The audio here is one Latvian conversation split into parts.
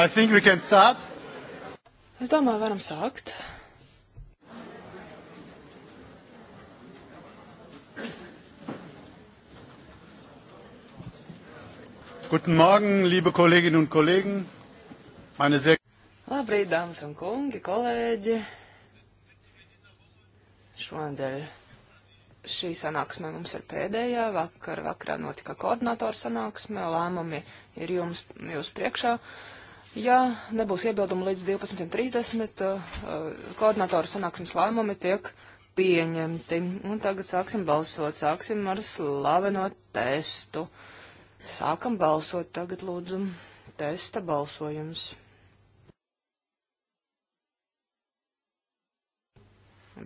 I think we can start. Es domāju, varam sākt. Guten Morgen, liebe Kolleginnen und Kollegen. Meine sehr Labrīt, dāmas un kungi, kolēģi. Šonadēļ šī sanāksme mums ir pēdējā. Vakar vakarā notika koordinātora sanāksme. Lēmumi ir jums, jūs priekšā. Uh, Ja nebūs iebildumi līdz 12.30, eh, eh, koordinatoru sanāksmes lēmumi tiek pieņemti. Un tagad sāksim balsot. Sāksim ar slaveno testu. Sākam balsot tagad, lūdzu. Testa balsojums.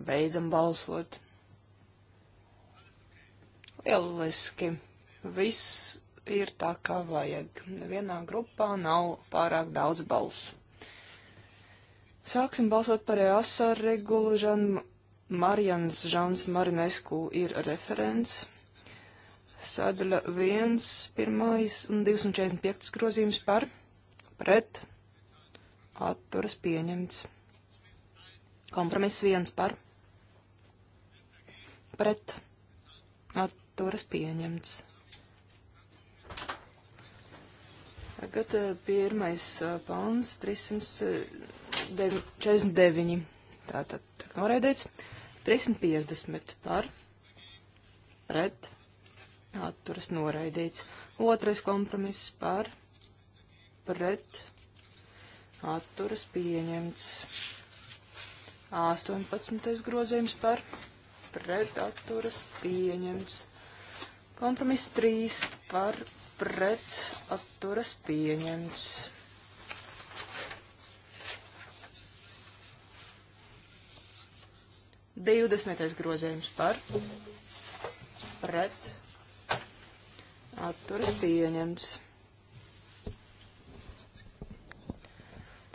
Beidzam balsot. Lieliski. Viss ir tā, kā vajag. Vienā grupā nav pārāk daudz balsu. Sāksim balsot par EASA regulu. Žan Marijans Žans Marinesku ir referents. Sadaļa 1, 1 un 245 grozījums par pret atturas pieņemts. Kompromiss 1 par pret atturas pieņemts. Tagad eh, pirmais eh, pāns 349. Eh, Tātad noraidīts. 350 par pret atturas noraidīts. Otrais kompromiss par pret atturas pieņemts. 18. grozījums par pret atturas pieņemts. Kompromiss 3 par pret pret atturas pieņemts. Divdesmitais grozējums par pret atturas pieņemts.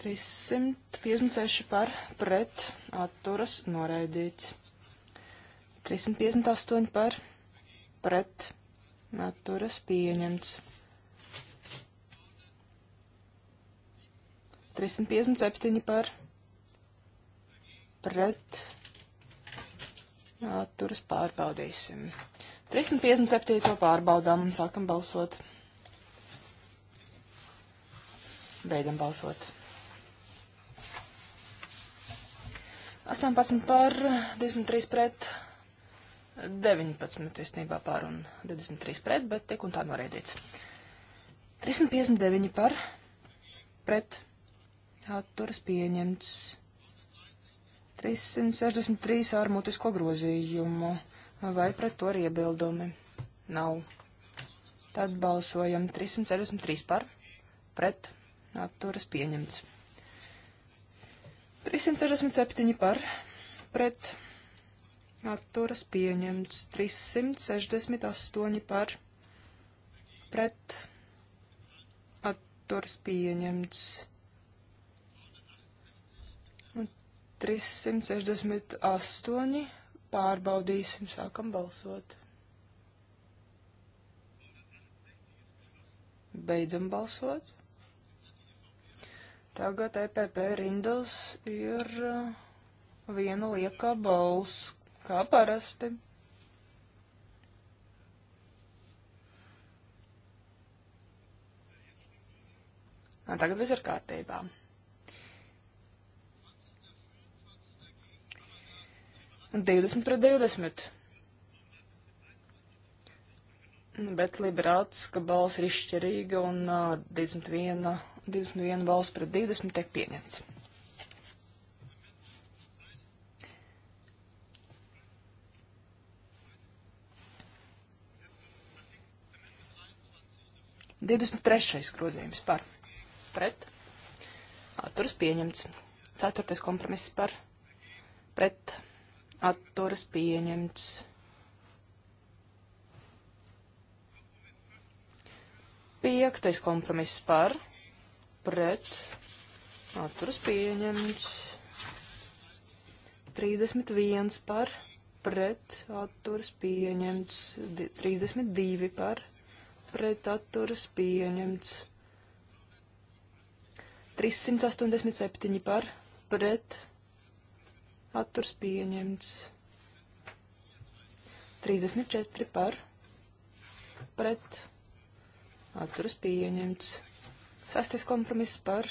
356 par pret atturas noraidīts. 358 par pret atturas pieņemts. Atturas pieņemts. 357 par pret. Atturas pārbaudīsim. 357 pārbaudām un sākam balsot. Beidzam balsot. 18 par 23 pret 19 īstenībā par un 23 pret, bet tik un tā noraidīts. 359 par, pret, atturas pieņemts. 363 ar mutisko grozījumu. Vai pret to ir iebildumi? Nav. Tad balsojam 363 par, pret, atturas pieņemts. 367 par, pret, atturas pieņemts atturas pieņemts 368 par pret atturas pieņemts 368 pārbaudīsim, sākam balsot. Beidzam balsot. Tagad EPP rindas ir uh, viena liekā balss kā parasti. Un tagad viss ir kārtībā. Un 20 pret 20. Bet liberātiska balss ir izšķirīga un uh, 21, 21 balss pret 20 tiek pieņemts. 23. grozījums par pret atturas pieņemts. 4. kompromiss par pret atturas pieņemts. Piektais kompromiss par pret atturas pieņemts. 31 par pret atturas pieņemts. 32 par pret pret atturas pieņemts. 387 par pret atturs pieņemts. 34 par pret atturs pieņemts. Sastais kompromiss par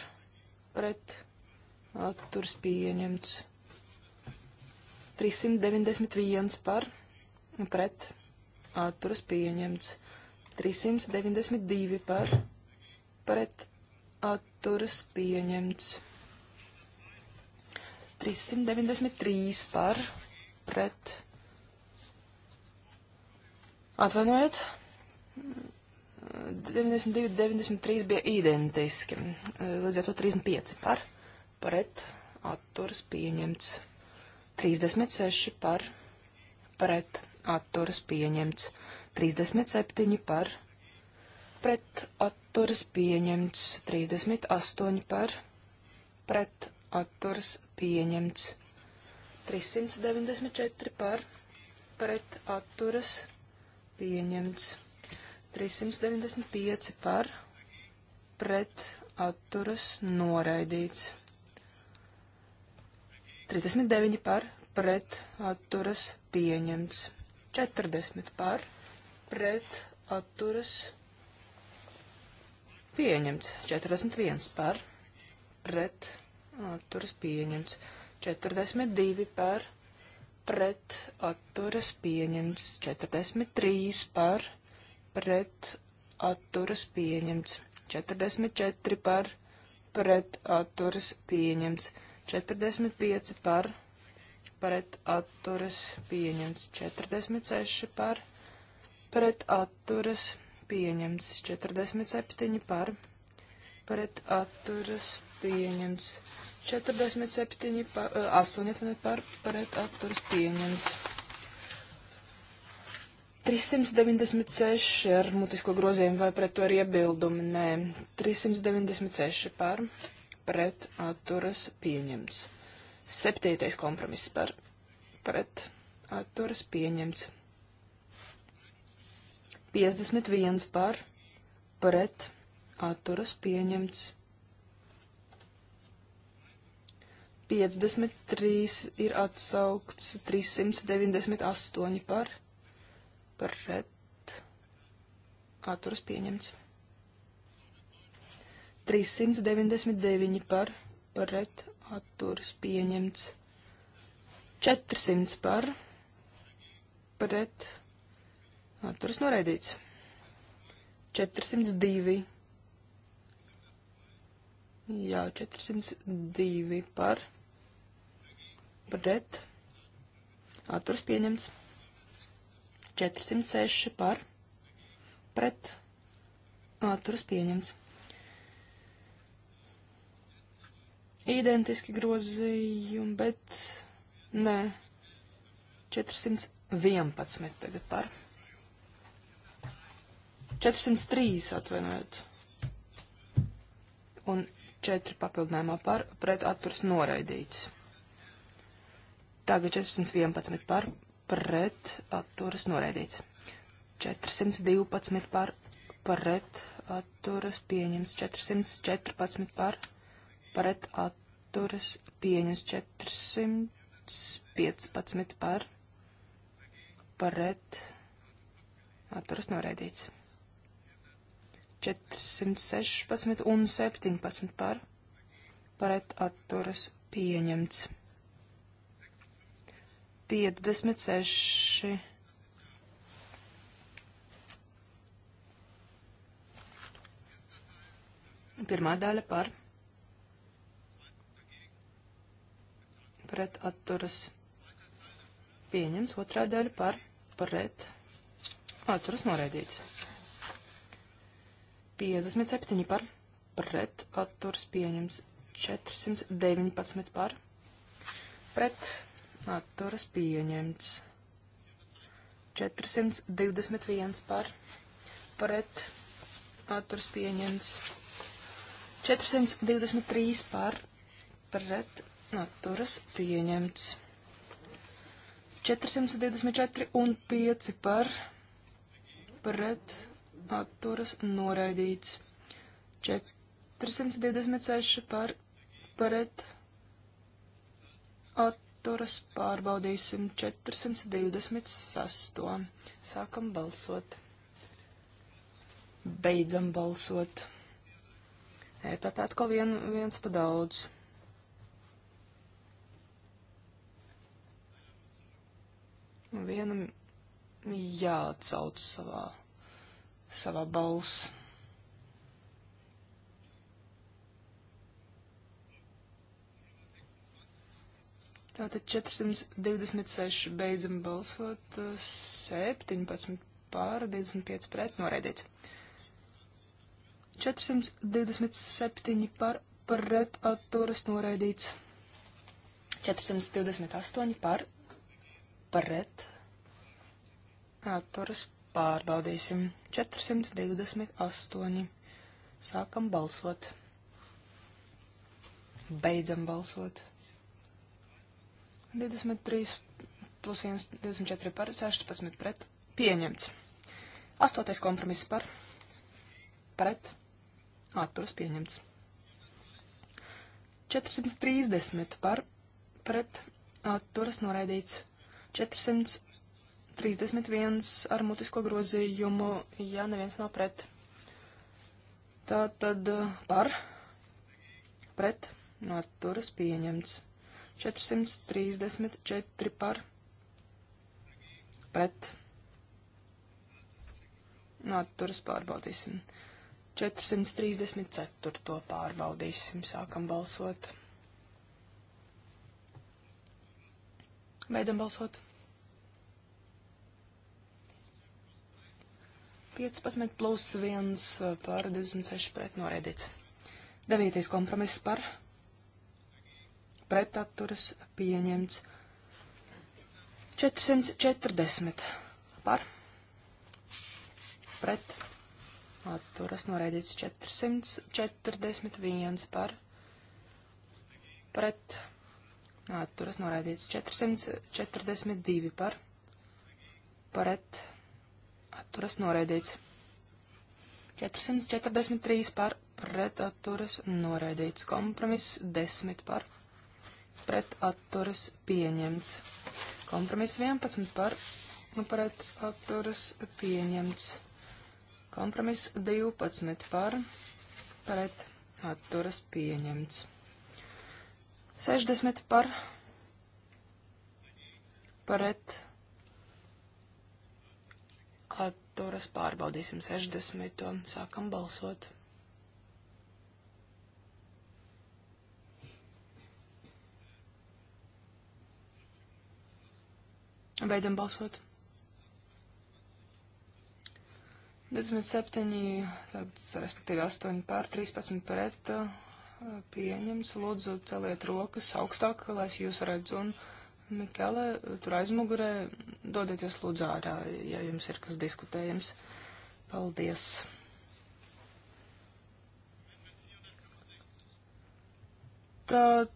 pret atturs pieņemts. 391 par pret atturs pieņemts. 392 par pret atturas pieņemts. 393 par pret. Atvainojiet. 92, 93 bija identiski. Līdz ar to 35 par pret atturas pieņemts. 36 par pret atturas pieņemts. 37 par, pret atturas pieņemts 38 par, pret atturas pieņemts 394 par, pret atturas pieņemts 395 par, pret atturas noraidīts 39 par, pret atturas pieņemts 40 par, pret atturas pieņemts. 40 par, pret atturas pieņemts. 41 par pret atturas pieņemts. 42 par pret atturas pieņemts. 43 par pret atturas pieņemts. 44 par pret atturas pieņemts. 45 par pret atturas pieņemts. 46 par pret atturas pieņemts 47 par, pret atturas pieņemts 47 par, 8 atvinēt par, pret atturas pieņemts. 396 ar mutisko grozījumu vai pret to ir iebildumi? Nē, 396 par, pret atturas pieņemts. Septītais kompromiss par, pret atturas pieņemts. 51 par, pret, atturas pieņemts. 53 ir atsaukts, 398 par, pret, atturas pieņemts. 399 par, pret, atturas pieņemts. 400 par, pret, atturas pieņemts. Atturas noraidīts. 402. Jā, 402 par pret. Atturas pieņemts. 406 par pret. Atturas pieņemts. Identiski grozījumi, bet nē. 411 tagad par pret 403 atvainojiet. Un 4 papildinājumā par pret atturs noraidīts. Tagad 411 par pret atturas noraidīts. 412 par pret atturas pieņems. 414 par pret atturas pieņems. 415 par pret atturas noraidīts. 416 un 17 par pret atturas pieņemts. 56. Pirmā daļa par pret atturas pieņems, otrā daļa par pret atturas noraidīts. 57 par pret atturs pieņems. 419 par pret atturas pieņemts. 421 par pret atturas pieņemts. 423 par pret atturas pieņemts. 424 un 5 par pret atturas noraidīts. 426 par pret atturas pārbaudīsim 426. Sākam balsot. Beidzam balsot. EPP atkal vien, viens pa daudz. Vienam jāatsauc savā savā balss. Tātad 426 beidzam balsot, 17 pār, 25 pret noraidīts. 427 par pret atturas noraidīts. 428 par pret atturas Pārbaudīsim. 428. Sākam balsot. Beidzam balsot. 23 plus 1, 24 par, 16 pret. Pieņemts. Astotais kompromiss par. Pret. Atturas pieņemts. 430 par. Pret. Atturas noraidīts. 400. 31 ar mutisko grozījumu, ja neviens nav pret. Tā tad eh, par, pret, noturas pieņemts. 434 par, pret, noturas pārbaudīsim. 434 to pārbaudīsim, sākam balsot. Beidzam balsot. 15 plus 1 pār 26 pret noraidīts. 9. kompromiss par pretatturas pieņemts. 440 par pret atturas noraidīts 441 par pret atturas noraidīts 442 par pret atturas atturas noraidīts. 443 par pret atturas noraidīts. Kompromiss 10 par pret atturas pieņemts. Kompromiss nu, 11 par pret atturas pieņemts. Kompromiss 12 par pret atturas pieņemts. 60 par pret atturas pārbaudīsim 60. Sākam balsot. Beidzam balsot. 27, tad, respektīvi 8 pār 13 pret uh, pieņems. Lūdzu, celiet rokas augstāk, lai es jūs redzu un redzu Mikele, tur aizmugurē dodieties lūdzu ārā, ja jums ir kas diskutējams. Paldies! Tad,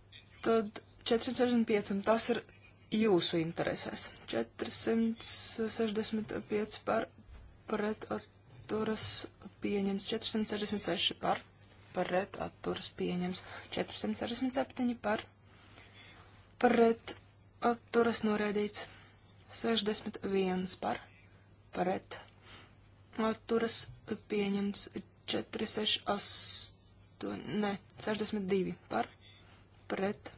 tad 465, un tas ir jūsu interesēs. 465 par pret atturas pieņems, 466 par pret atturas pieņems, 467 par pret atturas noraidīts. 61 par pret atturas pieņemts 4, 6, 8, ne, 62 par pret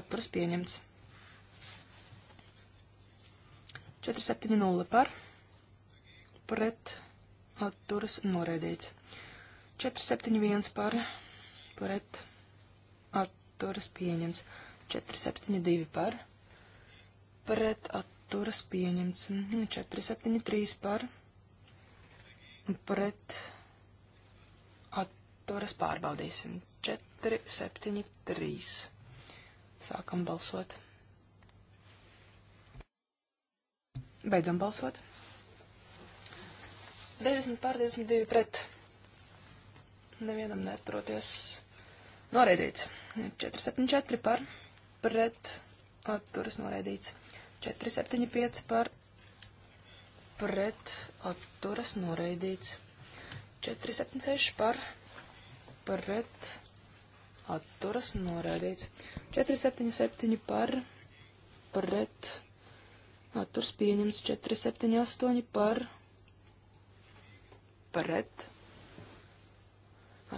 atturas pieņemts. 4, 7, 0 par pret atturas noraidīts. 4, 7, 1 par pret atturas pieņemts. 472 par, pret atturas pieņemts 473 nu, par, pret atturas pārbaudīsim 473. Sākam balsot. Beidzam balsot. 90 pār 22 pret. Nevienam neturoties. Noreidīts. 474 par pret atturas noraidīts. 475 par pret atturas noraidīts. 476 par pret atturas noraidīts. 477 par pret atturas pieņems. 478 par pret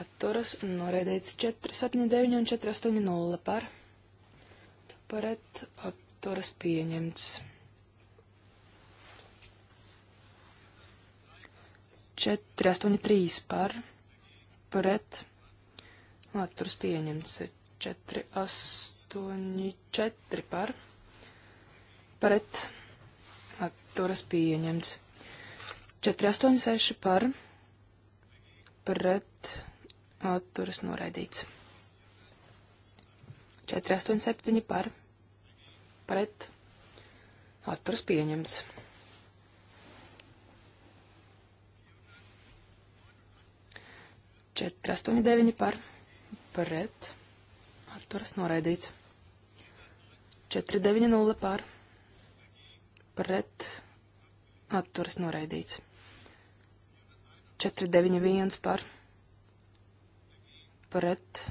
atturas noraidīts. 479 un 480 par pret pret atturas pieņemts. 4, 8, 3 par, pret, atturas pieņemts, 4, 8, 4 par, pret, atturas pieņemts, 4, 8, 6 par, pret, atturas noraidīts, 4, 8, 7 par, pret atturas pieņems. Četri, astoņi, deviņi par pret atturas noraidīts. Četri, deviņi, nulle par pret atturas noraidīts. 491 par pret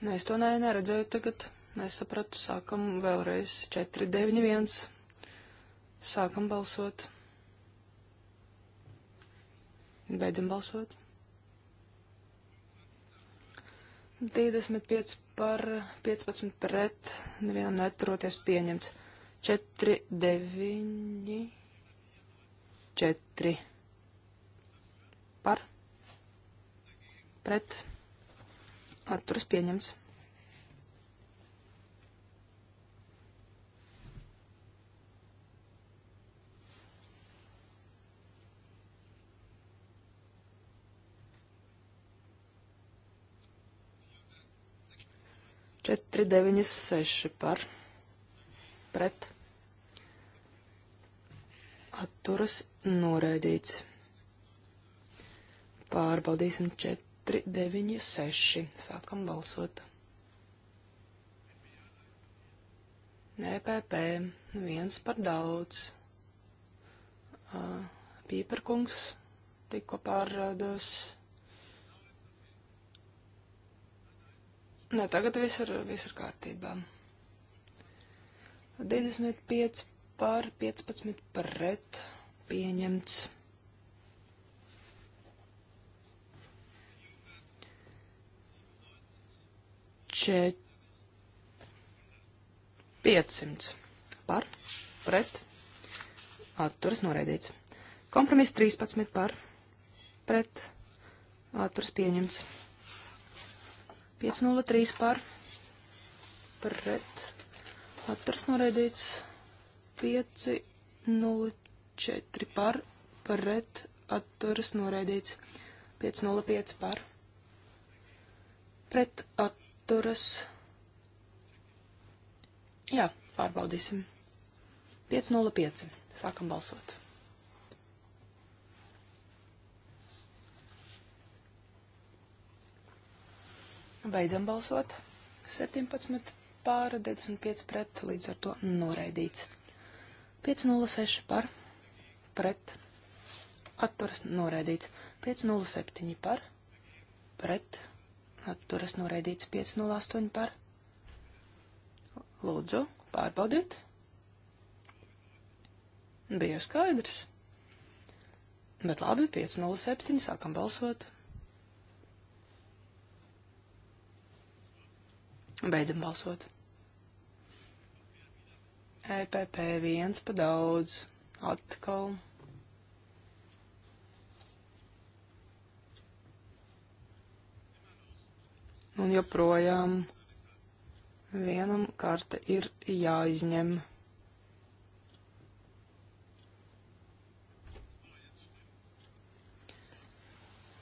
Nē, nu, es to ne, neredzēju tagad. Nesapratu. Sākam vēlreiz 4, 9, 1. Sākam balsot. Beidzam balsot. 25 par 15 pret, nevienam neturoties pieņemts. 4, 9, 4 par pret atturas pieņemts. Četri, deviņi, seši par, pret, atturas noraidīts. Pārbaudīsim četri. 4, 9, 6. Sākam balsot. EPP viens par daudz. Uh, Pīperkungs tikko pārrādos. Nē, tagad viss ir, viss ir kārtībā. 25 pār 15 pret pieņemts. Čet... 500 par, pret, atturas noraidīts. Kompromiss 13 par, pret, atturas pieņemts. 503 par, pret, atturas noraidīts. 504 par, pret, atturas noraidīts. 505 par, pret, atturas atturas. Jā, pārbaudīsim. 5.05. Sākam balsot. Beidzam balsot. 17 pār 25 pret, līdz ar to noraidīts. 506 par, pret, atturas noraidīts. 507 par, pret, atturas noraidīts atturas noraidīts 508 par. Lūdzu, pārbaudiet. Bija skaidrs. Bet labi, 507, sākam balsot. Beidzam balsot. EPP viens pa daudz. Atkal. un joprojām vienam karte ir jāizņem.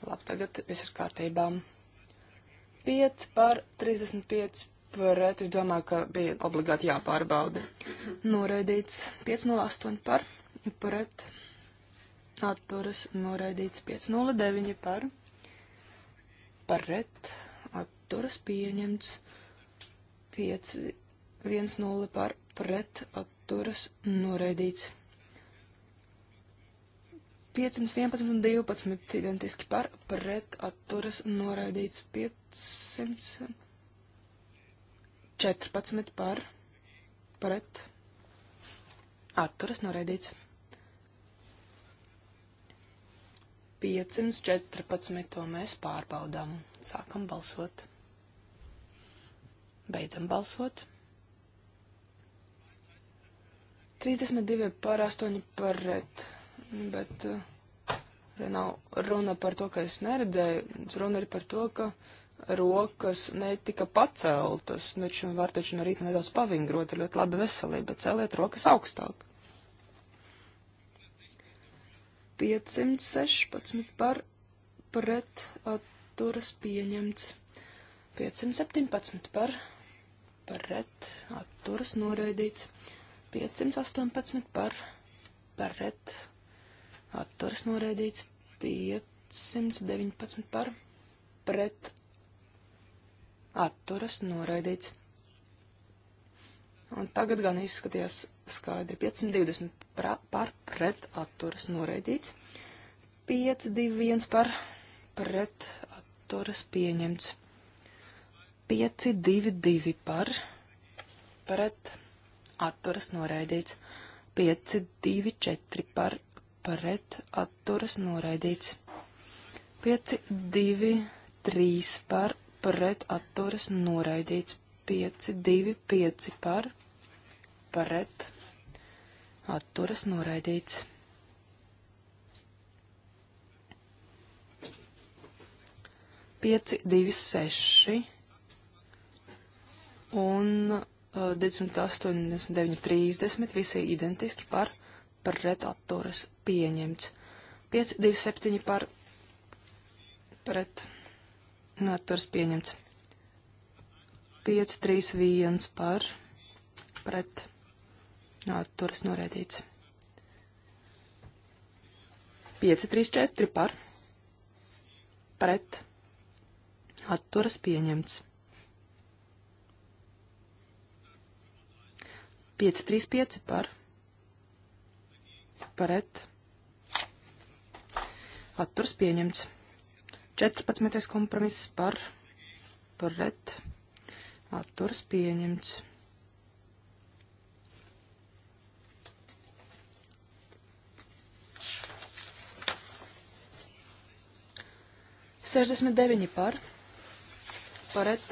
Labi, tagad viss ir kārtībā. 5 par 35 pret, es domāju, ka bija obligāti jāpārbauda. Noraidīts 508 par, pret, atturas, noraidīts 509 par, pret, atturas pieņemts. 5, 1, 0 par pret atturas noraidīts. 511 un 12 identiski par pret atturas noraidīts. 514 par pret atturas noraidīts. 514 to mēs pārbaudām. Sākam balsot. Beidzam balsot. 32 par 8 par ret, bet eh, nav runa par to, ka es neredzēju, runa ir par to, ka rokas netika paceltas, taču var taču no rīta nedaudz pavingrot, ir ļoti labi veselība, celiet rokas augstāk. 516 par pret atturas pieņemts, 517 par pret pret atturas noraidīts. 518 par pret atturas noraidīts. 519 par pret atturas noraidīts. Un tagad gan izskatījās skaidri 520 pra, par pret atturas noraidīts. 521 par pret atturas pieņemts. 5-2-2 par pret atturas noraidīts. 5-2-4 par pret atturas noraidīts. 5-2-3 par pret atturas noraidīts. 5-2-5 par pret atturas noraidīts. Pieci, divi, seši un uh, 28.29.30 visi identiski par pret atturas pieņemts. 527 par pret atturas pieņemts. 531 par pret atturas norēdīts. 534 par pret atturas pieņemts. 535 par paret atturs pieņemts. 14. kompromiss par paret atturs pieņemts. Sešdesmit deviņi par, paret,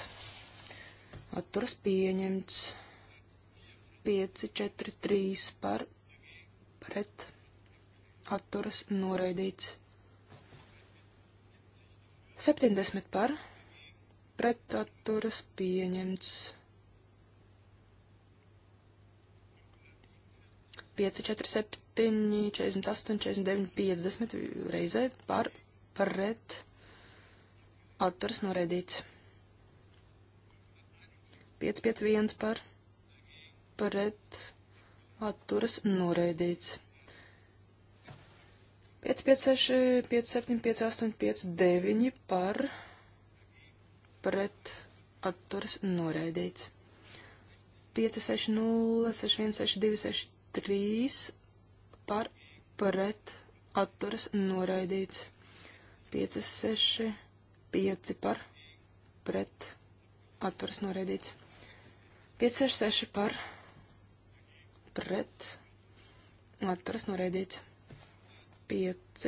atturas pieņemts. 5, 4, 3 par pret atturas noraidīts. 70 par pret atturas pieņemts. 5, 4, 7, 48, 49, 50 reizē par pret atturas noraidīts. 5, 5, 1 par pret pret atturas noraidīts. 5, 5, 6, 5, 7, 5, 8, 5, 9 par pret atturas noraidīts. 5, 6, 0, 6, 1, 6, 2, 6, 3 par pret atturas noraidīts. 5, 6, 5 par pret atturas noraidīts. 5, 6, 6 par pret pret atturas noraidīts 5,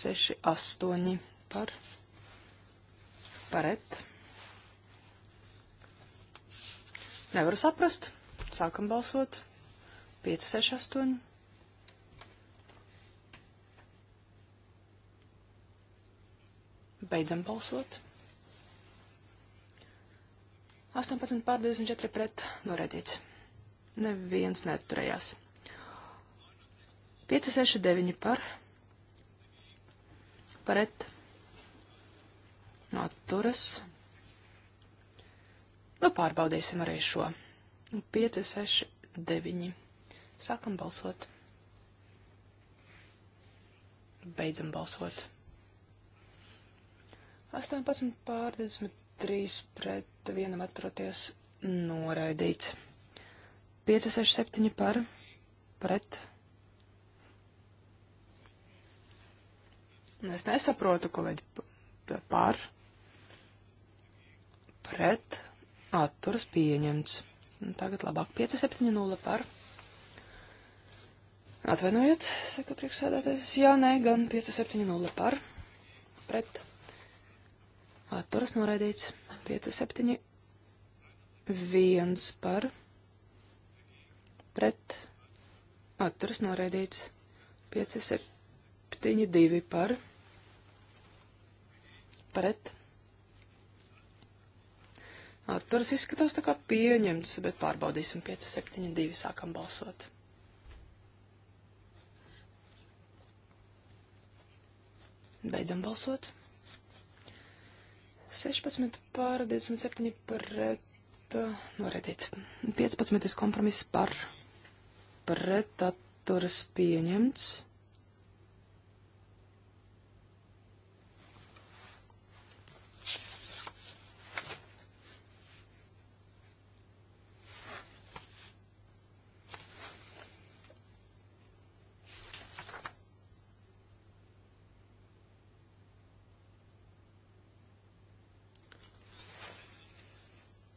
6, 8 par pret. Nevaru saprast. Sākam balsot. 5, 6, 8. Beidzam balsot. 18 pār 24 pret norēdīts. Neviens neturējās. 5, 6, 9 par. Pret. Atturas. Nu, pārbaudīsim arī šo. 5, 6, 9. Sākam balsot. Beidzam balsot. 18 pār 23 pret vienam atroties noraidīts. 5, 6, 7 par pret. Nu, es nesaprotu, kolēģi, par pret atturas pieņemts. Tagad labāk 5, 7, 0 par. Atvainojiet, saka priekšsēdētājs. Jā, nē, gan 5, 7, 0 par. Pret. Atturas noraidīts. 5, 7, 1 par pret atturas noraidīts 5, 7, 2 par pret atturas izskatās tā kā pieņemts, bet pārbaudīsim 5, 7, 2 sākam balsot. Beidzam balsot. 16 pār 27 pret noredīts. 15 kompromiss par pret atturas pieņemts.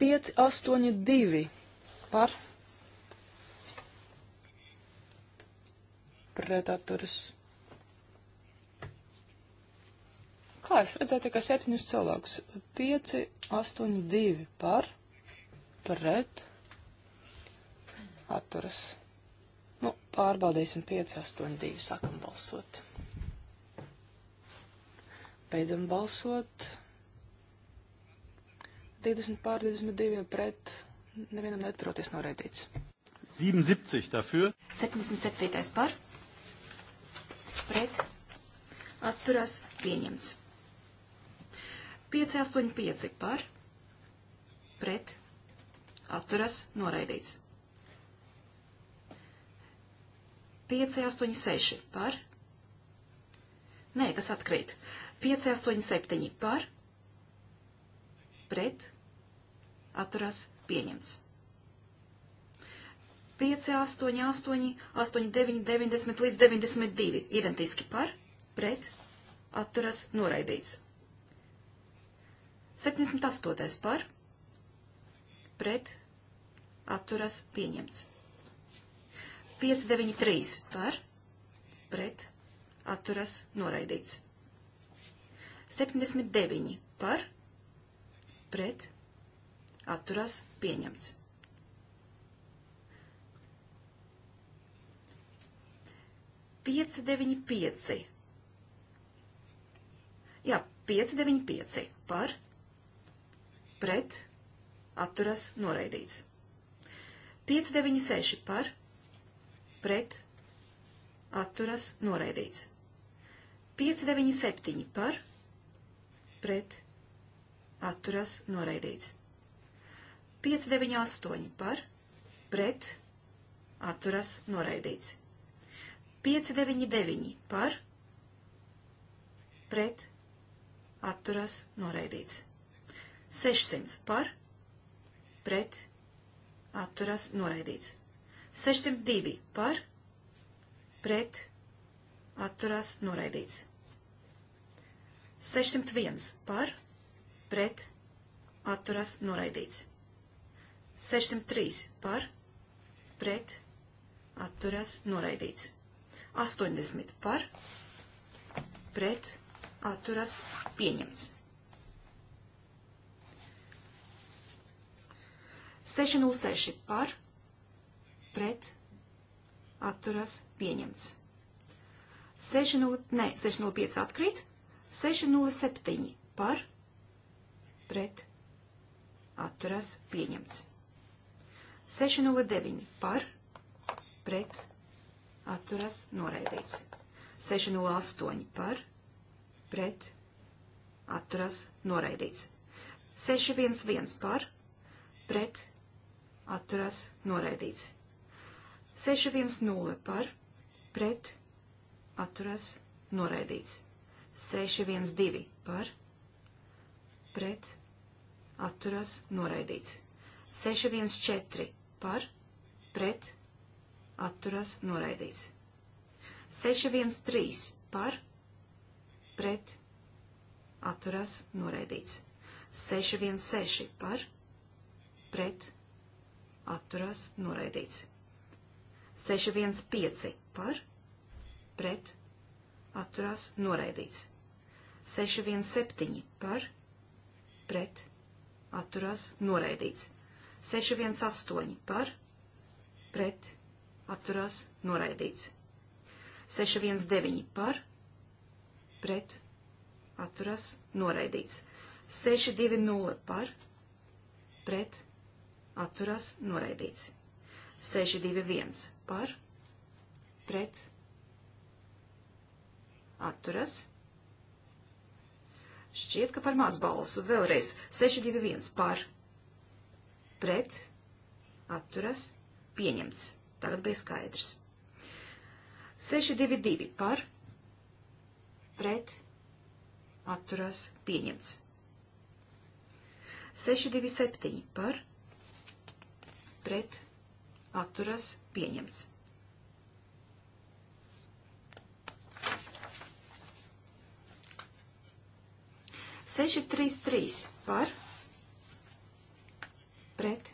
Pieci, astoņi, divi par pretaturas. Kā es redzēju tikai septiņus cilvēkus? Pieci, astoņi, divi par, pret, atturas. Nu, pārbaudīsim 5, 8, 2, sākam balsot. Beidzam balsot. 20 pār 22 pret, nevienam neturoties noraidīts. 77 dafür. 77 par pret atturās pieņemts. 585 par pret atturās noraidīts. 586 par Nē, tas atkrīt. 587 par pret atturās pieņemts. 5, 8, 8, 8, 9, 90 līdz 92 identiski par, pret, atturas noraidīts. 78. par, pret, atturas pieņemts. 5, 9, 3 par, pret, atturas noraidīts. 79 par, pret, atturas pieņemts. 595. Jā, 595 par pret atturas noraidīts. 596 par pret atturas noraidīts. 597 par pret atturas noraidīts. 598 par pret atturas noraidīts. 599 par pret atturas noraidīts. 600 par pret atturas noraidīts. 602 par pret atturas noraidīts. 601 par pret atturas noraidīts. 603 par pret atturas noraidīts. 80 par, pret, atturas, pieņemts. 606 par, pret, atturas, pieņemts. 60, ne, 605 atkrīt, 607 par, pret, atturas, pieņemts. 609 par, pret, atturas noraidīts. 608 par, pret, atturas noraidīts. 611 par, pret, atturas noraidīts. 610 par, pret, atturas noraidīts. 612 par, pret, atturas noraidīts. 614 par, pret, atturas noraidīts atturas noraidīts. 613 par, pret, atturas noraidīts. 616 par, pret, atturas noraidīts. 615 par, pret, atturas noraidīts. 617 par, pret, atturas noraidīts. 618 par, pret, atturas noraidīts. 618 par, pret, atturās noraidīts. 619 par, pret, atturās noraidīts. 620 par, pret, atturās noraidīts. 621 par, pret, atturās. Šķiet, ka par maz balsu. Vēlreiz 621 par, pret, atturās, pieņemts. Tagad bija skaidrs. 622 par, pret, atturās, pieņemts. 627 par, pret, atturās, pieņemts. Seši, trīs, trīs par, pret,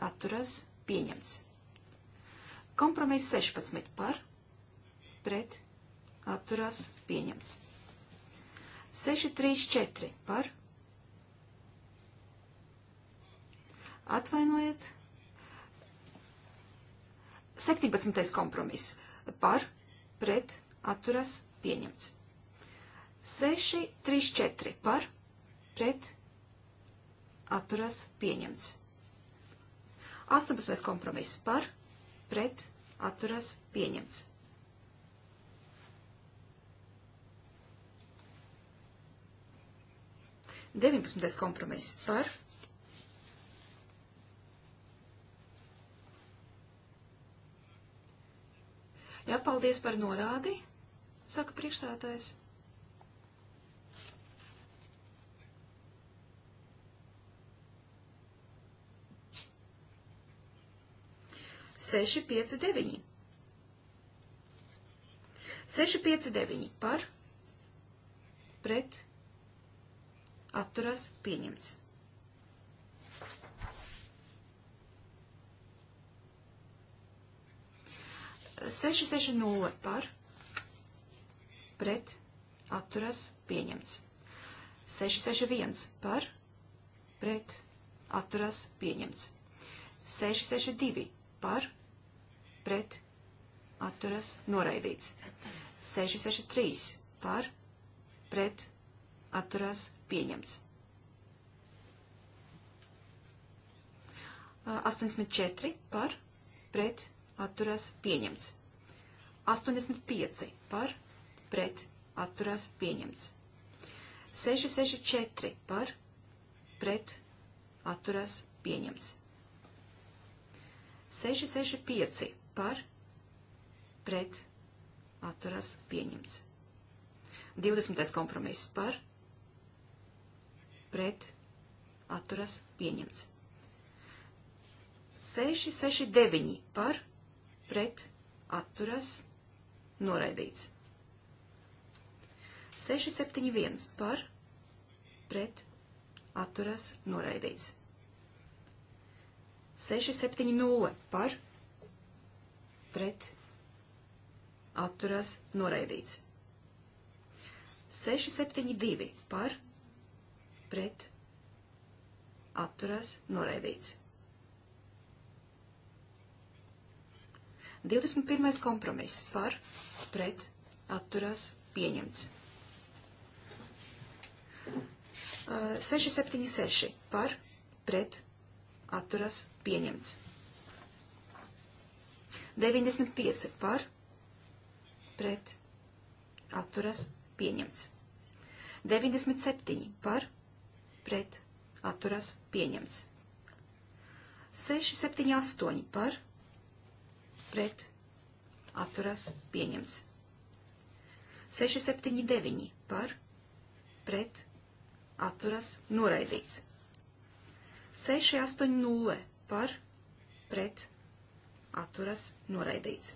atturas pieņemts. Kompromiss 16 par, pret, atturās pieņemts. 634 par, atvainojiet, 17. kompromiss par, pret, atturās pieņemts. 634 par, pret, atturās pieņemts. 18. kompromiss par, pret, atturas, pieņemts. Deviņpadsmitais kompromiss par. Jā, paldies par norādi, saka priekšstādājs. 659. 659 par pret atturas pieņemts. Seši, seši, nulle par, pret, atturas, pieņemts. Seši, seši, viens par, pret, atturas, pieņemts. Seši, seši, divi par pret atturas noraidīts. 663 par pret atturas pieņemts. 84 par pret atturas pieņemts. 85 par pret atturas pieņemts. 664 par pret atturas pieņemts. 665 par pret atturas pieņemts. 20. kompromiss par pret atturas pieņemts. 669 par pret atturas noraidīts. 671 par pret atturas noraidīts. 670 par pret atturas noraidīts. 672 par pret atturas noraidīts. 21. kompromiss par pret atturas pieņemts. 676 par pret atturas pieņemts. 95 par, pret, atturas pieņemts. 97 par, pret, atturas pieņemts. 6, 7, 8 par, pret, atturas pieņemts. 6, 7, 9 par, pret, atturas noraidīts. 680 par pret atturas noraidīts.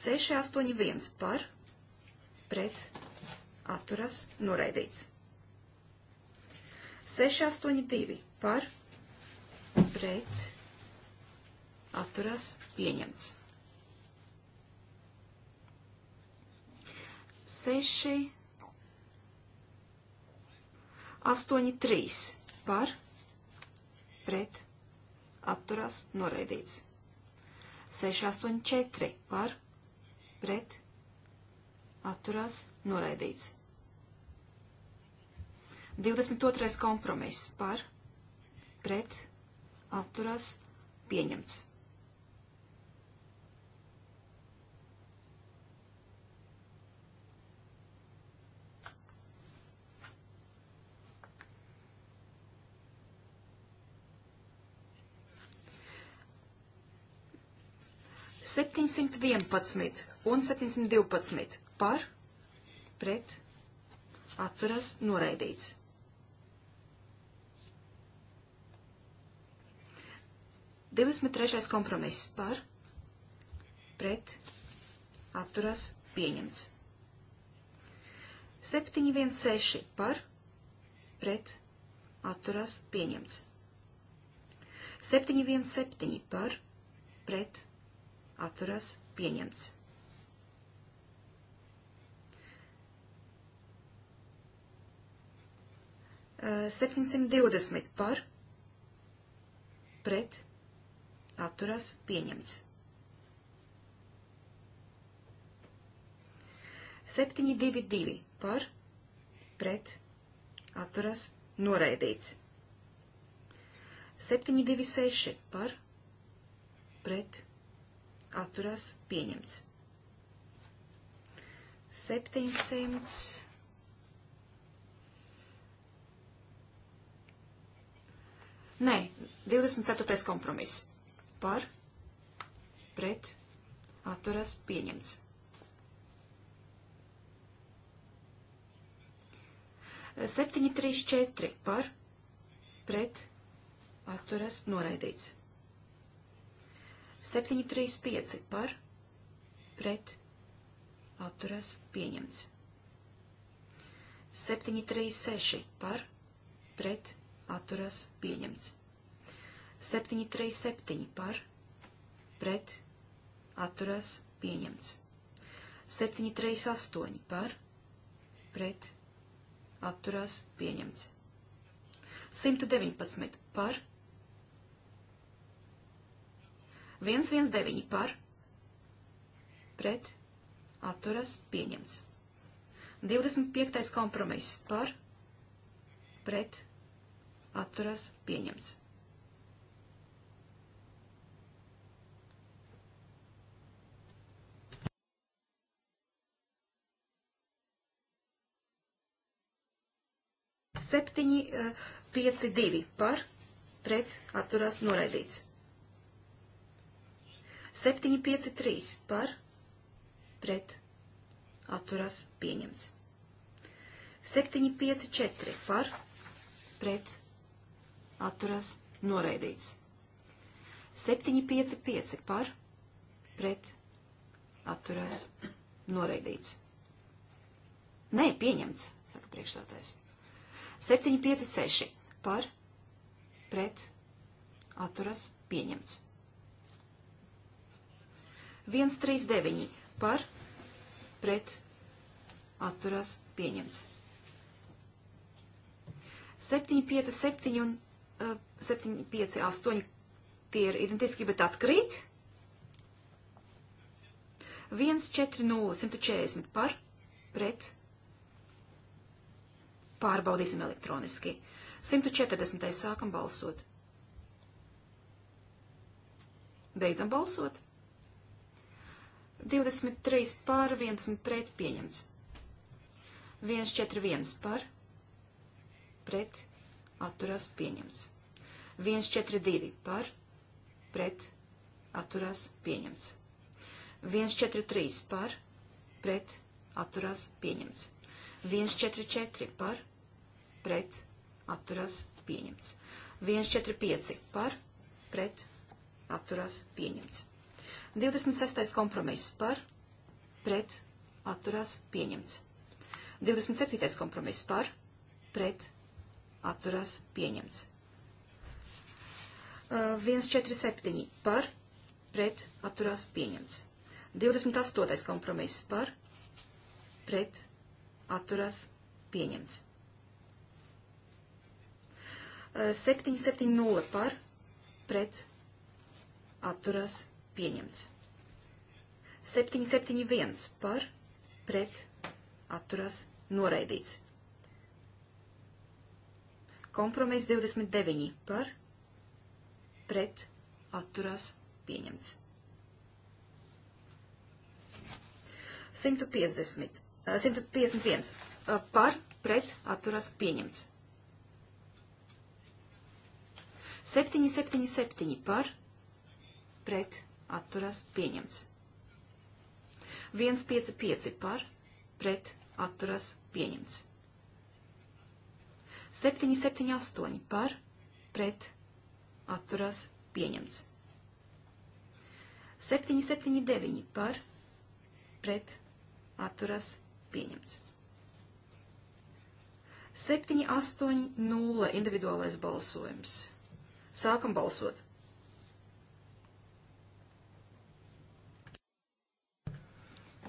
681 par pret atturas noraidīts. 682 par pret atturas pieņemts. 6 8.3 par pret atturās noraidīts. 6.8.4 par pret atturās noraidīts. 22. kompromiss par pret atturās pieņemts. 711 un 712 par pret atturas noraidīts. Divdesmit trešais kompromiss par pret atturas pieņemts. 716 par pret atturas pieņemts. 717 par pret atturas pieņemts. Eh, septiņsimt divdesmit par, pret, atturas pieņemts. Septiņi divi divi par, pret, atturas noraidīts. Septiņi divi seši par, pret, atturas pieņemts atturās pieņemts. 700. Nē, 24. kompromiss. Par, pret, atturās pieņemts. Septiņi, trīs, četri par, pret, atturas, noraidīts. 735 par pret atturas pieņemts. 736 par pret atturas pieņemts. 737 par pret atturas pieņemts. 738 par pret atturas pieņemts. 119 par pret 119 par, pret, atturas, pieņemts. 25. kompromiss par, pret, atturas, pieņemts. Septiņi, eh, pieci, divi par, pret, atturās, noraidīts. 753 par pret atturas pieņemts. 754 par pret atturas noraidīts. 755 par pret atturas noraidīts. Nē, pieņemts, saka priekšstātais. 756 par pret atturas pieņemts. 139 par pret atturās pieņemts. 7, 5, 7 un uh, 7, 5, 8 tie ir identiski, bet atkrīt. 1, 4, 0, 140 par pret pārbaudīsim elektroniski. 140. sākam balsot. Beidzam balsot. 23 pār 11 pret pieņemts. 141 par pret atturās pieņemts. 142 par pret atturās pieņemts. 143 par pret atturās pieņemts. 144 par pret atturās pieņemts. 145 par pret atturās pieņemts. 26. kompromiss par, pret, atturās, pieņemts. 27. kompromiss par, pret, atturās, pieņemts. 147 par, pret, atturās, pieņemts. 28. kompromiss par, pret, atturās, pieņemts. 770 par, pret, atturās, pieņemts pieņemts. 771 par pret atturās noraidīts. Kompromiss 29 par pret atturās pieņemts. 150, 151 par pret atturās pieņemts. 777 par pret atturas pieņemts. 155 par, pret, atturas pieņemts. 778 par, pret, atturas pieņemts. 779 par, pret, atturas pieņemts. 780 individuālais balsojums. Sākam balsot. 780.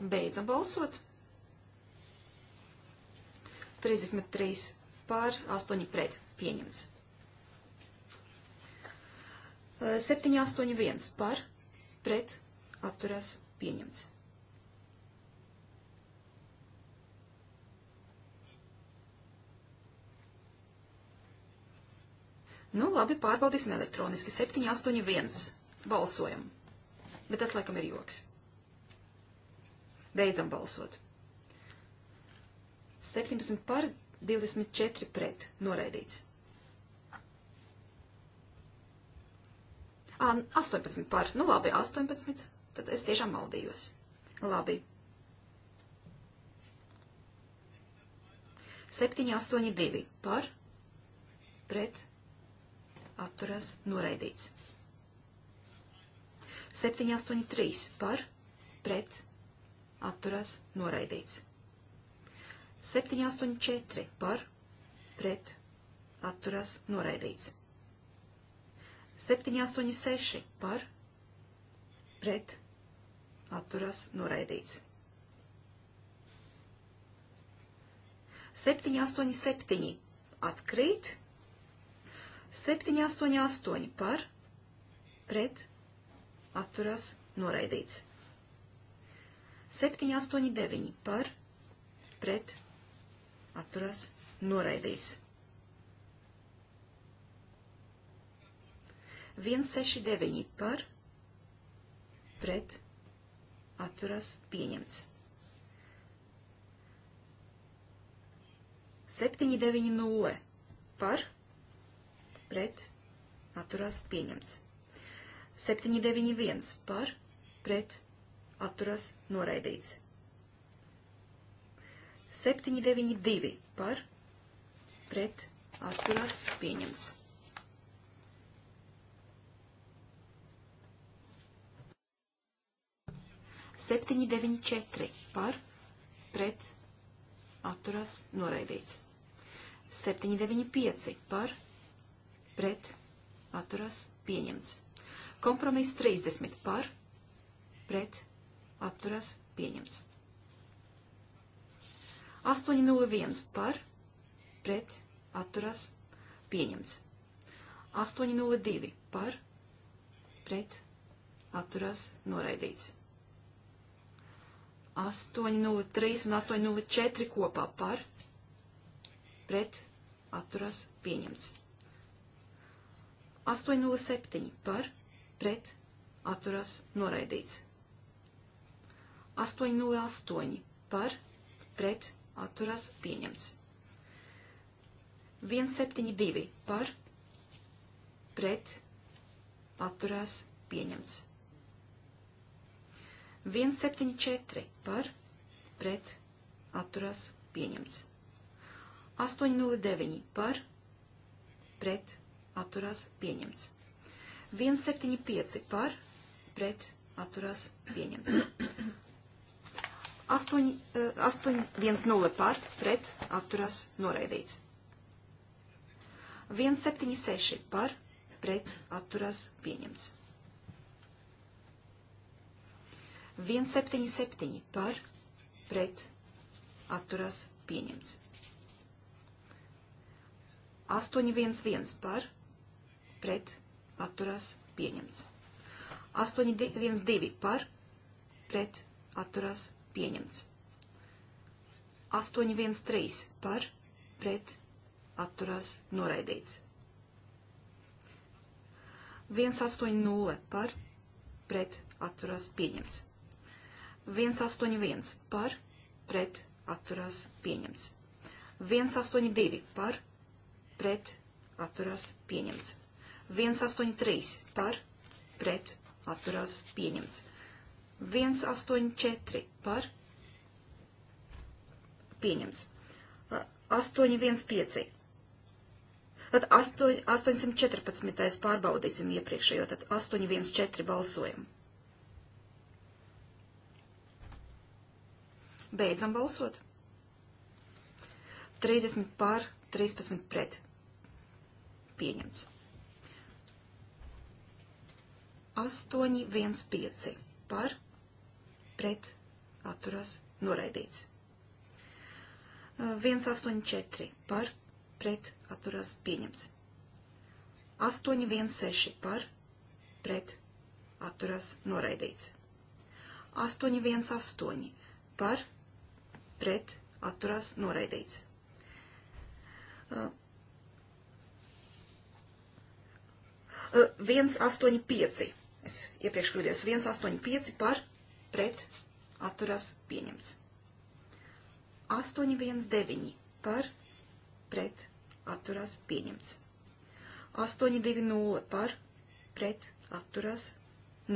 Beidzam balsot. 33 pār 8 pret pieņemts. 7, 8, 1 par, pret, atturās, pieņemts. Nu, labi, pārbaudīsim elektroniski. 7, 8, 1. Balsojam. Bet tas, laikam, ir joks. Beidzam balsot. 17 par, 24 pret. Noraidīts. Ā, 18 par. Nu labi, 18. Tad es tiešām maldījos. Labi. 7, 8, 2 par, pret, atturas, noraidīts. 7, 8, 3 par, pret, atturās noraidīts. 784 par pret atturās noraidīts. 786 par pret atturās noraidīts. 787 atkrīt, 788 par pret atturās noraidīts. 789 par pret atturās noraidīts. 169 par pret atturās pieņemts. 790 par pret atturās pieņemts. 791 par pret atturās pieņemts atturas noraidīts. 792 par pret atturās pieņemts. Septiņi deviņi četri par pret atturās noraidīts. Septiņi deviņi pieci par pret atturās pieņemts. Kompromiss 30 par pret atturas pieņemts. 801 par, pret, atturas pieņemts. 802 par, pret, atturas noraidīts. 803 un 804 kopā par, pret, atturas pieņemts. 807 par, pret, atturas noraidīts. 808 par pret atturas pieņemts. 172 par pret atturās pieņemts. 174 par pret atturās pieņemts. 809 par pret atturās pieņemts. 175 par pret atturās pieņemts. 810 eh, par pret atturās noraidīts. 176 par pret atturās pieņemts. 177 par pret atturās pieņemts. 811 par pret atturās pieņemts. 812 par pret atturās pieņemts pieņemts. 813 par pret atturās noraidīts. 180 par pret atturās pieņemts. 181 par pret atturās pieņemts. 182 par pret atturās pieņemts. 183 par pret atturās pieņemts. 184 par pieņems. 815. Tad 8, 814. pārbaudīsim iepriekšējo, tad 814 balsojam. Beidzam balsot. 30 pār, 13 pret. Pieņemts. 815 par pret atturas noraidīts. 184 par pret atturas pieņemts. 816 par pret atturas noraidīts. 818 par pret atturas noraidīts. 185. Es iepriekš kļūdījos. 185 par pret atturās pieņemts. 819 par pret atturās pieņemts. 820 par pret atturās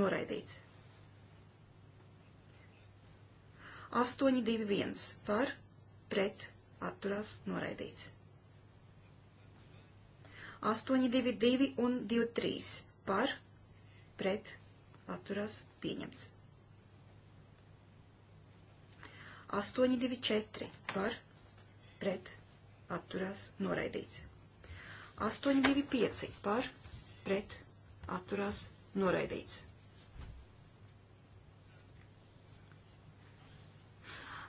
noraidīts. 821 par pret atturās noraidīts. 822 un 23 par pret atturās pieņemts. 824 par pret atturās noraidīts. 825 par pret atturās noraidīts.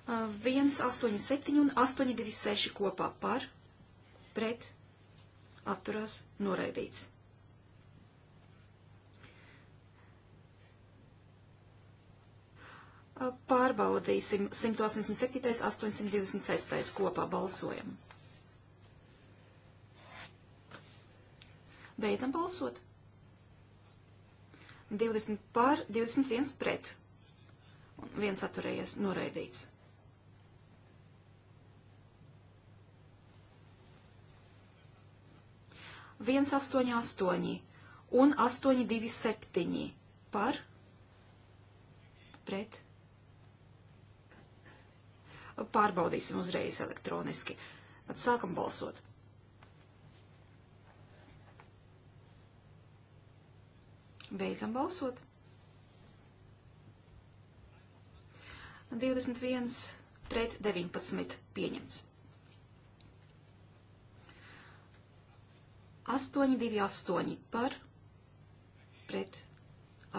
Uh, 1, 8, 7 un 8, 2, 6 kopā par, pret, atturās, noraidīts. Pārbaudīsim 187. 826. kopā balsojam. Beidzam balsot. 20 pār, 21 pret. Un viens atturējies noraidīts. viens astoņi astoņi un astoņi divi septiņi par pret Pārbaudīsim uzreiz elektroniski. Atsākam balsot. Beidzam balsot. 21 pret 19 pieņemts. 8, 2, 8 par, pret,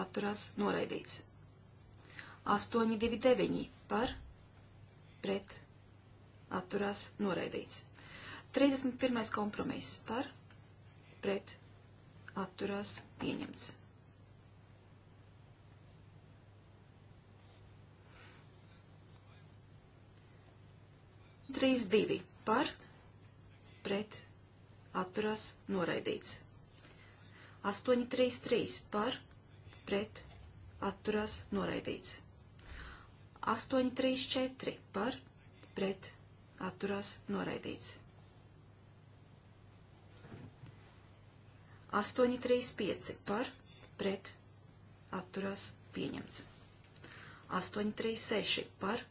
atturās, noraidīts. 8, 2, 9 par, pret atturās noraidīts. 31. kompromiss par pret atturās pieņemts. Trīs divi par pret atturās noraidīts. 833 par pret atturās noraidīts. 834 par pret atturās noraidīts. 835 par pret atturās pieņemts. 836 par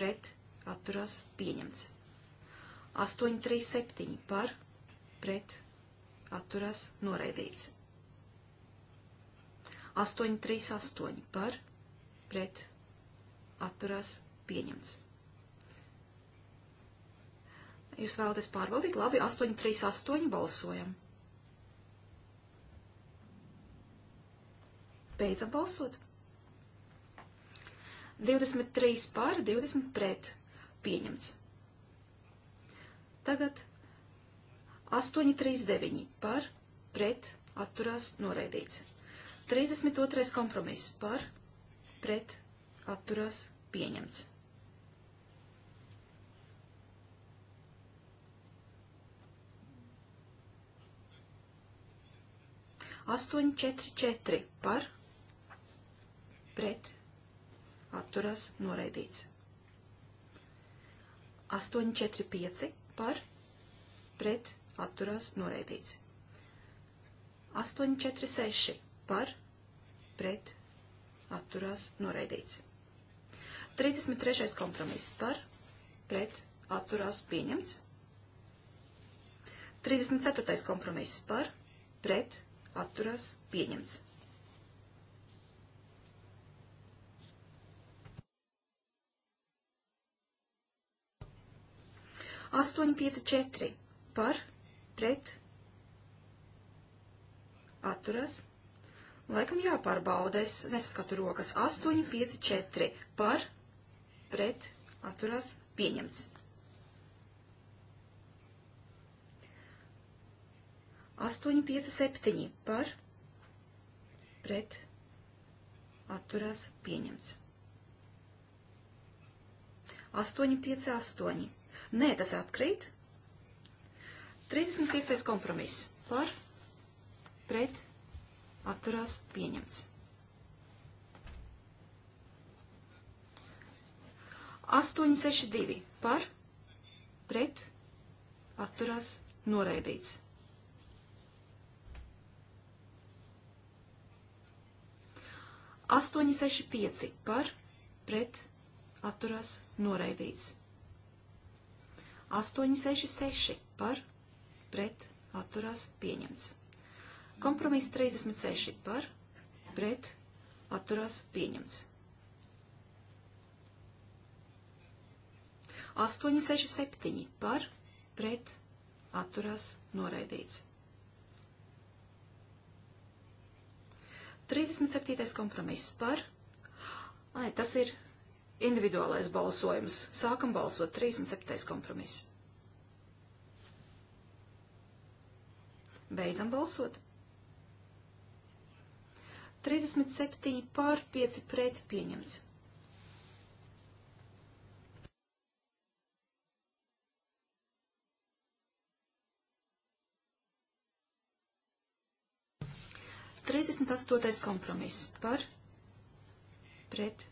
pret atturās pieņemts. 837 par pret atturās noraidīts. 838 par pret atturās pieņemts. Jūs vēlaties pārbaudīt? Labi, 838 balsojam. Beidzam balsot. 23 pār, 20 pret. Pieņemts. Tagad 839 par, pret, atturās, noraidīts. 32. kompromiss par, pret, atturās pieņemts. Astoņi četri četri par, pret, atturās noraidīts. Astoņi četri pieci par, pret, atturās noraidīts. 846 par pret atturās noraidīts. 33. kompromiss par pret atturās pieņemts. 34. kompromiss par pret atturās pieņemts. Astoņi pieci četri par pret atturās pieņemts. Laikam jāpārbauda, es nesaskatu rokas. 8, 5, 4 par pret atturās pieņemts. Astoņi, pieci, septiņi par pret atturās pieņemts. Astoņi, pieci, astoņi. Nē, tas atkrīt. 35. kompromiss par pret atturās pieņemts. 862 par, pret, atturās, noraidīts. Astoņi seši pieci par, pret, atturās, noraidīts. Astoņi seši seši par, pret, atturās, pieņemts. Kompromiss 36 par, pret, atturās, pieņemts. 867 par pret atturās noraidīts. 37. kompromiss par. Ai, tas ir individuālais balsojums. Sākam balsot 37. kompromiss. Beidzam balsot. 37 pār 5 pret pieņemts. 38. kompromiss par pret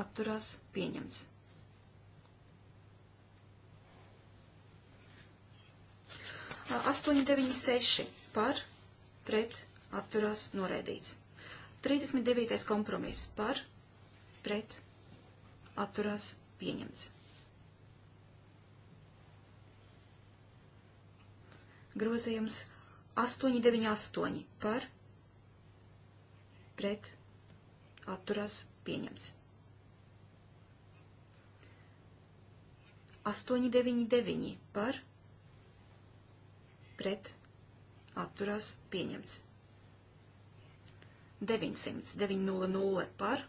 atturās pieņemts. Astoņi deviņi seši par pret atturās noraidīts. 39. kompromiss par pret atturās pieņemts. Grozījums 1 898 par pret atturās pieņems. 899 par pret atturās pieņems. 900 900 par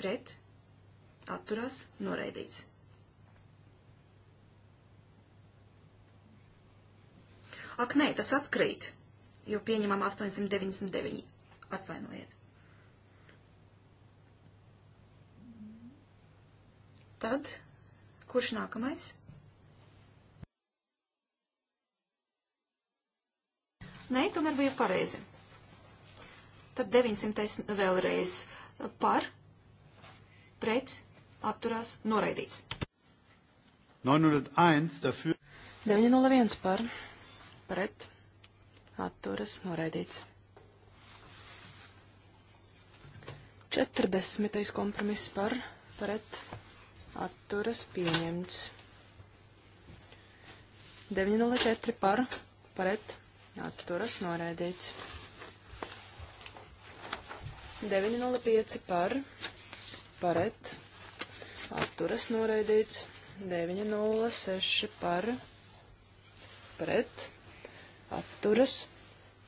pret atturās noraidīts. Ak, nē, tas atkrīt, jo pieņemam 899. Atvainojiet. Tad, kurš nākamais? Nē, tomēr bija pareizi. Tad 900. vēlreiz par, pret, atturās, noraidīts. 901 dafür. 901 par, pret atturas noraidīts. 40. kompromiss par pret atturas pieņemts. 904 par pret atturas noraidīts. 905 par paret atturas noraidīts. 906 par pret atturas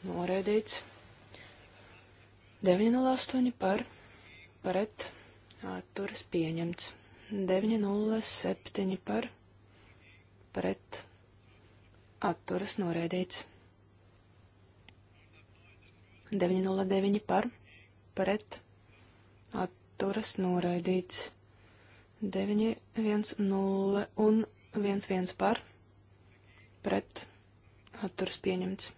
noraidīts. 908 par pret atturas pieņemts. 907 par pret atturas noraidīts. 909 par pret atturas noraidīts. 910 un 11 par pret atturas pieņemts.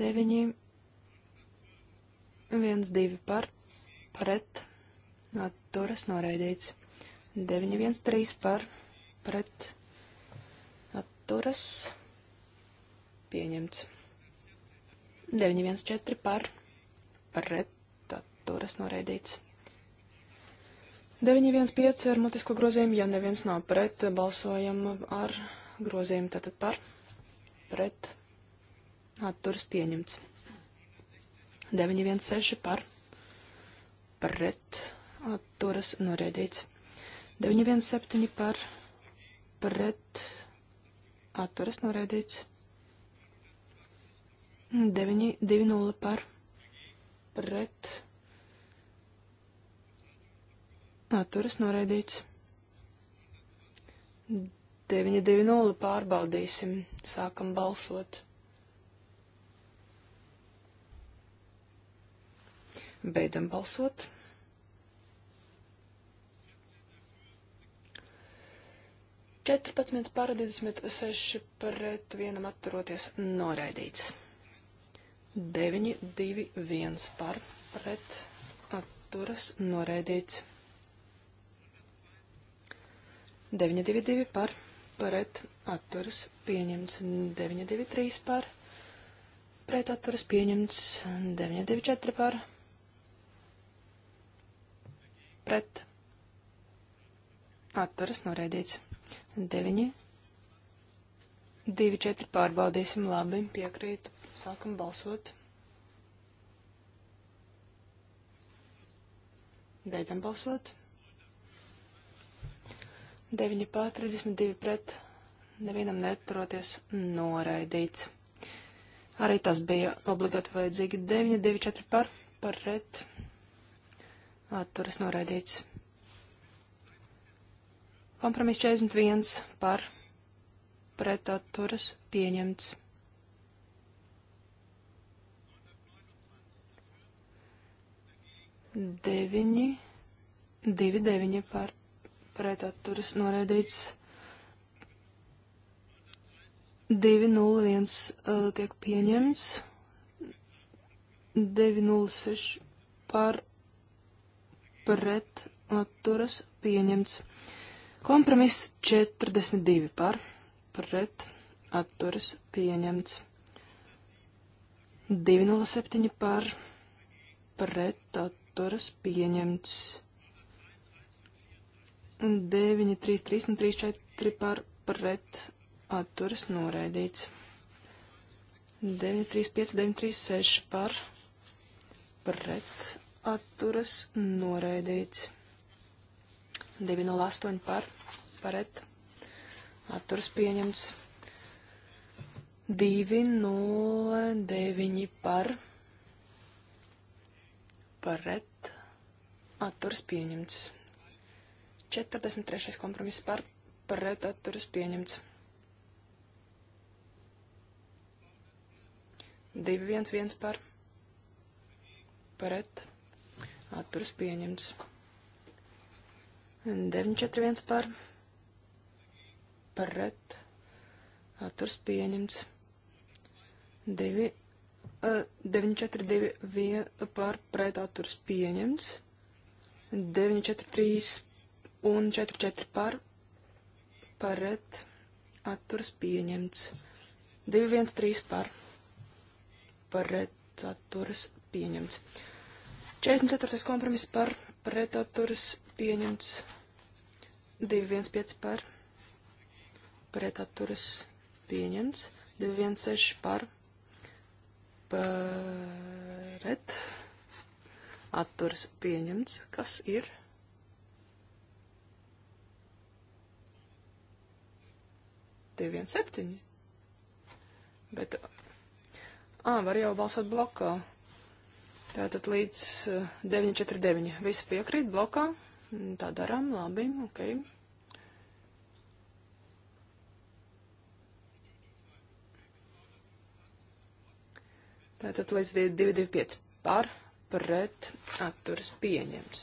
9, 1, 2 par, pret, atturas noraidīts. 9, 1, 3 par, pret, atturas pieņemts. 9, 1, 4 par, pret, atturas noraidīts. 915 ar mutisko grozījumu, ja neviens nav pret, balsojam ar grozījumu tātad par pret atturas pieņemts. 916 par pret atturas norēdīts. 917 par pret atturas norēdīts. 920 par pret atturas norēdīts. 9-2-0 pārbaudīsim, sākam balsot. Beidzam balsot. Četrpadsmit par divdesmit seši pret vienam atturoties noraidīts. Deviņi, divi, viens par pret atturas noraidīts. 922 par pret atturas pieņemts 993 par, pret atturas pieņemts 994 par, pret atturas noraidīts 9, 2, 4 pārbaudīsim labi, piekrītu, sākam balsot. Beidzam balsot. 9 pār 32 pret, nevienam neturoties noraidīts. Arī tas bija obligāti vajadzīgi 9, 2, 4 par, par pret, atturas noraidīts. Kompromiss 41 par, pret atturas pieņemts. Deviņi, divi deviņi par pretatturas noraidīts. 201 uh, tiek pieņemts. 906 par pret atturas pieņemts. Kompromiss 42 par pret atturas pieņemts. 207 par pret atturas pieņemts. 9, 3, 3 un 3, 4 par pret atturas noraidīts. 9, 3, 5, 9, 3, 6 par pret atturas noraidīts. 9, 0, 8 par pret atturas pieņemts. 2, 0, 9 par pret atturas pieņemts. 43. kompromiss par pret atturas pieņemts. 211 par pret atturas pieņemts. 941 par pret atturas pieņemts. 2 942 par pret atturas pieņemts. 943 un 4-4 par paret atturas pieņemts. 2-1-3 par paret atturas pieņemts. 44. kompromiss par paret atturas pieņemts. 2-1-5 par paret atturas pieņemts. 2-1-6 par paret atturas pieņemts. Kas ir? 2-1-6. 217. Bet, ā, var jau balsot blokā. Tātad līdz 949. Visi piekrīt blokā. Tā darām, labi, ok. Tātad līdz 225 par pret atturas pieņems.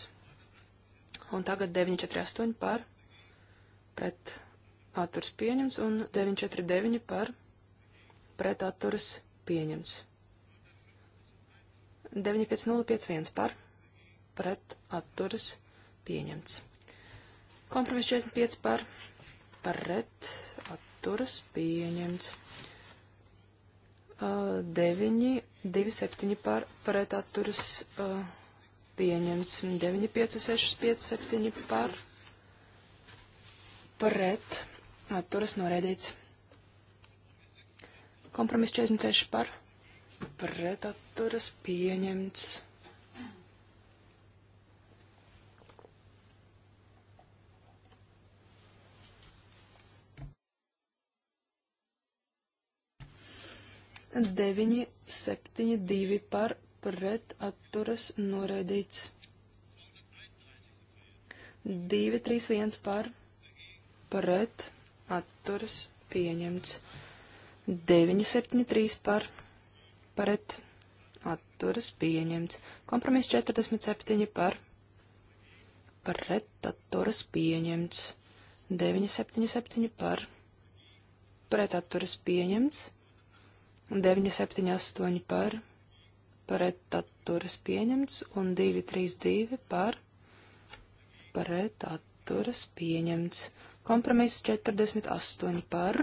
Un tagad 948 par pret atturas pieņems atturs pieņems un 949 par pret atturs pieņems. 95051 par pret atturs pieņemts. Kompromiss 45 par pret atturas pieņemts. 9, 2, 7 par pret atturas pieņemts. 9, 5, 6, 5, 7 par pret atturas pieņemts atturas noraidīts. Kompromiss 46 par pret atturas pieņemts. Deviņi, septiņi, divi par pret atturas noraidīts. 2, 3, 1 par pret atturas pieņemts. 973 par pret atturas pieņemts. Kompromiss 47 par pret atturas pieņemts. 977 par pret atturas pieņemts. 978 par pret atturas pieņemts un 232 par pret atturas pieņemts. Kompromiss 48 par,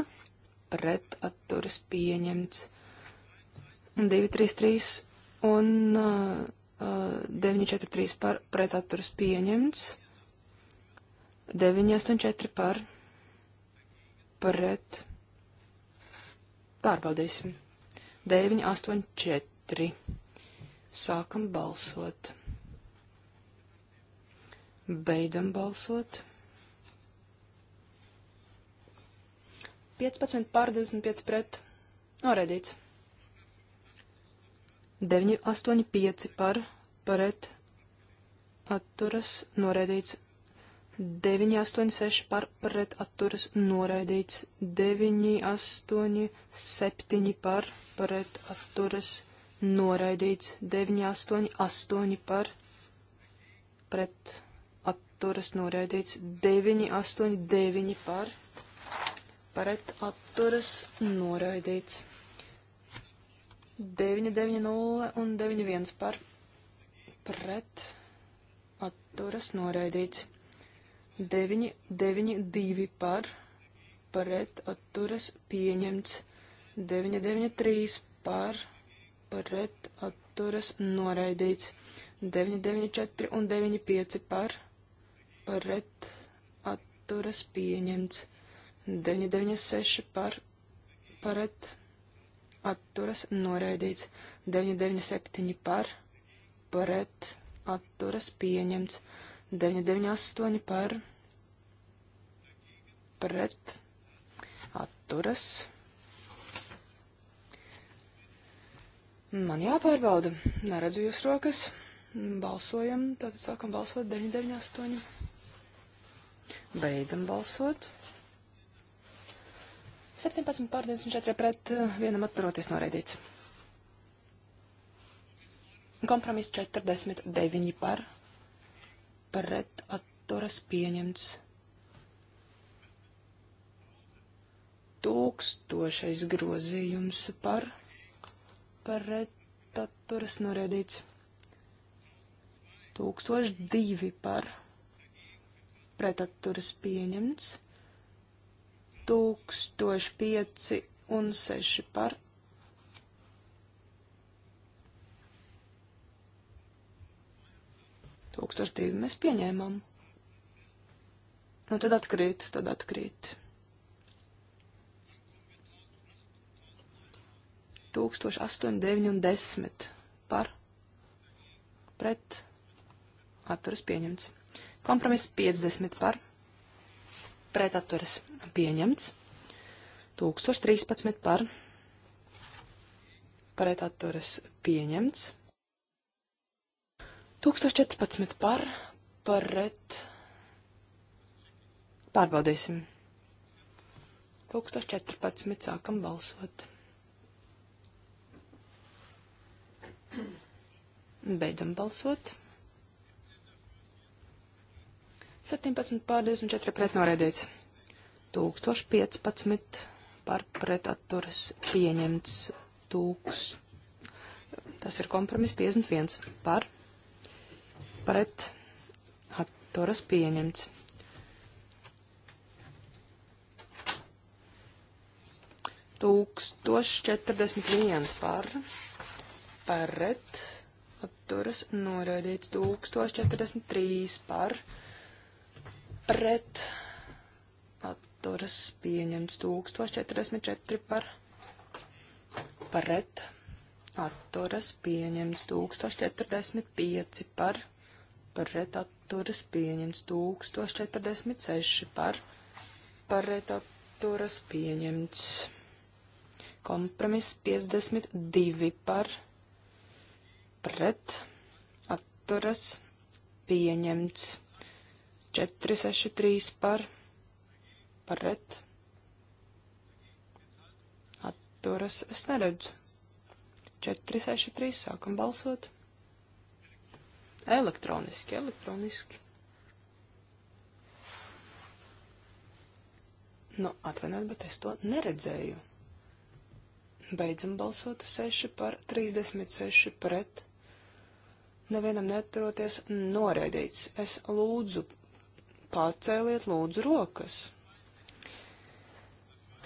pret atturas pieņemts. 233 un uh, 943 uh, par, pret atturas pieņemts. 984 par, pret. Pārbaudīsim. 984. Sākam balsot. Beidzam balsot. 15 pār 25 pret noraidīts. 9, 8, 5 par pret atturas noraidīts. 9, 8, 6 par pret atturas noraidīts. 9, 8, 7 par pret atturas noraidīts. 9, 8, 8 par pret atturas noraidīts. 9, 8, 9 par pret atturas noraidīts pret atturas noraidīts. 990 un 91 par pret atturas noraidīts. 992 par pret atturas pieņemts. 993 par pret atturas noraidīts. 994 un 95 par pret atturas pieņemts. 996 par pret atturas noraidīts, 997 par pret atturas pieņemts, 998 par pret atturas. Man jāpārbauda, neredzu jūs rokas, balsojam, tātad sākam balsot 998. Beidzam balsot. 17 pār 24 pret eh, vienam atturoties noraidīts. Kompromiss 49 par pret atturas pieņemts. Tūkstošais grozījums par pret atturas noraidīts. 1002 par pret atturas pieņemts. 1005 un 6 par. Tūkstoš divi mēs pieņēmām. Nu, tad atkrīt, tad atkrīt. 1008, 9 un 10 par pret atturas pieņemts. Kompromiss 50 par pretaturas pieņemts. 1013 par pretaturas pieņemts. 1014 par pret. Pārbaudīsim. 1014 sākam balsot. Beidzam balsot. 17 pār 24 pret noraidīts. 1015 par pretatturas pieņemts. Tūks. Tas ir kompromiss 51 par pretatturas pieņemts. Tūkstoš četrdesmit viens par pret atturas noraidīts tūkstoš četrdesmit trīs par pret pret atturas pieņemts 1044 par pret atturas pieņemts 1045 par pret atturas pieņemts 1046 par pret atturas pieņemts kompromiss 52 par pret atturas pieņemts 463 par pret atturas es neredzu. 463 sākam balsot. Elektroniski, elektroniski. Nu, atvainojiet, bet es to neredzēju. Beidzam balsot 6 par 36 pret. Nevienam neturoties noraidīts. Es lūdzu Pacēliet lūdzu rokas.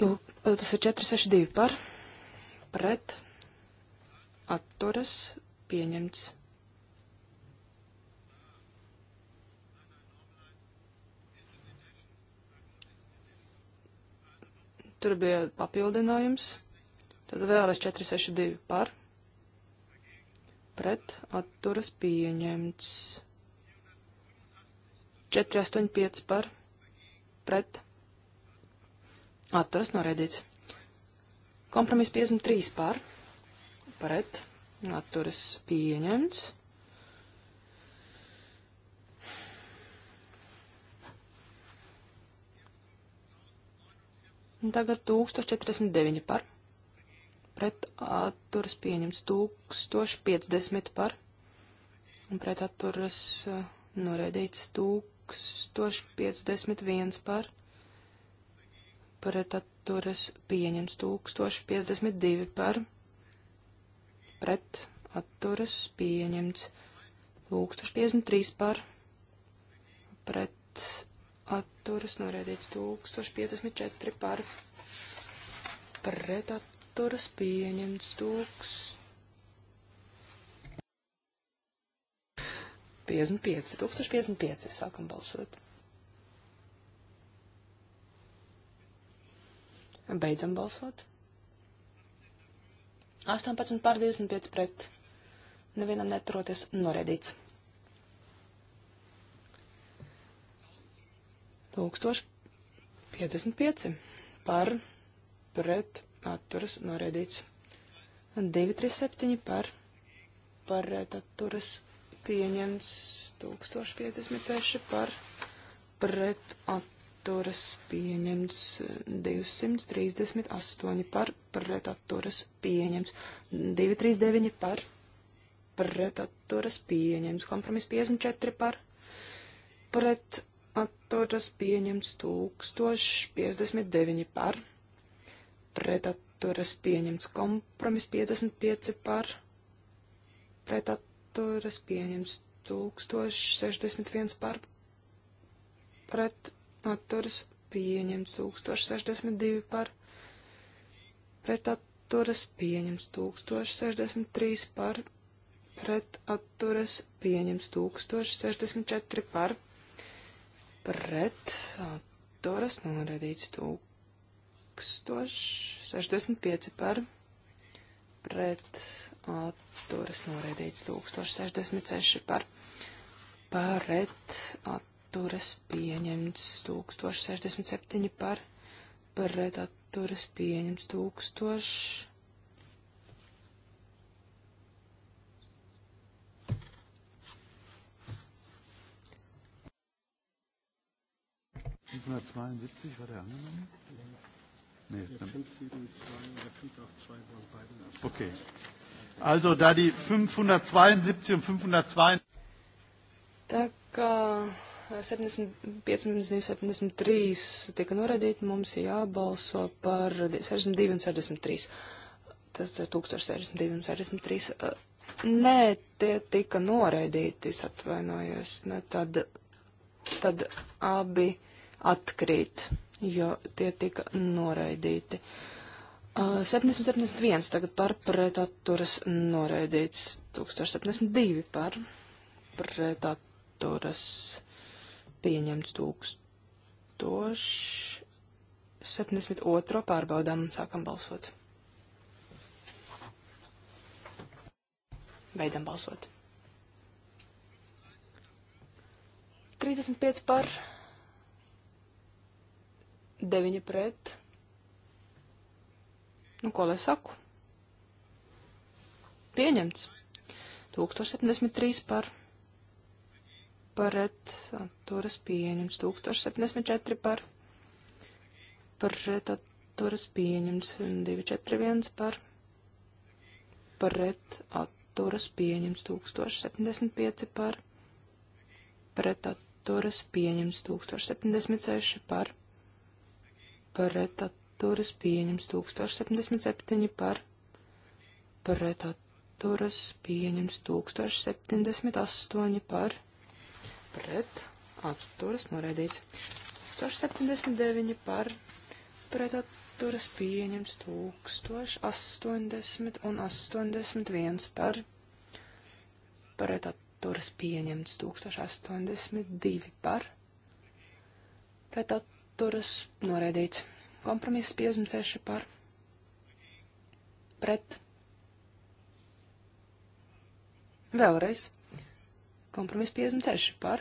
Tu, tas ir 462 par, pret, atturas, pieņemts. Tur bija papildinājums. Tad vēlreiz 462 par, pret, atturas, pieņemts. 485 par pret atturas noraidīts. Kompromiss 53 par pret atturas pieņemts. Tagad 1049 par pret atturas pieņemts 1050 par un pret atturas uh, noraidīts 1000. 1051 par pretaturas pieņems 1052 par pretaturas pieņemts 1053 par pretaturas norēdīts 1054 par pretaturas pieņemts 1000. 55, 1055 sākam balsot. Beidzam balsot. 18 pār 25 pret. Nevienam neturoties noredīts. 1055 par pret atturas noredīts. 237 par pret atturas noredīts pieņemts 1056 par pret atturas pieņemts 238 par pret atturas pieņemts 239 par pret atturas pieņemts kompromiss 54 par pret atturas pieņemts 1059 par pret atturas pieņemts kompromiss 55 par pret atturas atturas pieņems 1061 par pret atturas pieņems 1062 par pret atturas pieņems 1063 par pret atturas pieņems 1064 par pret atturas norēdīts 1065 par pret atturas noraidīts 1066 par pret atturas pieņemts 1067 par pret atturas pieņemts 1000. war der angenommen? Nee, der 572 und der 582 waren beide. Okay. Also da die 572 und 502. Tā kā 75 un 73 tika noradīti, mums ir jābalso par 62 un 63. Tas ir 1062 un 63. Nē, tie tika noraidīti, es atvainojos. Ne, tad, tad abi atkrīt, jo tie tika noraidīti. Uh, 771 uh, tagad par pretaturas noraidīts, 1072 par pretaturas pieņemts 1072 pārbaudām, sākam balsot. Beidzam balsot. 35 par 9 pret Nu, ko lai saku? Pieņemts. 1073 par pret atturas pieņemts. 1074 par pret atturas pieņemts. 241 par pret atturas pieņemts. 1075 par pret atturas pieņemts. 1076 par pret atturas atturas pieņems 1077 par pret atturas pieņems 1078 par pret atturas noraidīts 1079 par pret atturas pieņems 1080 un 81 par pret atturas pieņems 1082 par pret atturas noraidīts Kompromiss 56 par pret. Vēlreiz. Kompromiss 56 par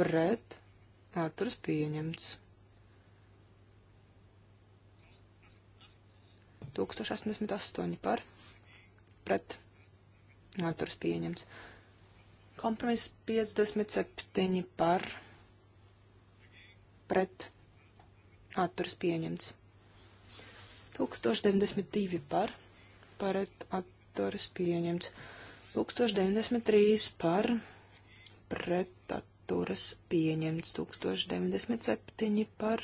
pret. Atturas pieņemts. 1088 par pret. Atturas pieņemts. Kompromiss 57 par pret atturas pieņemts. 1092 par, pret atturas pieņemts. 1093 par, pret atturas pieņemts. 1097 par,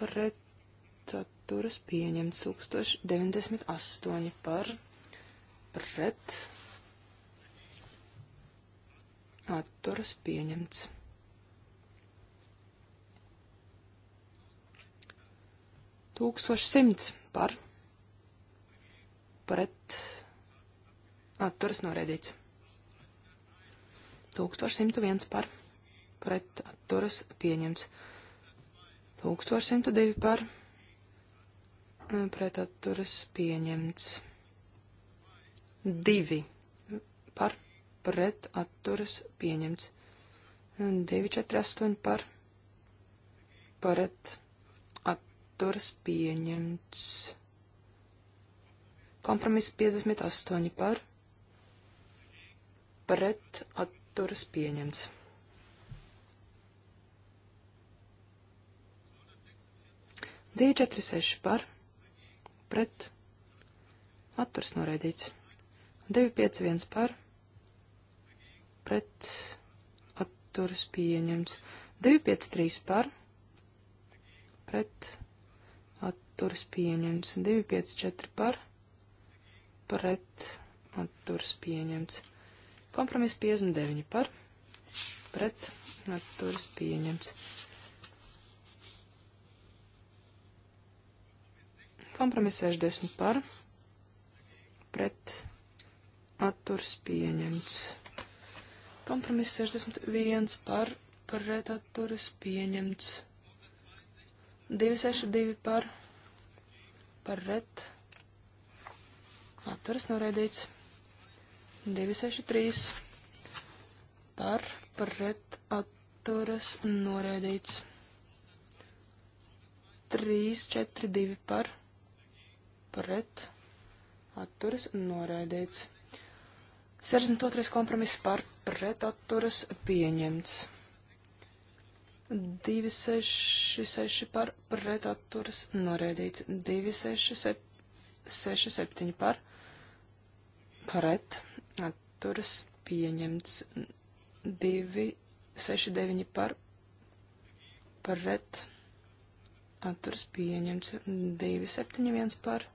pret atturas pieņemts. 1098 par, pret atturas pieņemts. 1100 par pret atturas noraidīts. 1101 par pret atturas pieņemts. 1102 eh, par pret atturas pieņemts. 2 eh, par pret atturas pieņemts. 948 par pret atturas pieņemts atturas pieņemts. Kompromiss 58 par, pret atturas pieņemts. 246 par, pret atturas noraidīts. 251 par, pret atturas pieņemts. 253 par, pret atturas pieņemts atturas pieņemts. 254 par pret atturas pieņemts. Kompromiss 59 par pret atturas pieņemts. Kompromiss 60 par pret atturas pieņemts. Kompromiss 61 par pret atturas pieņemts. 262 par pret pret atturas noraidīts. 263 par pret atturas noraidīts. 342 par pret atturas noraidīts. 62. kompromiss par pret atturas pieņemts. 266 par pretaturas noraidīts, 267 par pretaturas pieņemts, 269 par pretaturas pieņemts, 271 par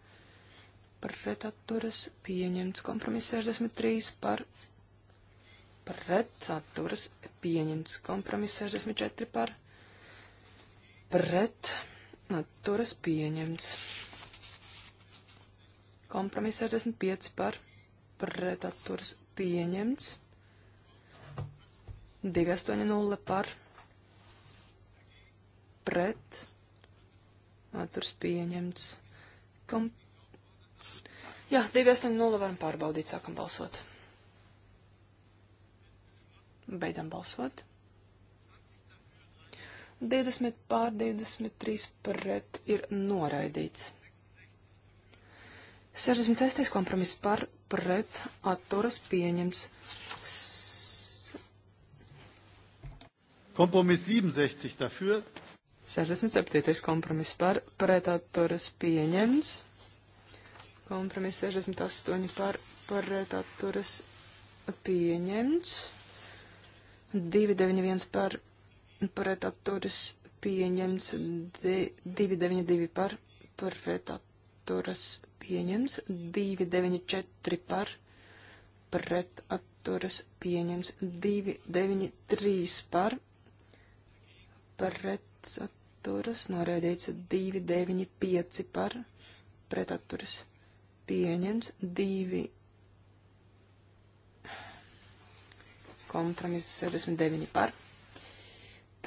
pretaturas pieņemts, kompromiss 63 par pretaturas pret atturas pieņemts. Kompromiss 64 par pret atturas pieņemts. Kompromiss 65 par pret atturas pieņemts. 280 par pret atturas pieņemts. Kom... Jā, 280 varam pārbaudīt, sākam balsot. Beidzam balsot. 20 pār 23 pret ir noraidīts. 66. kompromiss par pret atturas pieņems. Kompromiss 67 dafür. 67. kompromiss par pretatturas pieņems. Kompromiss 68 par pretatturas pieņems. 291 par pretaturas pieņems, 292 par pretaturas pieņems, 294 par pretaturas pieņems, 293 par pretaturas norēdīts, 295 par pretaturas pieņems, 2. Kompromiss 69 par.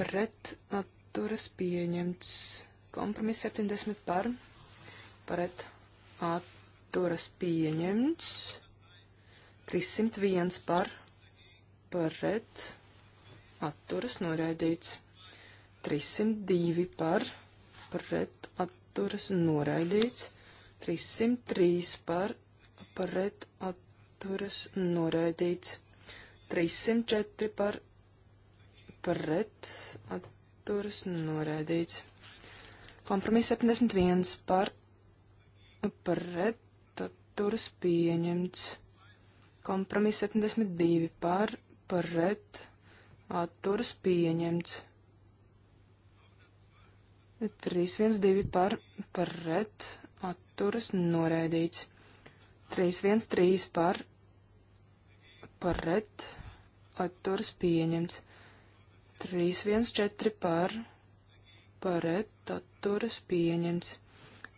Pret atturas pieņemts. Kompromiss 70 par. Pret atturas pieņemts. 301 par. Pret atturas noraidīts. 302 par. Pret atturas noraidīts. 303 par. Pret atturas noraidīts 304 par pret atturas noraidīts. Kompromiss 71 par pret atturas pieņemts. Kompromiss 72 par pret atturas pieņemts. 312 par pret atturas noraidīts. 313 par pret atturas pieņemts. 314 par, paret, atturas pieņemts.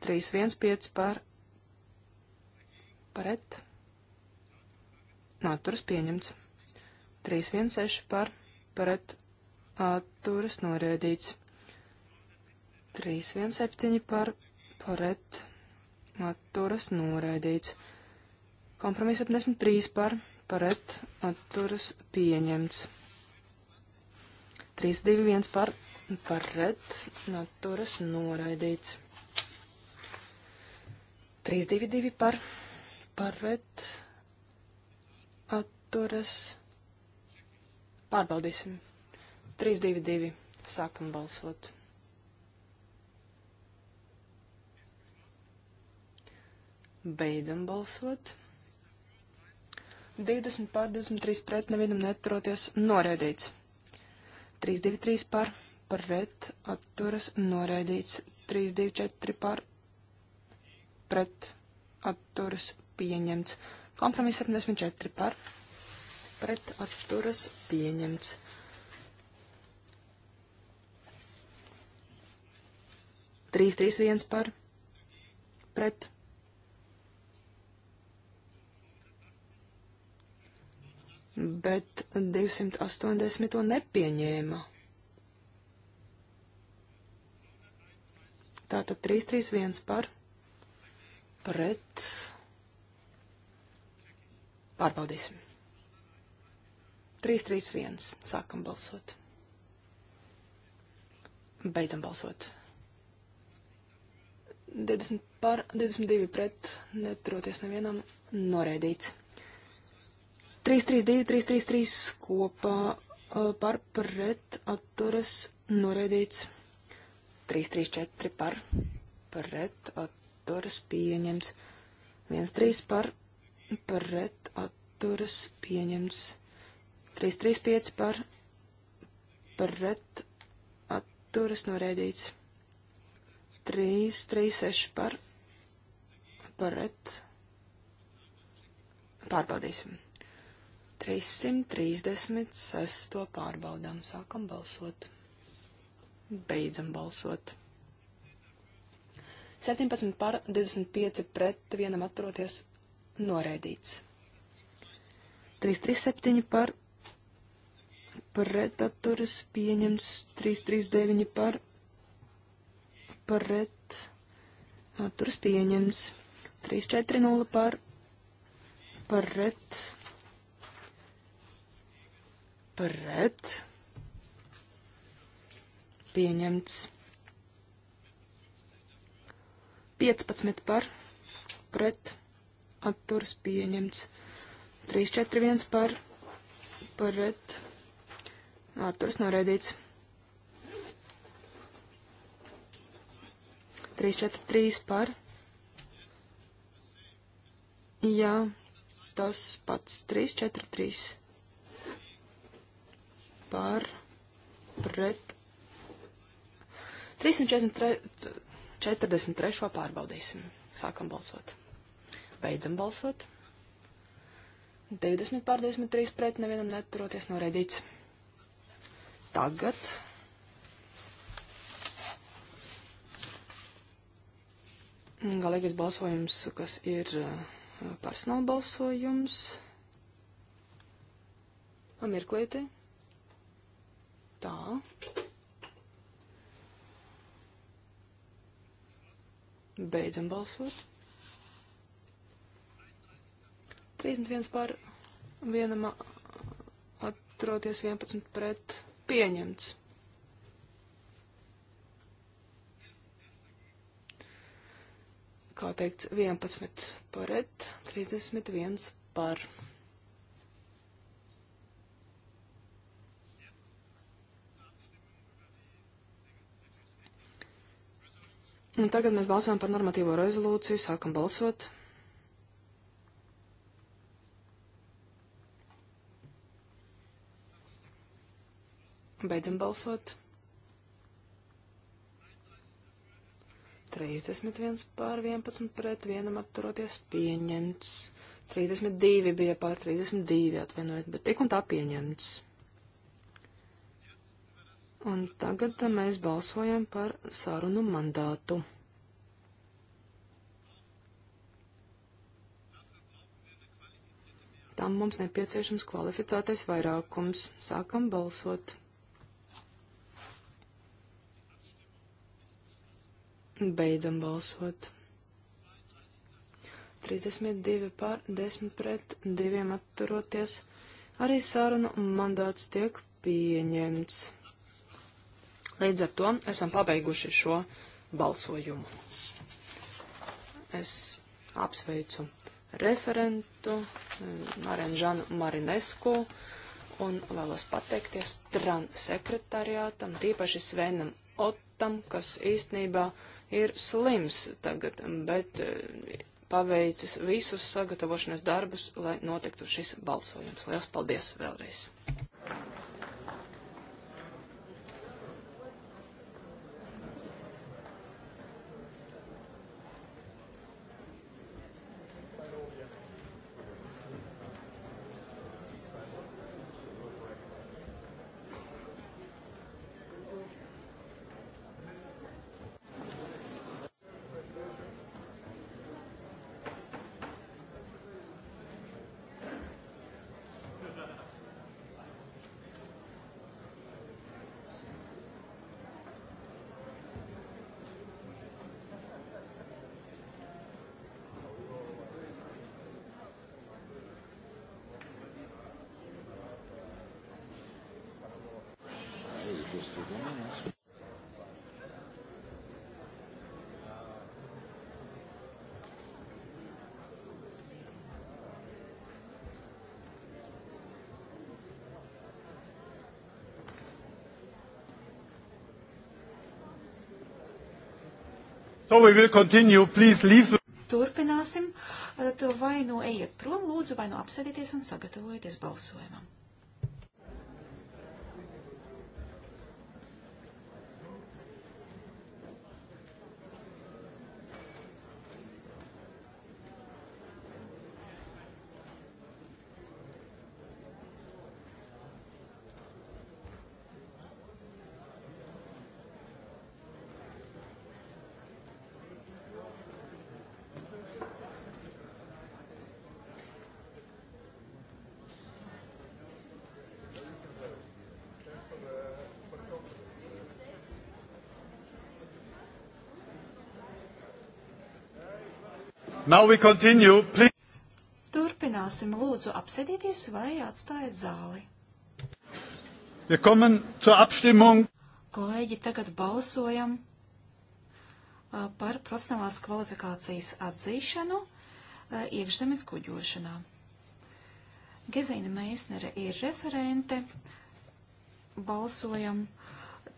315 par, paret, atturas pieņemts. 316 par, paret, atturas norēdīts. 317 par, paret, atturas norēdīts. Kompromiss 73 par, paret pret atturas pieņemts. 3, 2, 1 par, pret atturas noraidīts. 3, 2, 2 par, pret atturas pārbaudīsim. 3, 2, 2 sākam balsot. Beidzam balsot. 20 pār 23 pret, nevienam neturoties noraidīts. 3, 2, 3 pār pret, atturas noraidīts. 3, 2, 4 pār pret, atturas pieņemts. Kompromiss 74 pār pret, atturas pieņemts. Trīs, trīs, viens par, pret, bet 280 to nepieņēma. Tātad 331 par pret pārbaudīsim. 331 sākam balsot. Beidzam balsot. 20 par 22 pret neturoties nevienam noraidīts. 332, 333 kopā par pret atturas noraidīts. 334 par pret atturas pieņemts. 13 par pret atturas pieņemts. 335 par pret atturas noraidīts. 336 par pret pārbaudīsim. 336. pārbaudām. Sākam balsot. Beidzam balsot. 17 par 25 pret vienam atroties noraidīts. 337 par pret atturas pieņems 339 par pret atturas pieņems 340 par pret pret pieņemts 15 par pret atturas pieņemts 341 par pret atturas noraidīts 343 par jā tas pats 343 par pret 343. pārbaudīsim. Sākam balsot. Beidzam balsot. 20 pār 23 pret nevienam neturoties noraidīts. Tagad galīgais balsojums, kas ir eh, personāla balsojums. Pamirklīti tā. Beidzam balsot. 31 pār vienam atroties 11 pret pieņemts. Kā teikts, 11 pret 31 par. Un tagad mēs balsojam par normatīvo rezolūciju, sākam balsot. Beidzam balsot. 31 pār 11 pret 1 atturoties pieņemts. 32 bija pār 32 atvienojot, bet tik un tā pieņemts. Un tagad mēs balsojam par sarunu mandātu. Tam mums nepieciešams kvalificētais vairākums. Sākam balsot. Beidzam balsot. 32 pār 10 pret 2 atturoties. Arī sarunu mandāts tiek pieņemts. Līdz ar to esam pabeiguši šo balsojumu. Es apsveicu referentu Marenžanu eh, Marinesku un vēlos pateikties tran sekretariātam, tīpaši Svenam Ottam, kas īstenībā ir slims tagad, bet eh, paveicis visus sagatavošanas darbus, lai notiktu šis balsojums. Lielas paldies vēlreiz! So oh, we will continue. Please leave the... Turpināsim. To vai nu ejiet prom, lūdzu, vai nu apsēdieties un sagatavojieties balsojumam. Now we continue, please. Turpināsim, lūdzu, apsēdieties vai atstājiet zāli. Wir kommen zur Abstimmung. Kolēģi, tagad balsojam par profesionālās kvalifikācijas atzīšanu iekšzemes kuģošanā. Gezīna Meisnere ir referente. Balsojam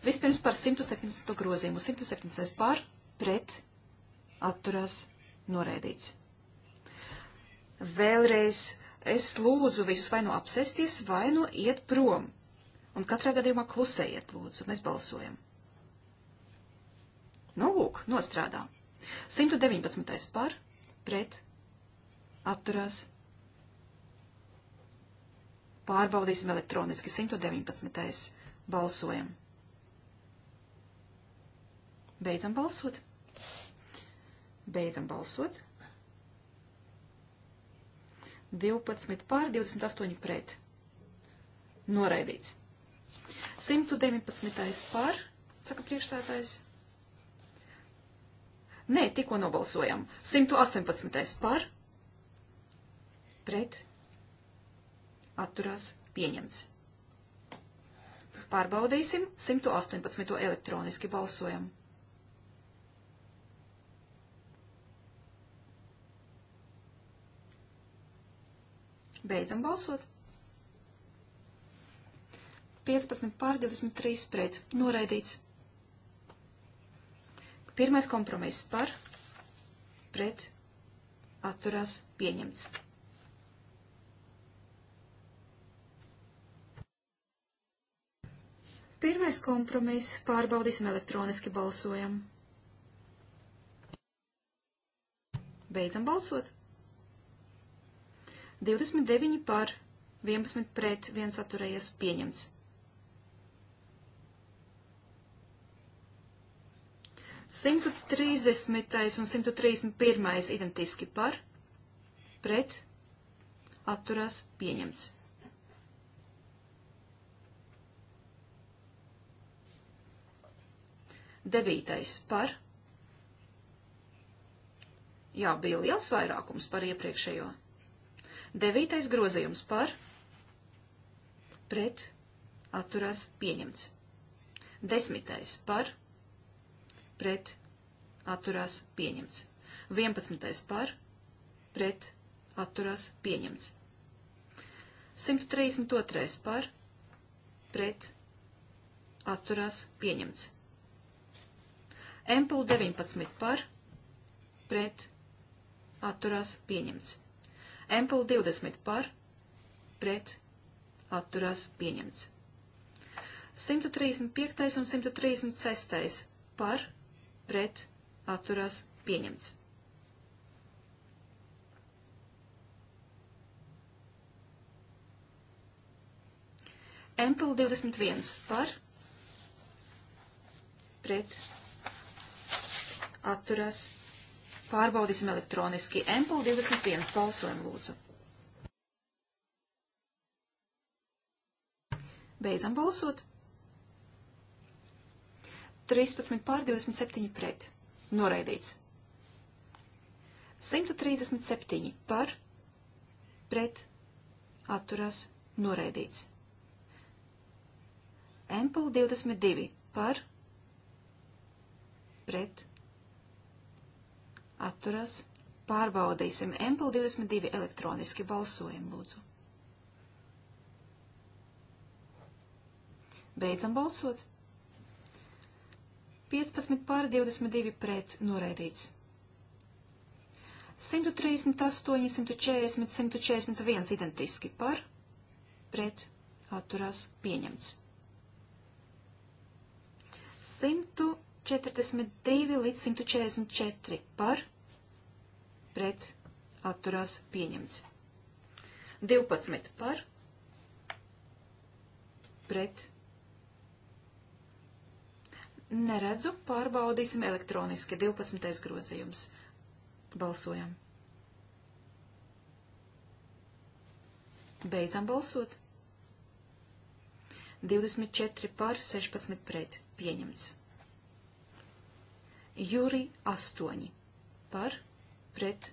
vispirms par 170 grozījumu. 170 par, pret, atturas, noraidīts. Vēlreiz es lūdzu visus vai nu apsēsties, vai nu iet prom. Un katrā gadījumā klusējiet, lūdzu, mēs balsojam. Nu, lūk, nostrādā. 119. par, pret, atturās. Pārbaudīsim elektroniski 119. balsojam. Beidzam balsot. Beidzam balsot. 12 pār 28 pret. Noraidīts. 119. pār, saka priekšstādājs. Nē, tikko nobalsojam. 118. par, pret, atturās, pieņemts. Pārbaudīsim 118. elektroniski balsojam. Beidzam balsot. 15 pār 23 pret. Noraidīts. Pirmais kompromiss par, pret, atturās pieņemts. Pirmais kompromiss pārbaudīsim elektroniski balsojam. Beidzam balsot. 29 par 11 pret 1 atturējies pieņemts. Simtu trīsdesmitais un simtu trīsdesmit pirmais identiski par, pret, atturās pieņemts. Devītais par. Jā, bija liels vairākums par iepriekšējo. Devītais grozījums par pret atturās pieņemts. Desmitais par pret atturās pieņemts. Vienpadsmitais par pret atturās pieņemts. 132 par pret atturās pieņemts. Empul 19 par pret atturās pieņemts. Empul 20 par, pret, atturās pieņemts. 135. un 136. par, pret, atturās pieņemts. Empel 21 par pret atturas Pārbaudīsim elektroniski. MPL 21 balsojam lūdzu. Beidzam balsot. 13 pār 27 pret. Noraidīts. 137 par pret atturas noraidīts. MPL 22 par pret atturas. Pārbaudīsim MPL 22 elektroniski balsojam, lūdzu. Beidzam balsot. 15 pār 22 pret noraidīts. 138, 140, 141 identiski par, pret, atturās pieņemts. 100 142 līdz 144 par pret atturās pieņemts. 12 par pret. Neredzu, pārbaudīsim elektroniski 12. grozījums. Balsojam. Beidzam balsot. 24 par 16 pret pieņemts. Juri 8 par pret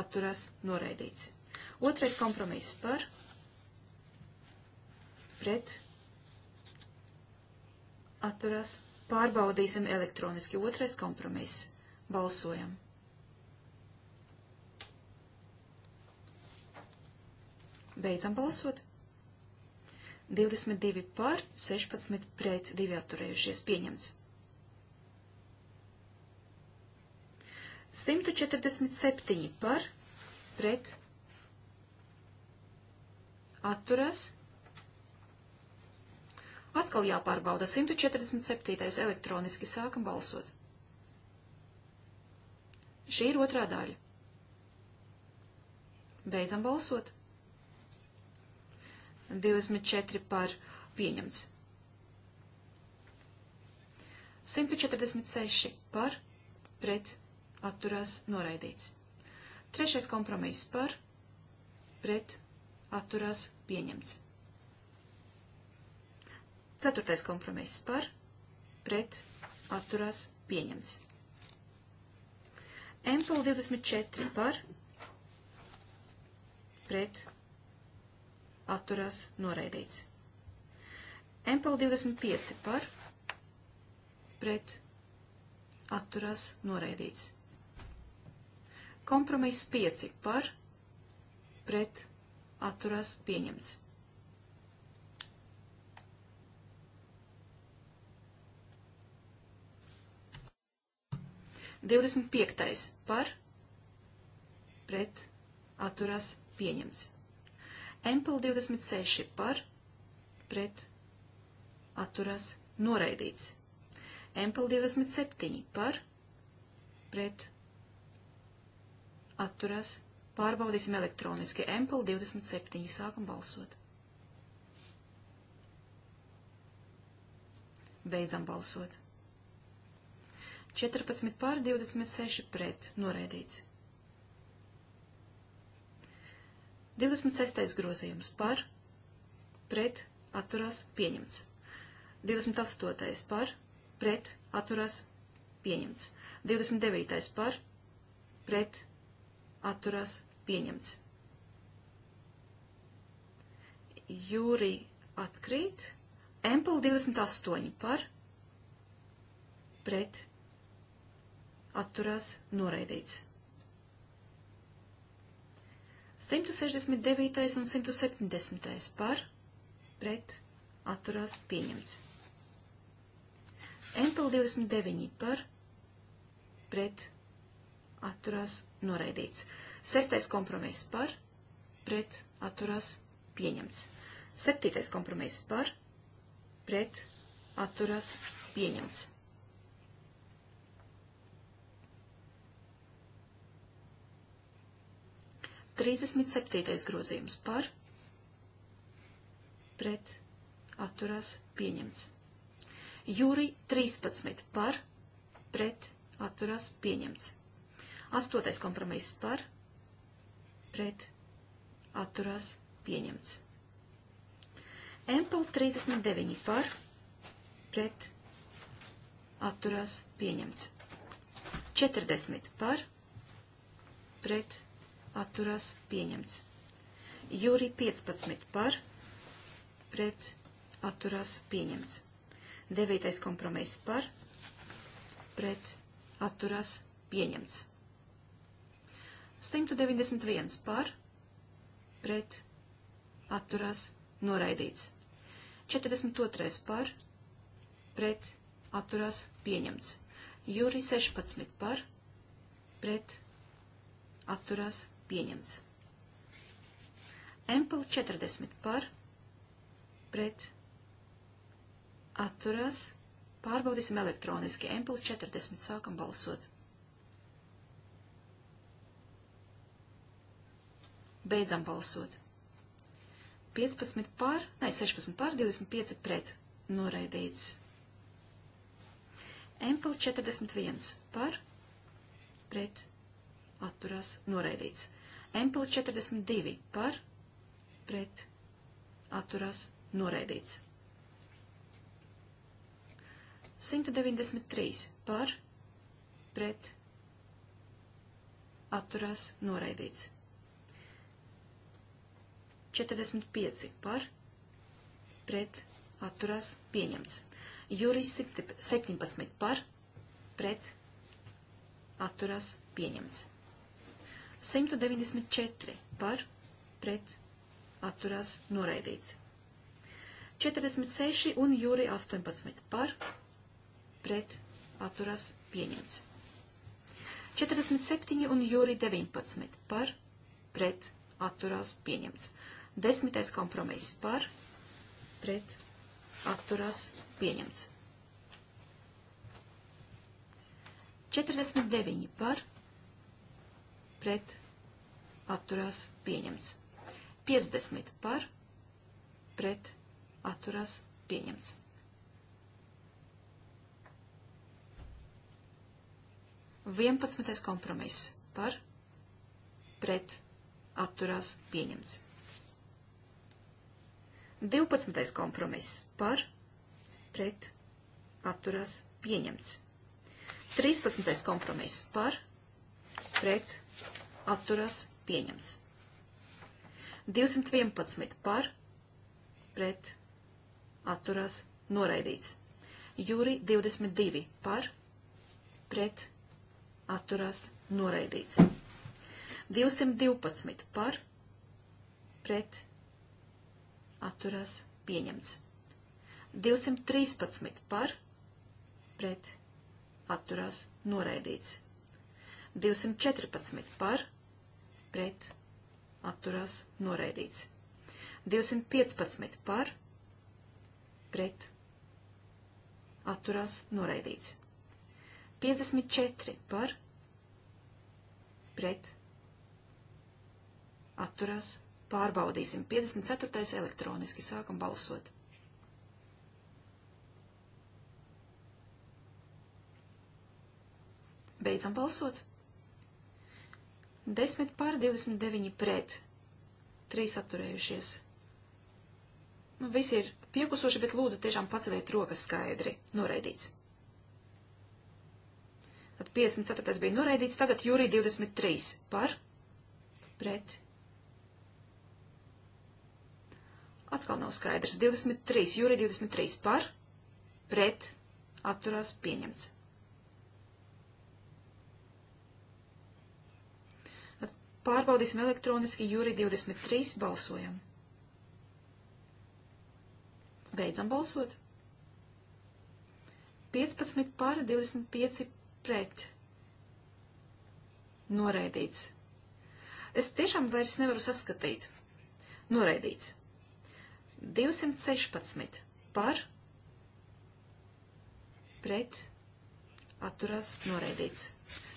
atturās noraidīts. Otrais kompromiss par pret atturās pārbaudīsim elektroniski. Otrais kompromiss. Balsojam. Beidzam balsot. 22 par, 16 pret, 2 atturējušies pieņemts. 147 par pret atturas. Atkal jāpārbauda 147. elektroniski sākam balsot. Šī ir otrā daļa. Beidzam balsot. 24 par pieņemts. 146 par pret atturās noraidīts. Trešais kompromiss par, pret, atturās pieņemts. Ceturtais kompromiss par, pret, atturās pieņemts. MPL 24 par, pret, atturās noraidīts. MPL 25 par, pret, atturās noraidīts. Kompromiss 5 par pret atturās pieņemts. Divdesmit piektais par pret atturās pieņemts. Empel 26 par pret atturās noraidīts. Empel 27 par pret atturās. Pārbaudīsim elektroniski. Empel 27. Sākam balsot. Beidzam balsot. 14 pār 26 pret. Noraidīts. 26. grozījums par, pret, atturās, pieņemts. 28. par, pret, atturās, pieņemts. 29. par, pret, atturās pieņemts. Jūri atkrīt. Empel 28 par pret atturās noraidīts. 169. un 170. par pret atturās pieņemts. Empel 29 par pret atturās pieņemts atturās noraidīts. Sestais kompromiss par, pret, atturās pieņemts. Septītais kompromiss par, pret, atturās pieņemts. Trīsdesmit septītais grozījums par, pret, atturās pieņemts. Jūri 13 par, pret, atturās pieņemts. Astotais kompromiss par, pret, atturās, pieņemts. Empel 39 par, pret, atturās, pieņemts. 40 par, pret, atturās, pieņemts. Jūri 15 par, pret, atturās, pieņemts. 9. kompromiss par, pret, atturās, pieņemts. 191 par, pret, atturās, noraidīts. 42 par, pret, atturās, pieņemts. Jūri 16 par, pret, atturās, pieņemts. Empel 40 par, pret, atturās, pārbaudīsim elektroniski. Empel 40 sākam balsot. Beidzam balsot. 15 pār, ne, 16 pār, 25 pret noraidīts. Empel 41 par, pret, atturās, noraidīts. Empel 42 par, pret, atturās, noraidīts. 193 par, pret, atturās, noraidīts. 45 par pret atturās pieņemts. Jurijs 17 par pret atturās pieņemts. 194 par pret atturās noraidīts. 46 un jūri 18 par pret atturās pieņemts. 47 un jūri 19 par pret atturās pieņemts. Desmitais kompromiss par pret atturās pieņemts. 49 par pret atturās pieņemts. 50 par pret atturās pieņemts. Vienpadsmitais kompromiss par pret atturās pieņemts. 12. kompromiss par pret atturās pieņemts. 13. kompromiss par pret atturās pieņemts. 211 par pret atturās noraidīts. Jūri 22 par pret atturās noraidīts. 212 par pret atturās noraidīts atturās pieņemts. 213 par pret atturās noraidīts. 214 par pret atturās noraidīts. 215 par pret atturās noraidīts. 54 par pret atturās noraidīts Pārbaudīsim. 54. elektroniski sākam balsot. Beidzam balsot. 10 pār 29 pret. 3 atturējušies. Nu, visi ir piekusuši, bet lūdzu tiešām paceliet rokas skaidri. Noraidīts. Tad 54. bija noraidīts, tagad jūrī 23 par pret Atkal nav skaidrs. 23, jūri 23 par, pret, atturās pieņemts. Pārbaudīsim elektroniski jūri 23, balsojam. Beidzam balsot. 15 par, 25 pret. Noraidīts. Es tiešām vairs nevaru saskatīt. Noraidīts. 216 par pret atturās noraidīts.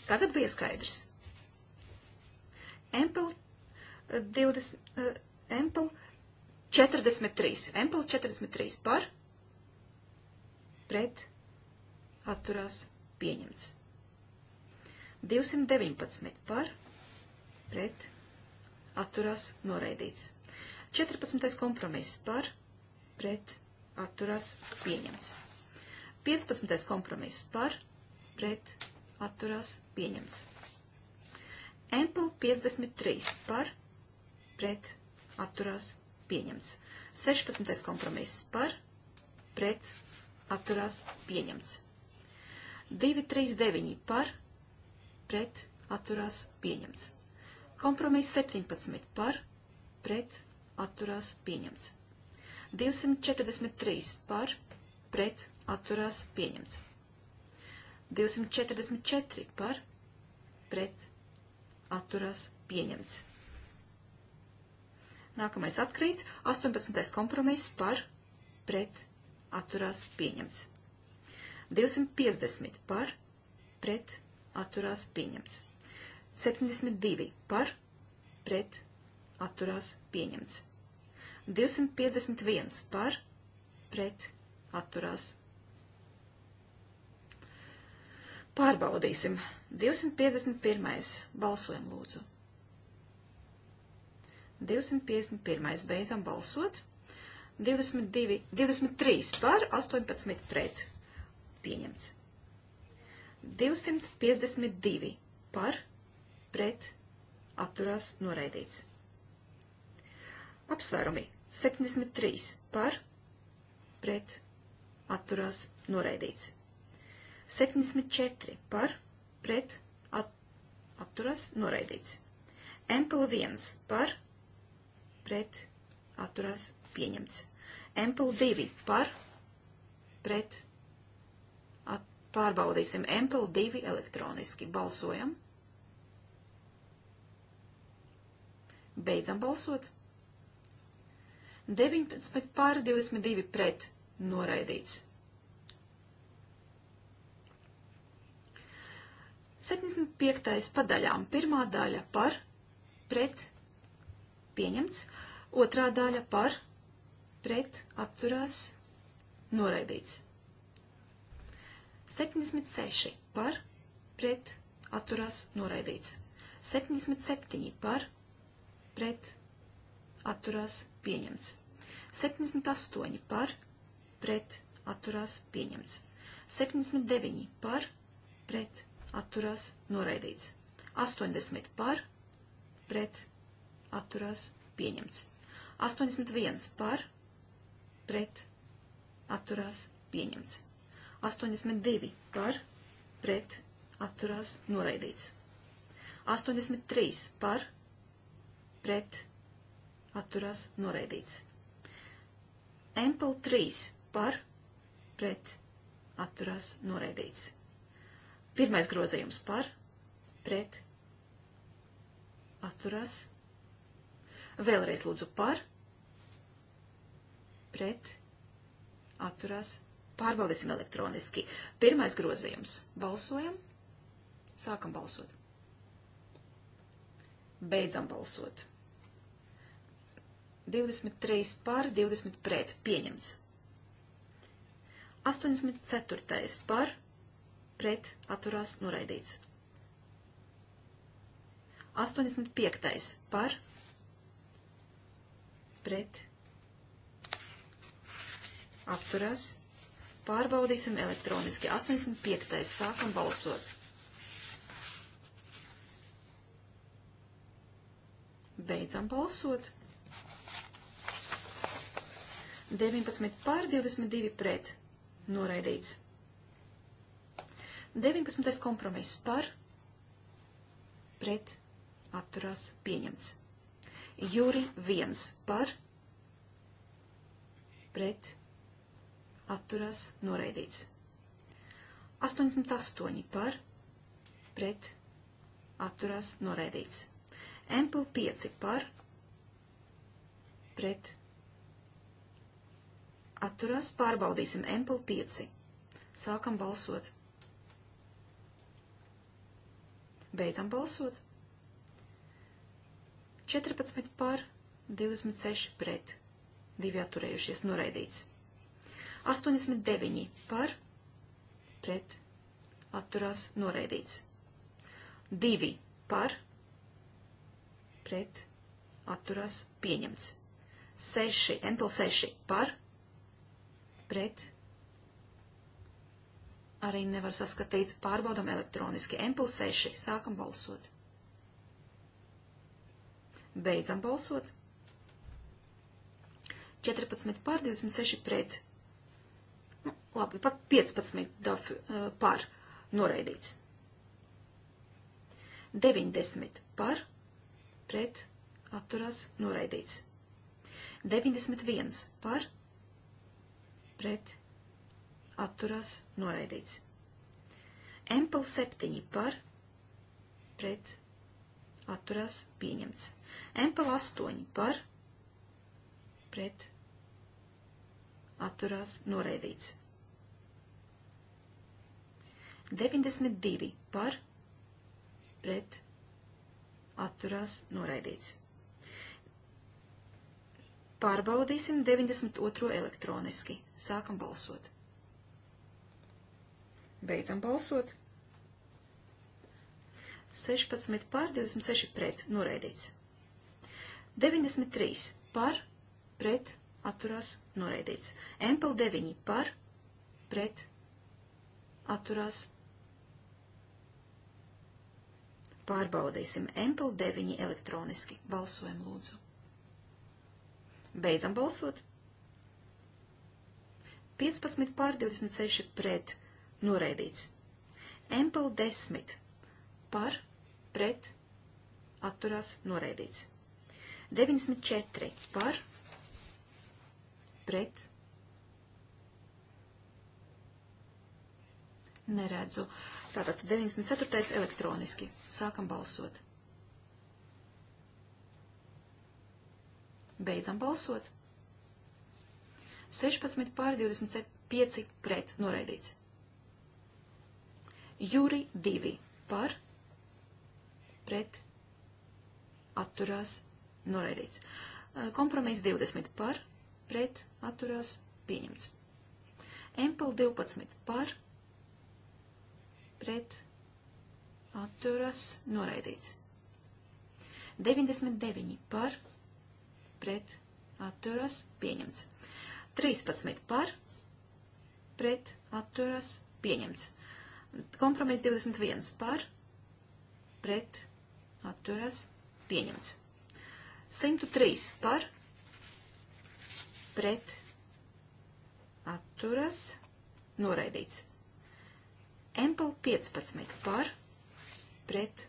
Tagad bija skaidrs. Empel 20, eh, eh, Empel 43, Empel 43 par pret atturās pieņemts. 219 par pret atturās noraidīts. 14. kompromiss par pret atturās pieņemts. 15. kompromiss par pret atturās pieņemts. Empel 53 par pret atturās pieņemts. 16. kompromiss par pret atturās pieņemts. 239 par pret atturās pieņemts. Kompromiss 17 par pret atturās pieņemts. 243 par pret atturās pieņemts. 244 par pret atturās pieņemts. Nākamais atkrīt. 18. kompromiss par pret atturās pieņemts. 250 par pret atturās pieņemts. 72 par pret atturās pieņemts. 251 par pret atturās. Pārbaudīsim. 251. Balsojam lūdzu. 251. Beidzam balsot. 22, 23 par 18 pret. Pieņemts. 252 par pret atturās noraidīts. Apsvērumi 73 par pret atturās noraidīts. 74 par pret at, atturās noraidīts. Empel 1 par pret atturās pieņemts. Empel 2 par pret at, pārbaudīsim Empel 2 elektroniski. Balsojam. Beidzam balsot. 19 pār 22 pret noraidīts. 75. padaļām pirmā daļa par pret pieņemts, otrā daļa par pret atturās noraidīts. 76 par pret atturās noraidīts. 77 par pret atturās pieņemts. 78 par, pret, atturās pieņemts. 79 par, pret, atturās noraidīts. 80 par, pret, atturās pieņemts. 81 par, pret, atturās pieņemts. 82 par, pret, atturās noraidīts. 83 par, pret, atturās pieņemts atturās noraidīts. Empel 3 par pret atturās noraidīts. Pirmais grozījums par pret atturās. Vēlreiz lūdzu par pret atturās. Pārbaudīsim elektroniski. Pirmais grozījums. Balsojam. Sākam balsot. Beidzam balsot. 23 par, 20 pret, pieņemts. 84 par, pret, atturās, noraidīts. 85 par, pret, atturās, pārbaudīsim elektroniski. 85. sākam balsot. Beidzam balsot. 19 pār 22 pret noraidīts. 19. kompromiss par pret atturās pieņemts. Juri 1 par pret atturās noraidīts. 88 par pret atturās noraidīts. Empel 5 par pret atturās noraidīts atturās, pārbaudīsim Empel 5. Sākam balsot. Beidzam balsot. 14 par, 26 pret, 2 atturējušies, noraidīts. 89 par, pret, atturās, noraidīts. 2 par, pret, atturās, pieņemts. 6, Empel 6 par, pret pret arī nevar saskatīt. Pārbaudam elektroniski. Impulsēši sākam balsot. Beidzam balsot. 14 pār 26 pret. Nu, labi, pat 15 daf, eh, pār noraidīts. 90 par pret atturās noraidīts. 91 par pret pret atturās noraidīts. Empel 7 par pret atturās pieņemts. Empel 8 par pret atturās noraidīts. 92 par pret atturās noraidīts. Pārbaudīsim 92. elektroniski. Sākam balsot. Beidzam balsot. 16 pār 26 pret noraidīts. 93 par pret atturās noraidīts. Empel 9 par pret atturās. Pārbaudīsim Empel 9 elektroniski. Balsojam lūdzu. Beidzam balsot. 15 pār 26 pret noraidīts. Empel 10 par pret atturās noraidīts. 94 par pret neredzu. Tātad 94. elektroniski. Sākam balsot. Beidzam balsot. 16 pār 25 pret noraidīts. Jūri 2 par pret atturās noraidīts. Eh, kompromiss 20 par pret atturās pieņemts. Empel 12 par pret atturās noraidīts. 99 par pret pret atturas pieņemts. 13 par pret atturas pieņemts. Kompromiss 21 par pret atturas pieņemts. 103 par pret atturas noraidīts. Empel 15 par pret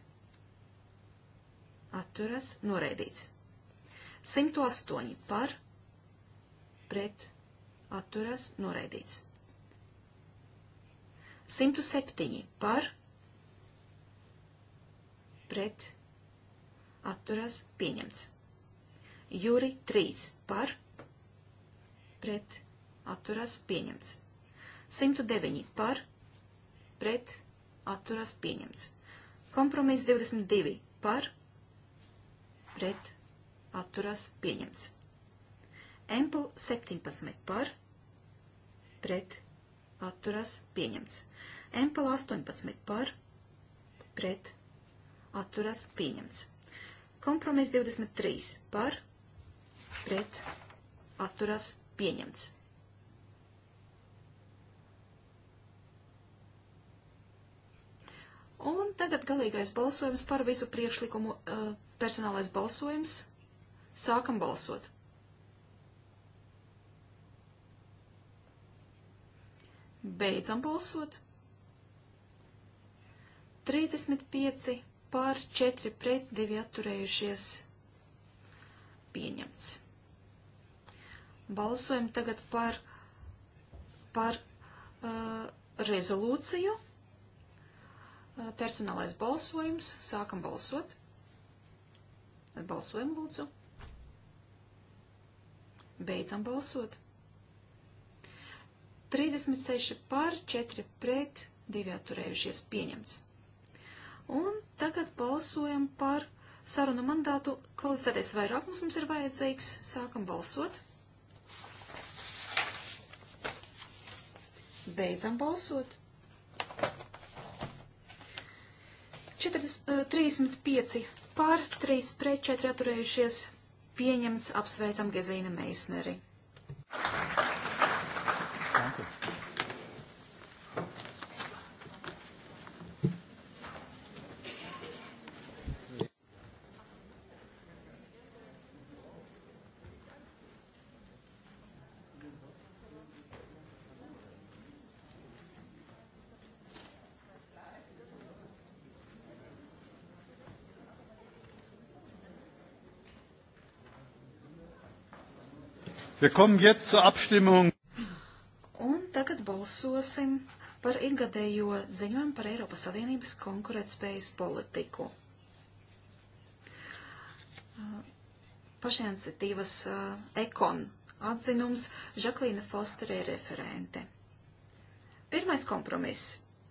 atturas noraidīts. 108 par pret atturas noraidīts. 107 par pret atturas pieņemts. Juri 3 par pret atturas pieņemts. 109 par pret atturas pieņemts. Kompromiss 22 par pret atturās pieņemts. Empel 17 par, pret, atturās pieņemts. Empel 18 par, pret, atturās pieņemts. Kompromiss 23 par, pret, atturās pieņemts. Un tagad galīgais balsojums par visu priekšlikumu eh, personālais balsojums. Sākam balsot. Beidzam balsot. 35 pār 4 pret 2 atturējušies. Pieņemts. Balsojam tagad par, par uh, rezolūciju. Uh, personālais balsojums. Sākam balsot. Balsojam lūdzu. Beidzam balsot. 36 par, 4 pret, 2 atturējušies pieņemts. Un tagad balsojam par sarunu mandātu. Kvalificētais vairākums mums ir vajadzīgs. Sākam balsot. Beidzam balsot. 40, 35 eh, par, 3 pret, 4 atturējušies pieņemts, apsveicam Gezīna Meisneri. Thank you. Wir kommen jetzt zur Abstimmung. Un tagad balsosim par ikgadējo ziņojumu par Eiropas Savienības konkurētspējas politiku. Pašiniciatīvas ekon atzinums Žaklīna Fosterē referente. Pirmais kompromiss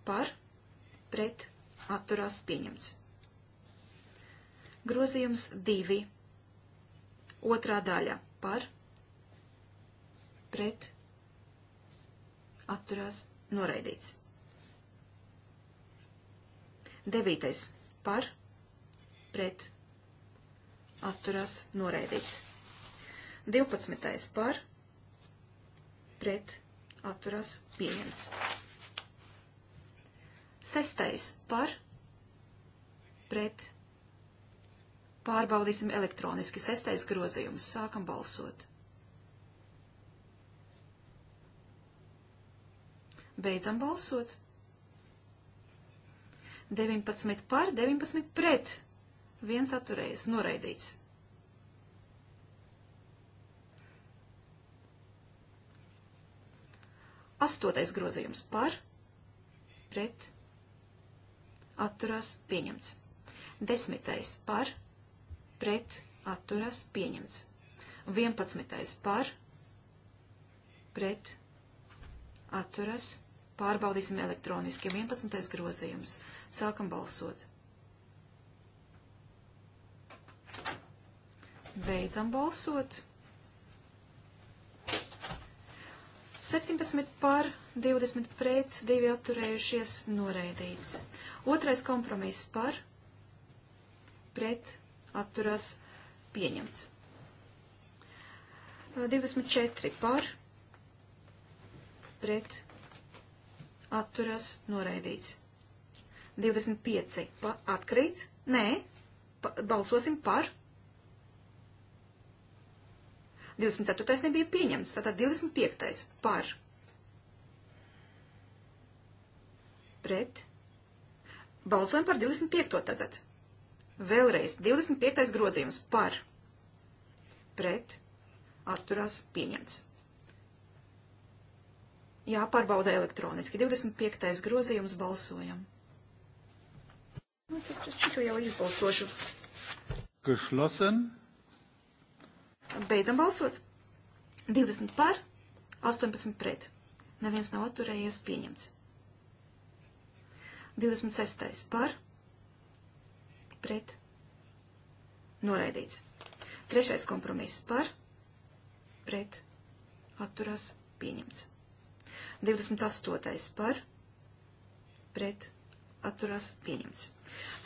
par pret atturās pieņemts. Grozījums 2. Otrā daļa par pret pret atturās noraidīts. Devītais par pret atturās noraidīts. Divpadsmitais par pret atturās pieņemts. Sestais par pret pārbaudīsim elektroniski. Sestais grozījums. Sākam balsot. Beidzam balsot. 19 par, 19 pret. Viens atturējis, noraidīts. Astotais grozījums par, pret, atturās, pieņemts. Desmitais par, pret, atturās, pieņemts. Vienpadsmitais par, pret, atturās, pieņemts. 11. par, pret, atturas, pārbaudīsim elektroniski. 11. grozījums. Sākam balsot. Beidzam balsot. 17 par, 20 pret, 2 atturējušies, noraidīts. Otrais kompromiss par, pret, atturas, pieņemts. 24 par, pret atturas noraidīts. 25 pa, atkrīt. Nē, pa, balsosim par. 24. nebija pieņemts, tātad 25. par. Pret. Balsojam par 25. tagad. Vēlreiz 25. grozījums par. Pret. Atturās pieņemts jāpārbauda elektroniski. 25. grozījums balsojam. Nu, tas šito jau izbalsošu. Geschlossen. Beidzam balsot. 20 par, 18 pret. Neviens nav atturējies pieņemts. 26. par, pret, noraidīts. Trešais kompromiss par, pret, atturās pieņemts. 28. par pret atturās pieņemts.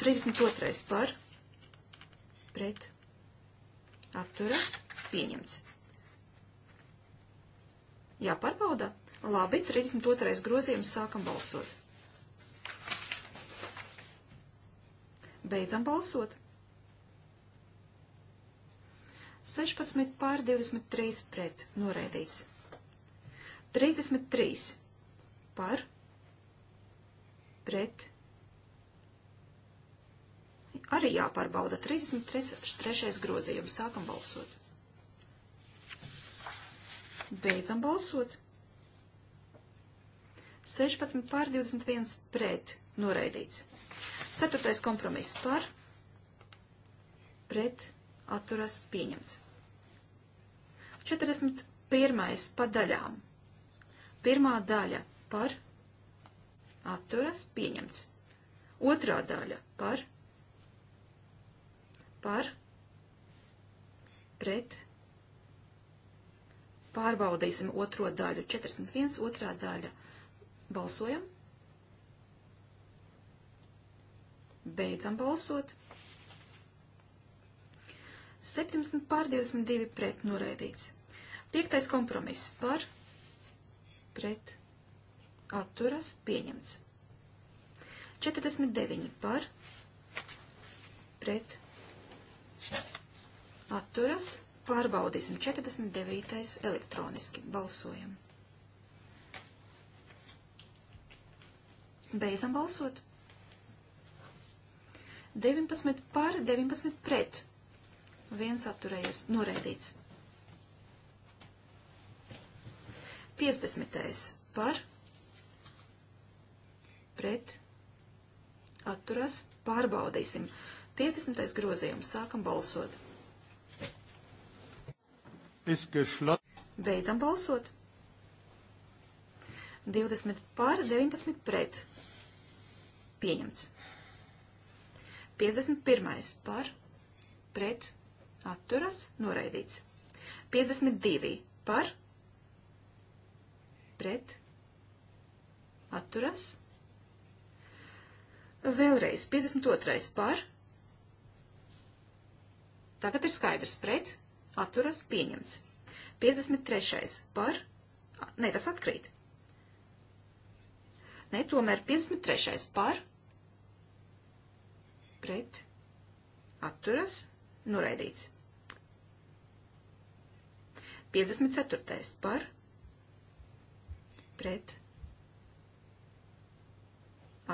32. par pret atturās pieņemts. Jāpārbauda. Labi, 32. grozījums sākam balsot. Beidzam balsot. 16 pār 23 pret noraidīts. 33 par pret. Arī jāpārbauda 33. grozījums. Sākam balsot. Beidzam balsot. 16 pār 21 pret. Noraidīts. Ceturtais kompromiss par pret atturas pieņemts. 41. padaļām Pirmā daļa par atturas pieņemts. Otrā daļa par par pret pārbaudīsim otro daļu. 41. otrā daļa. Balsojam. Beidzam balsot. 17 pār 22 pret noraidīts. Piektais kompromiss par pret atturas pieņemts. 49 par pret atturas pārbaudīsim 49. elektroniski. Balsojam. Beidzam balsot. 19 par, 19 pret. Viens atturējies, noraidīts. 50. par pret atturas pārbaudīsim. 50. grozījums sākam balsot. Beidzam balsot. 20 par, 19 pret. Pieņemts. 51. par, pret, atturas, noraidīts. 52. par, pret pret, atturas. Vēlreiz 52. par. Tagad ir skaidrs pret, atturas, pieņemts. 53. par. Nē, tas atkrīt. Nē, tomēr 53. par. Pret, atturas, noraidīts. 54. par pret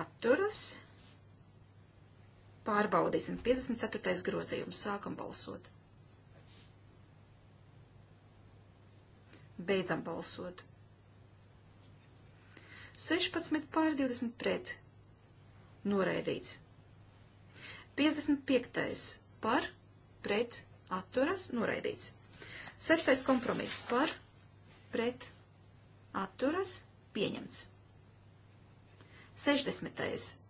atturas. Pārbaudīsim 54. grozījums. Sākam balsot. Beidzam balsot. 16 pār 20 pret. Noraidīts. 55. par pret atturas. Noraidīts. 6. kompromiss par pret atturas atturas, pieņemts. 60.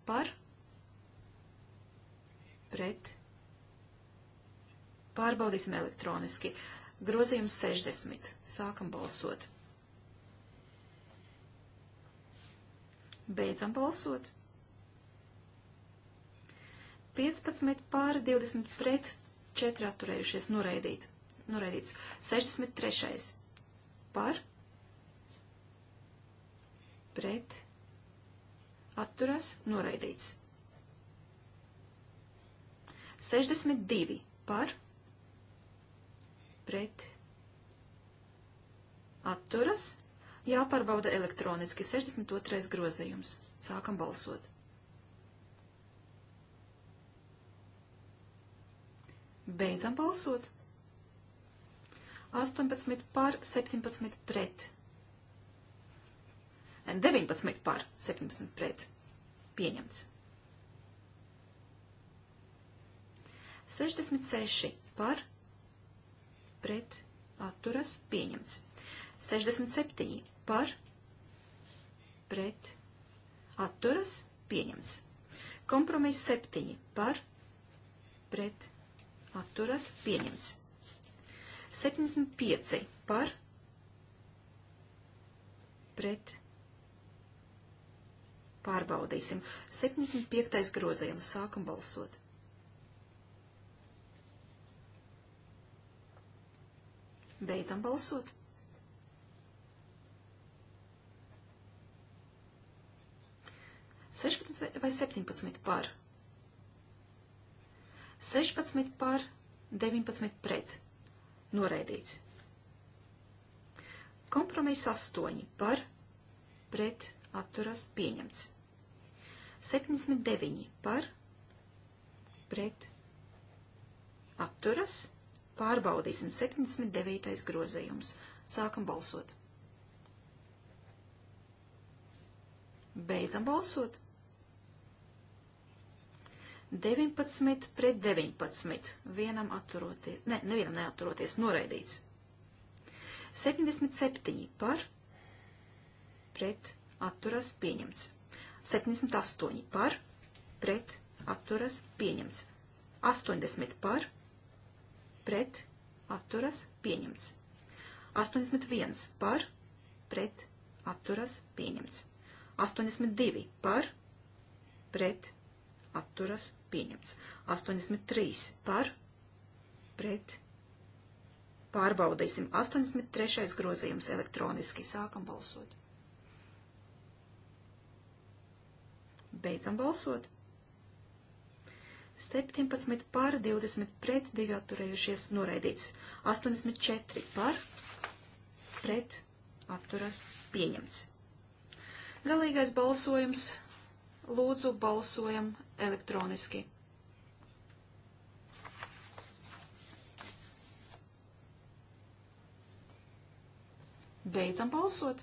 par, pret, pārbaudīsim elektroniski. Grozījums 60. Sākam balsot. Beidzam balsot. 15 pār 20 pret 4 atturējušies noraidīt. Noraidīts. 63. par, pret pret, atturas, noraidīts. 62 par, pret, atturas, jāpārbauda elektroniski 62. grozējums. Sākam balsot. Beidzam balsot. 18 par, 17 pret 19 par 17 pret pieņemts. 66 par pret atturas pieņemts. 67 par pret atturas pieņemts. Kompromiss 7 par pret atturas pieņemts. 75 par pret Pārbaudīsim. 75. grozījums. Sākam balsot. Beidzam balsot. Sešpadsmit vai septiņpadsmit par? Sešpadsmit par, deviņpadsmit pret. Noraidīts. Kompromiss astoņi par, pret, atturas, pieņemts. 79 par pret atturas. Pārbaudīsim 79. grozījums. Sākam balsot. Beidzam balsot. 19 pret 19. Vienam atturoties, ne, nevienam neatturoties, noraidīts. 77 par pret atturas pieņemts. 78 par, pret, atturas, pieņemts. 80 par, pret, atturas, pieņemts. 81 par, pret, atturas, pieņemts. 82 par, pret, atturas, pieņemts. 83 par, pret, pārbaudīsim. 83. grozījums elektroniski sākam balsot. Beidzam balsot. 17 par, 20 pret, 2 atturējušies, noraidīts. 84 par, pret, atturas, pieņemts. Galīgais balsojums. Lūdzu, balsojam elektroniski. Beidzam balsot.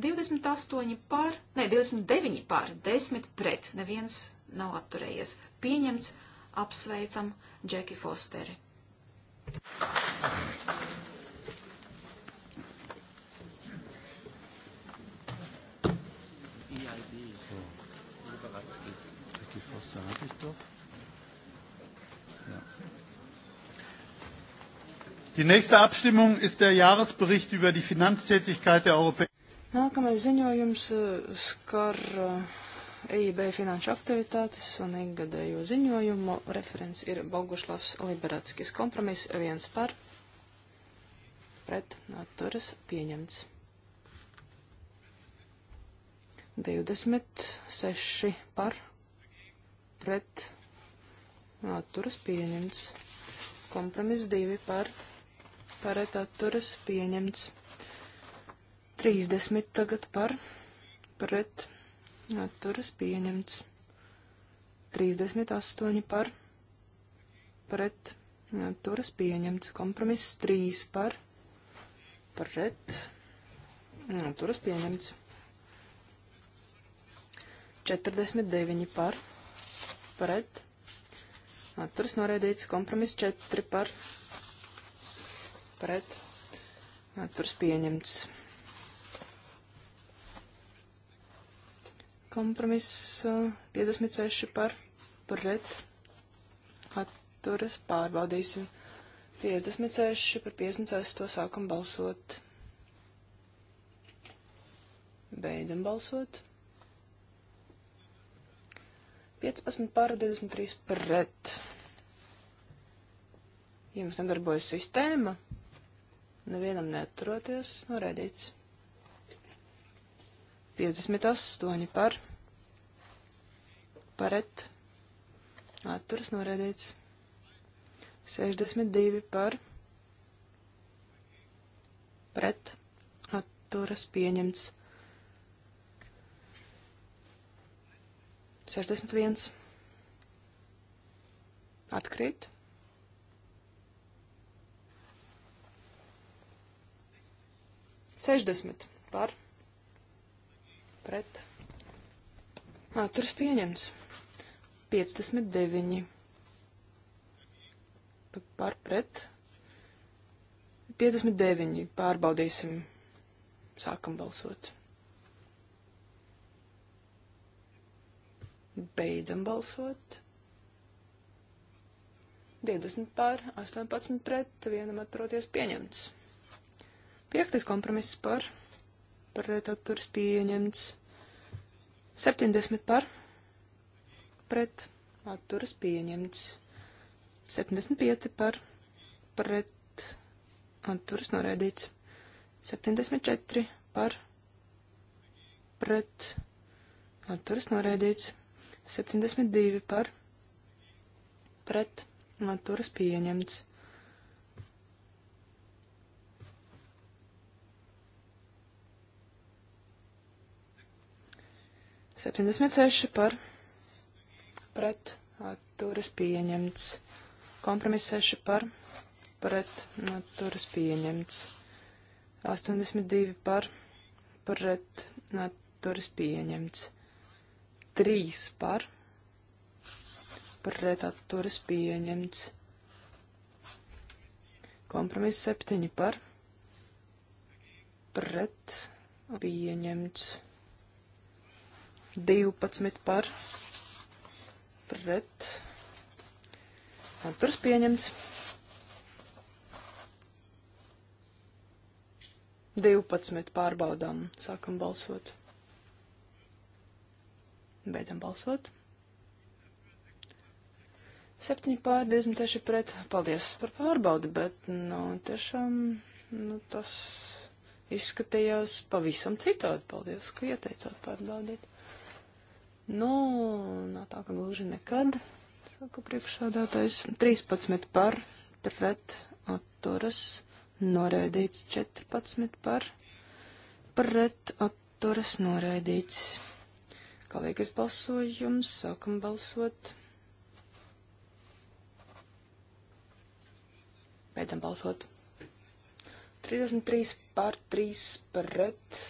28 par, ne, 29 par, 10 pret, neviens nav atturējies. Pieņemts, apsveicam Džeki Fosteri. Die nächste Abstimmung ist der Jahresbericht über die Finanztätigkeit der Europäischen Nākamais ziņojums eh, skar EIB eh, e finanšu aktivitātes un ikgadējo ziņojumu. Referents ir Bogušlavs Liberatskis. Kompromiss viens par pret atturas pieņemts. 26 par pret atturas pieņemts. Kompromiss 2 par pret atturas pieņemts. 30 tagad par pret atturas pieņemts. 38 par pret atturas pieņemts. Kompromiss 3 par pret atturas pieņemts. 49 par pret atturas noraidīts. Kompromiss 4 par pret atturas pieņemts. Kompromiss 56 uh, par pret atturas pārbaudīsim. 56 par 56 sākam balsot. Beidzam balsot. 15 pār 23 pret. Jums nedarbojas sistēma. Nevienam neturoties, norēdīts. 58 par paret atturas norēdīts. 62 par pret atturas pieņemts. 61 atkrīt. 60 par pret pret. Atturs pieņems. 59 par pret. 59 pārbaudīsim. Sākam balsot. Beidzam balsot. 20 pār 18 pret, vienam atroties pieņemts. Piektais kompromiss par pret atturis pieņemts. 70 par pret atturas pieņemts. 75 par pret atturas noraidīts. 74 par pret atturas noraidīts. 72 par pret atturas pieņemts. 76 par pret atturas pieņemts. Kompromiss 6 par pret atturas pieņemts. 82 par pret atturas pieņemts. 3 par pret atturas pieņemts. Kompromiss 7 par pret pieņemts. 12 par pret. Atturs pieņemts. 12 pārbaudām. Sākam balsot. Beidzam balsot. 7 pār 26 pret. Paldies par pārbaudi, bet, nu, tiešām, nu, tas izskatījās pavisam citādi. Paldies, ka ieteicāt pārbaudīt. Nu, nav tā, ka gluži nekad, saka priekšsādātājs, 13 par, pret atturas, noraidīts 14 par, pret atturas, noraidīts. Kā liekas balsojums, sākam balsot. Beidzam balsot. 33 pār 3 pret.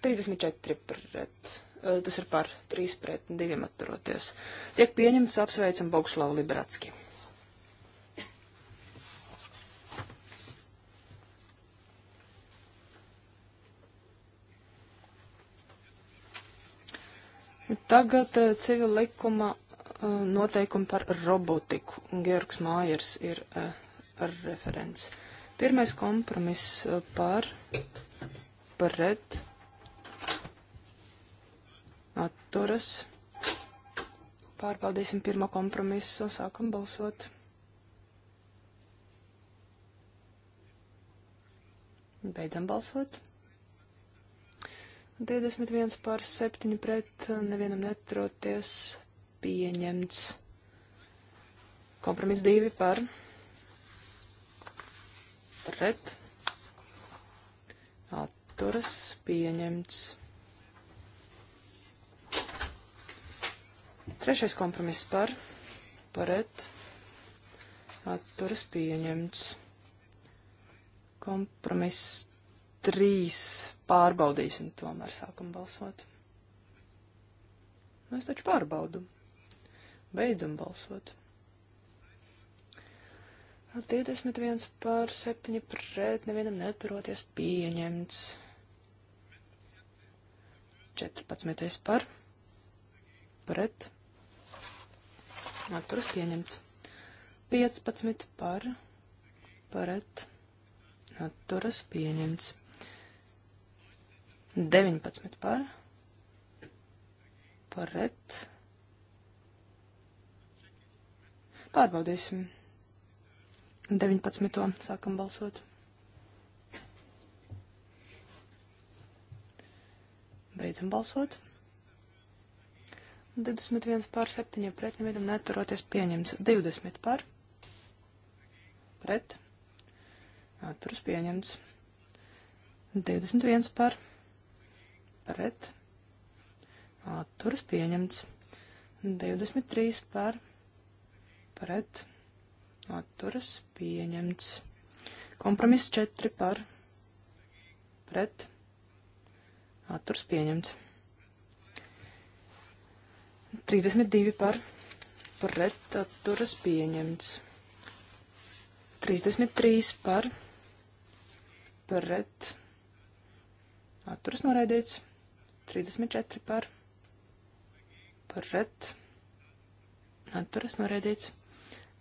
34 pret. Eh, tas ir par 3 pret 2 atturoties. Tiek pieņemts, apsveicam Bogslavu Liberatski. Tagad eh, civila likuma eh, noteikumi par robotiku. Georgs Mājers ir referents. Pirmais kompromiss par pret atturas. Pārbaudīsim pirmo kompromisu, sākam balsot. Beidzam balsot. 21 pār 7 pret, nevienam netroties, pieņemts. Kompromiss 2 par pret, atturas, pieņemts. Trešais kompromiss par, paret, atturas pieņemts. Kompromiss trīs pārbaudīsim tomēr sākam balsot. Mēs taču pārbaudu. Beidzam balsot. Ar 21 par 7 pret nevienam neturoties pieņemts. 14 par pret Atturas pieņemts. 15 par pret. Atturas pieņemts. 19 par pret. Pārbaudīsim. 19. sākam balsot. Beidzam balsot. 21 pār 7 pret, nevienam neturoties pieņemts. 20 pār pret, atturas pieņemts. 21 pār pret, atturas pieņemts. 23 pār pret, atturas pieņemts. Kompromiss 4 par pret. Atturs pieņemts. 32 par pret atturas pieņemts. 33 par pret atturas noraidīts. 34 par pret atturas noraidīts.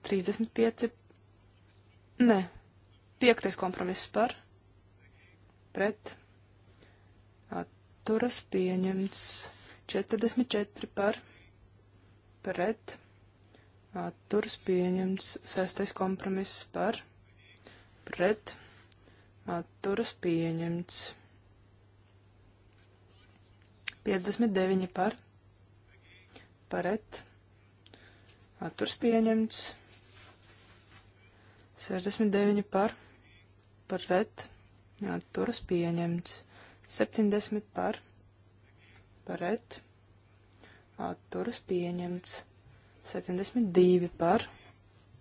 35 Nē. Piektais kompromiss par. Pret. Atturas pieņemts. 44 par pret atturs pieņemts. Sestais kompromiss par pret atturs pieņemts. 59 par pret atturs pieņemts. 69 par pret atturs pieņemts. 70 par pret atturas pieņemts. 72 par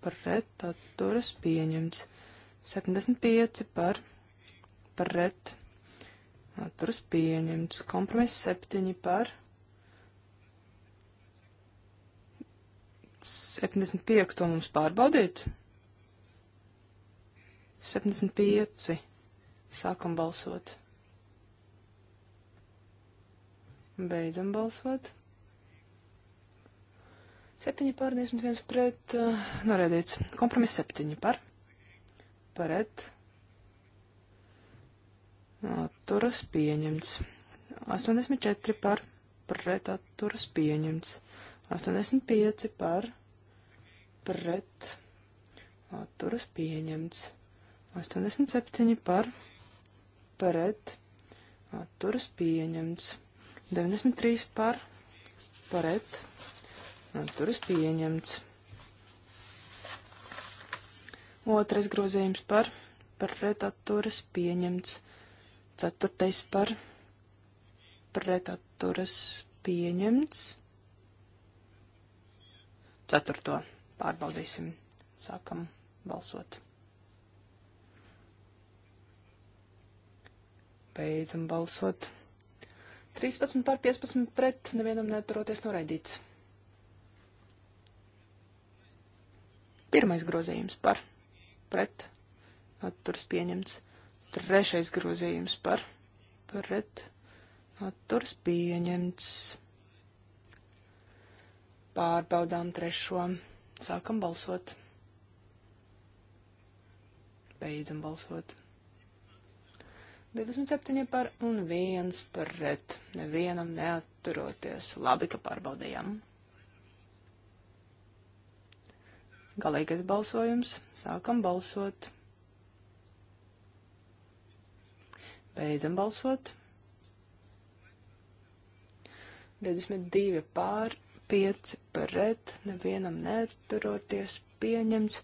pret atturas pieņemts. 75 par pret atturas pieņemts. Kompromiss 7 par 75 to mums pārbaudīt. 75 sākam balsot. Beidzam balsot. 7 pār 21 pret uh, norēdīts. Kompromiss 7 par. Pret. Atturas pieņemts. 84 par. Pret atturas pieņemts. 85 par. Pret. Atturas pieņemts. 87 par. Pret. Atturas pieņemts. 93 par. Pret Atturas pieņemts. Otrais grozījums par pretaturas pieņemts. Ceturtais par pretaturas pieņemts. Ceturto pārbaudīsim. Sākam balsot. Beidzam balsot. 13 pār 15 pret, nevienam neturoties noraidīts. Pirmais grozījums par pret atturas pieņemts. Trešais grozījums par pret atturas pieņemts. Pārbaudām trešo. Sākam balsot. Beidzam balsot. 27 par un 1 pret. Nevienam neaturoties. Labi, ka pārbaudījām. Galīgais balsojums. Sākam balsot. Beidzam balsot. 22 pār, 5 pret, nevienam neturoties pieņemts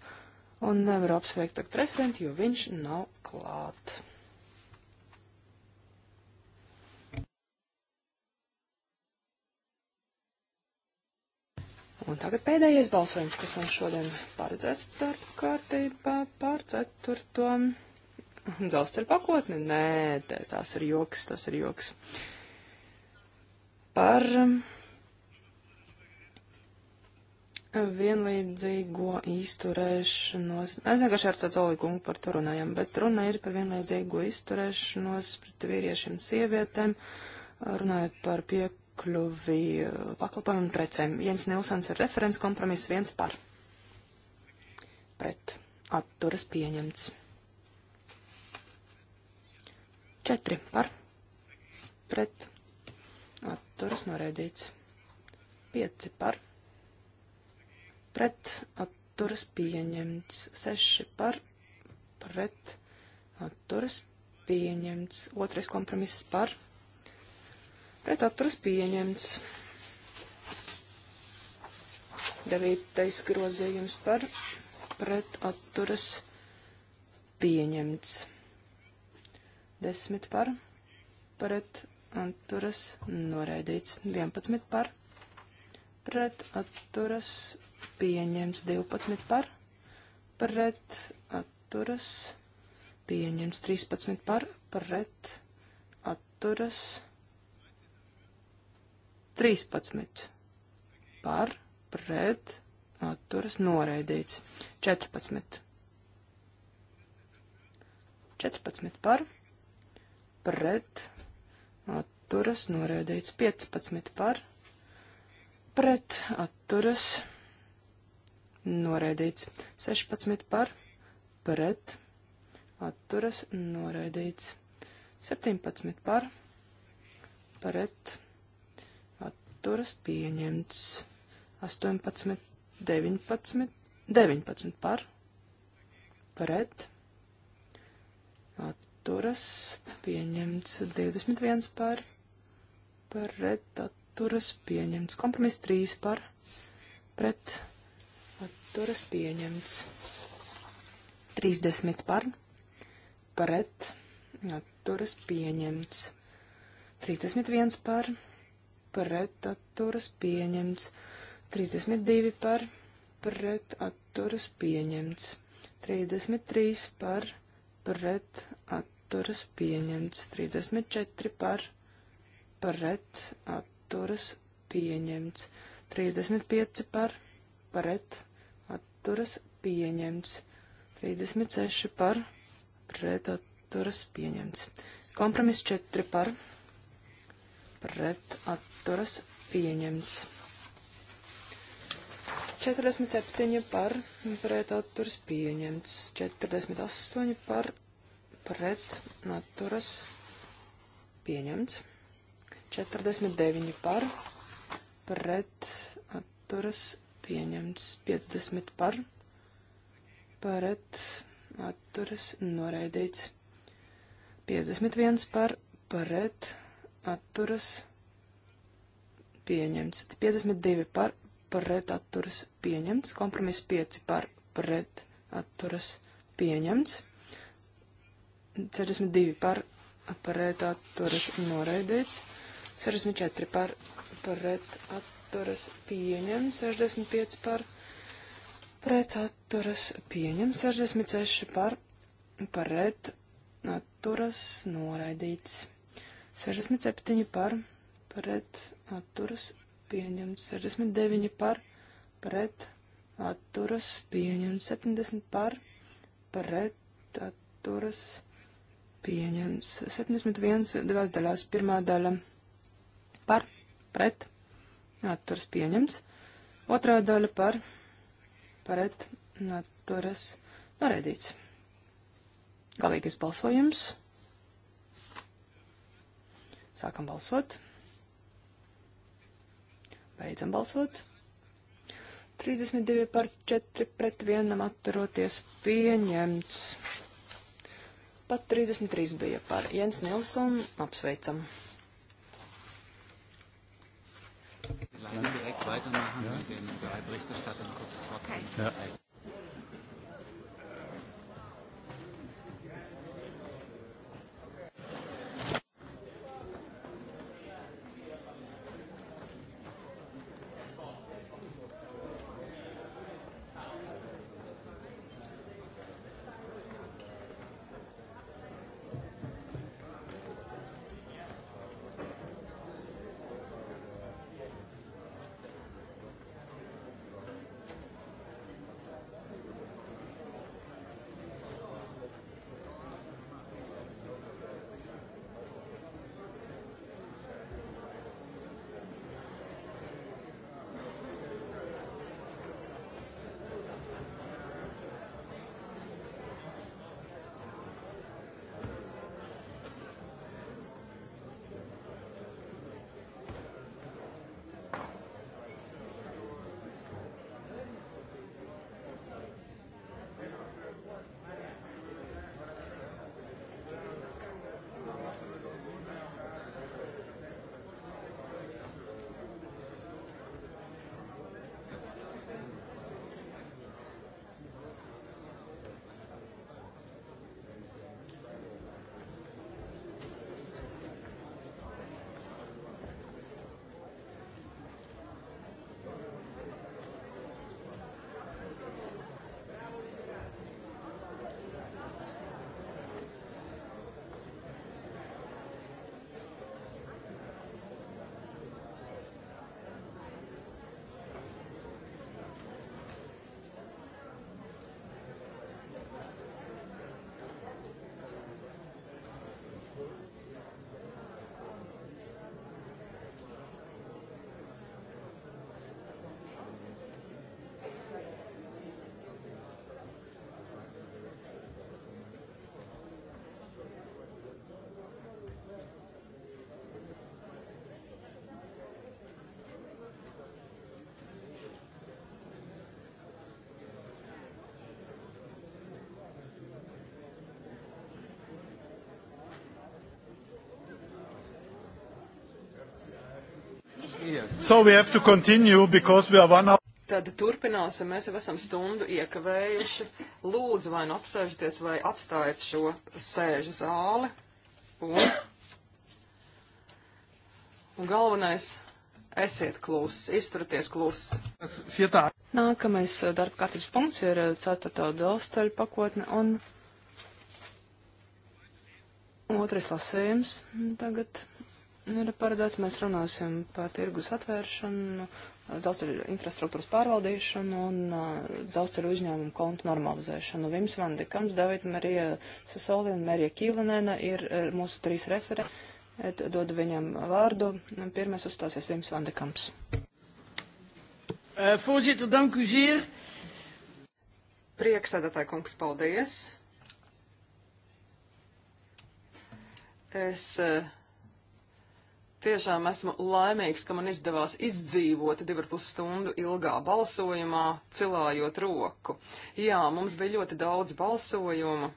un nevar apsveikt ar referentu, jo viņš nav klāt. Un tagad pēdējais balsojums, kas mums šodien paredzēts starp kārtībā par ceturto dzelzceļa pakotni. Nē, tē, tās ir joks, tas ir joks. Par um, vienlīdzīgo izturēšanos. Es vienkārši ar Cecoli kungu par to runājam, bet runa ir par vienlīdzīgo izturēšanos pret vīriešiem sievietēm, runājot par piek piekļuvi eh, pakalpojumiem un precēm. Jens Nilsons ir referents kompromiss viens par. Pret. Atturas pieņemts. Četri par. Pret. Atturas noraidīts. Pieci par. Pret. Atturas pieņemts. Seši par. Pret. Atturas pieņemts. Otrais kompromiss par. Pret pret atturas pieņemts. Devītais grozījums par pret atturas pieņemts. Desmit par pret atturas noraidīts. Vienpadsmit par pret atturas pieņemts. Divpadsmit par pret atturas pieņemts. Trīspadsmit par pret atturas pieņemts atturas 13 par, pret, atturas noraidīts. 14. 14 par, pret, atturas noraidīts. 15 par, pret, atturas noraidīts. 16 par, pret, atturas noraidīts. 17 par, pret, atturas pieņemts. 18, 19, 19 par, pret, atturas pieņemts. 21 par, pret, atturas pieņemts. Kompromiss 3 par, pret, atturas pieņemts. 30 par, pret, atturas pieņemts. 31 par, pret pret atturas pieņemts. 32 par pret atturas pieņemts. 33 par pret atturas pieņemts. 34 par pret atturas pieņemts. 35 par pret atturas pieņemts. 36 par pret atturas pieņemts. Kompromiss 4 par pret pret atturas pieņemts. 47 par pret atturas pieņemts. 48 par pret atturas pieņemts. 49 par pret atturas pieņemts. 50 par pret atturas noraidīts. 51 par pret atturas pieņemts. 52 par pret atturas pieņemts. Kompromiss 5 par pret atturas pieņemts. 62 par pret atturas noraidīts. 64 par pret atturas pieņemts. 65 par pret atturas pieņemts. 66 par pret atturas noraidīts. 67 par pret atturas pieņemts, 69 par pret atturas pieņemts, 70 par pret atturas pieņemts, 71 divās daļās, pirmā daļa par pret atturas pieņemts, otrā daļa par pret atturas noraidīts. Galīgais balsojums. Sākam balsot. Beidzam balsot. 32 par 4 pret 1 atturoties pieņemts. Pat 33 bija par Jens Nilsonu. Apsveicam. Leider direkt weitermachen ja. mit dem Berichterstatter ein kurzes Wort. Okay. Ja. So we have to continue because we are one hour. Tad turpināsim, mēs jau esam stundu iekavējuši. Lūdzu, vai nu apsēžaties, vai atstājiet šo sēžu zāli. Un, un galvenais, esiet klusi, izturieties klusi. Nākamais eh, darba kārtības punkts ir eh, ceturtā dzelzceļa pakotne un otrais lasējums tagad. Nu, ir paredzēts, mēs runāsim par tirgus atvēršanu, dzelzceļu infrastruktūras pārvaldīšanu un dzelzceļu uzņēmumu kontu normalizēšanu. Vims Vandekams, David Marija Sasoli un Marija Kīlenēna ir mūsu trīs referē. Dodu viņam vārdu. Pirmais uzstāsies Vims Vandekams. Uh, voorzitter, dank u zeer. Prieksēdētāji kungs, paldies. Es uh, Tiešām esmu laimīgs, ka man izdevās izdzīvot divu ar pus stundu ilgā balsojumā, cilājot roku. Jā, mums bija ļoti daudz balsojumu,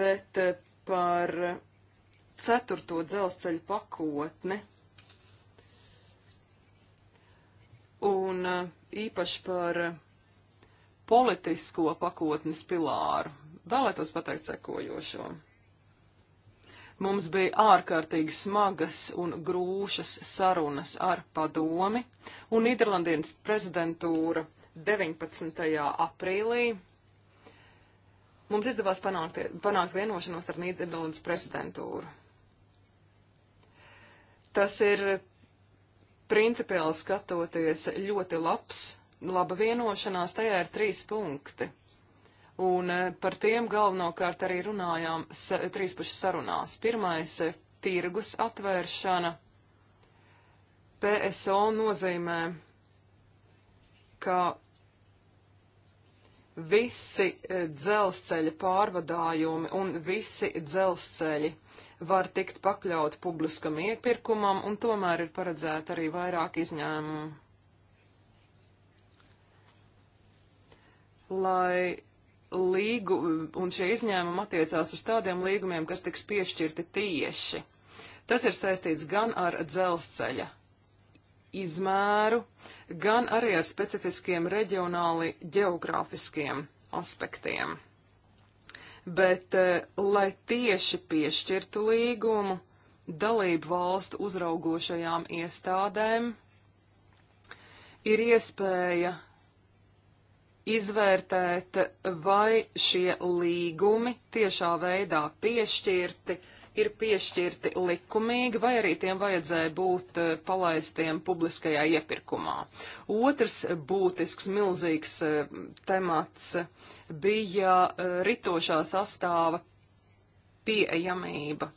bet eh, par ceturto dzelzceļu pakotni un eh, īpaši par politisko pakotnes pilāru. Vēlētos pateikt sekojošo. Mums bija ārkārtīgi smagas un grūšas sarunas ar padomi, un Nīderlandienas prezidentūra 19. aprīlī. Mums izdevās panākt, panākt vienošanos ar Nīderlandes prezidentūru. Tas ir principiāli skatoties ļoti labs, laba vienošanās, tajā ir trīs punkti un eh, par tiem galvenokārt arī runājām trīspaši sarunās. Pirmais eh, - tirgus atvēršana. PSO nozīmē, ka visi eh, dzelzceļa pārvadājumi un visi dzelzceļi var tikt pakļaut publiskam iepirkumam, un tomēr ir paredzēta arī vairāk izņēmumu. Lai līgu, un šie izņēmumi attiecās uz tādiem līgumiem, kas tiks piešķirti tieši. Tas ir saistīts gan ar dzelzceļa izmēru, gan arī ar specifiskiem reģionāli geogrāfiskiem aspektiem. Bet, eh, lai tieši piešķirtu līgumu dalību valstu uzraugošajām iestādēm, ir iespēja izvērtēt, vai šie līgumi tiešā veidā piešķirti, ir piešķirti likumīgi, vai arī tiem vajadzēja būt eh, palaistiem publiskajā iepirkumā. Otrs būtisks, milzīgs eh, temats bija eh, ritošā sastāva pieejamība.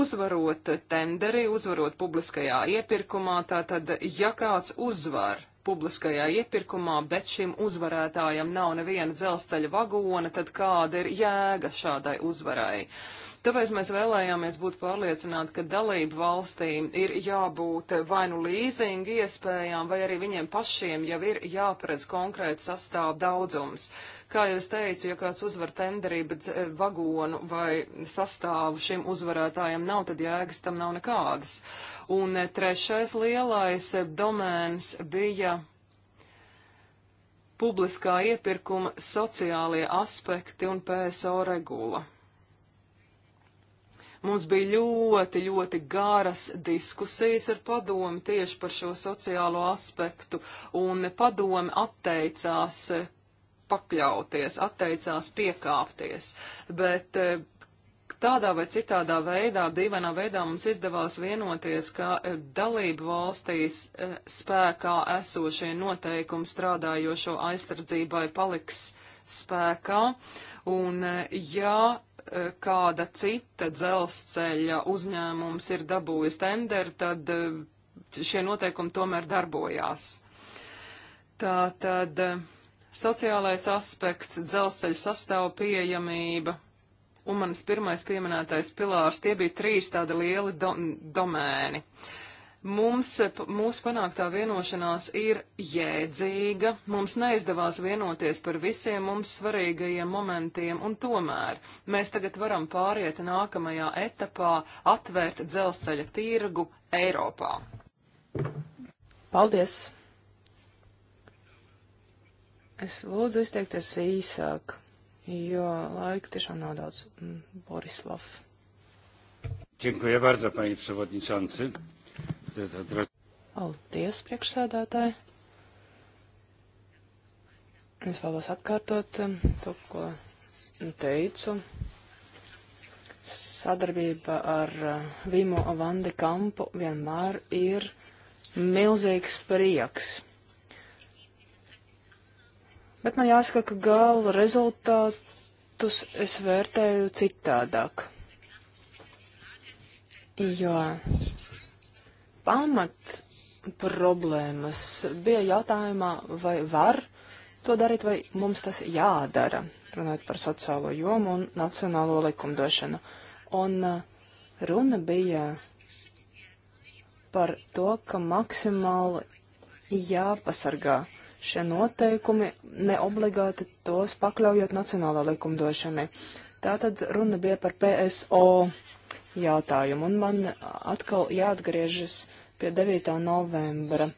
Uzvarot tenderi, uzvarot publiskajā iepirkumā, tātad, ja kāds uzvar publiskajā iepirkumā, bet šim uzvarētājam nav neviena dzelzceļa vagona, tad kāda ir jēga šādai uzvarai? Uh, Tāpēc mēs vēlējāmies būt pārliecināti, ka dalību valstīm ir jābūt vai nu līzinga iespējām, vai arī viņiem pašiem jau ir jāparedz konkrēts sastāv daudzums. Kā jau es teicu, ja kāds uzvar tenderī, bet eh, vagonu vai sastāvu šim uzvarētājam nav, tad jēgas tam nav nekādas. Un eh, trešais lielais domēns bija publiskā iepirkuma sociālie aspekti un PSO regula. Mums bija ļoti, ļoti garas diskusijas ar padomu tieši par šo sociālo aspektu, un padomi atteicās e, pakļauties, atteicās piekāpties. Bet e, tādā vai citādā veidā, dīvainā veidā mums izdevās vienoties, ka e, dalību valstīs spēkā esošie noteikumi strādājošo aizsardzībai paliks spēkā. Un ja Eh, kāda cita dzelzceļa uzņēmums ir dabūjis tenderu, tad eh, šie noteikumi tomēr darbojās. Tā tad eh, sociālais aspekts, dzelzceļa sastāvu pieejamība un manis pirmais pieminētais pilārs, tie bija trīs tādi lieli do domēni. Uh, Mums, mūsu panāktā vienošanās ir jēdzīga, mums neizdevās vienoties par visiem mums svarīgajiem momentiem, un tomēr mēs tagad varam pāriet nākamajā etapā atvērt dzelzceļa tirgu Eiropā. Paldies! Es lūdzu izteikties īsāk, jo laika tiešām nav daudz. Mm, Borislav. Dziękuję bardzo, panie przewodniczący. Paldies, priekšsēdētāji. Es vēlos atkārtot um, to, ko teicu. Sadarbība ar uh, Vimo Vandi Kampu vienmēr ir milzīgs prieks. Bet man jāsaka, ka gala rezultātus es vērtēju citādāk. Jo pamat problēmas bija jautājumā, vai var to darīt, vai mums tas jādara, runājot par sociālo jomu un nacionālo likumdošanu. Un uh, runa bija par to, ka maksimāli jāpasargā šie noteikumi, neobligāti tos pakļaujot nacionālā likumdošanai. Tātad runa bija par PSO jautājumu. Un man atkal jāatgriežas pie 9. novembra.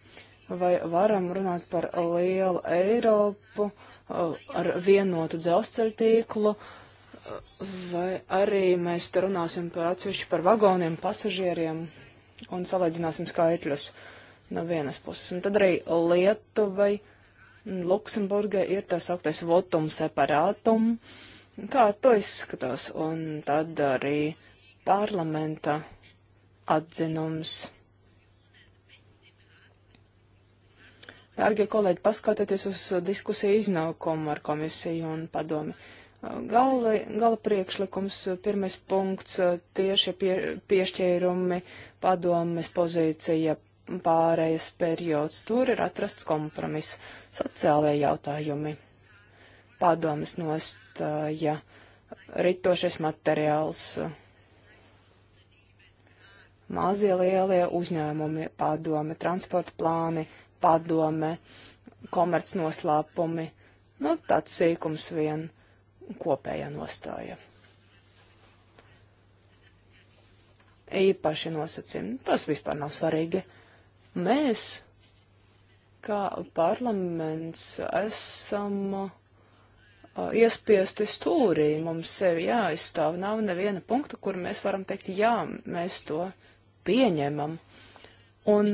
Vai varam runāt par lielu Eiropu uh, ar vienotu dzelzceļu tīklu, vai arī mēs te runāsim par atsevišķi par vagoniem, pasažieriem un salīdzināsim skaitļus no vienas puses. Un tad arī Lietuvai, Luksemburgai ir tā sauktais votum separātum, kā to izskatās, un tad arī uh, parlamenta atzinums. Dārgie kolēģi, paskatieties uz diskusiju iznākumu ar komisiju un padomi. Gala, gala priekšlikums, pirmais punkts, tieši pie, piešķērumi, padomes pozīcija, pārējais periods. Tur ir atrasts kompromiss, sociālajie jautājumi, padomes nostāja, ritošais materiāls. Uh, mazie lielie uzņēmumi padome, transporta plāni padome, komercnoslēpumi, nu tāds sīkums vien kopējā nostāja. Īpaši nosacījumi, tas vispār nav svarīgi. Mēs, kā parlaments, esam uh, iespiesti stūrī, mums sevi jāizstāv, nav neviena punkta, kur mēs varam teikt, jā, mēs to pieņemam. Un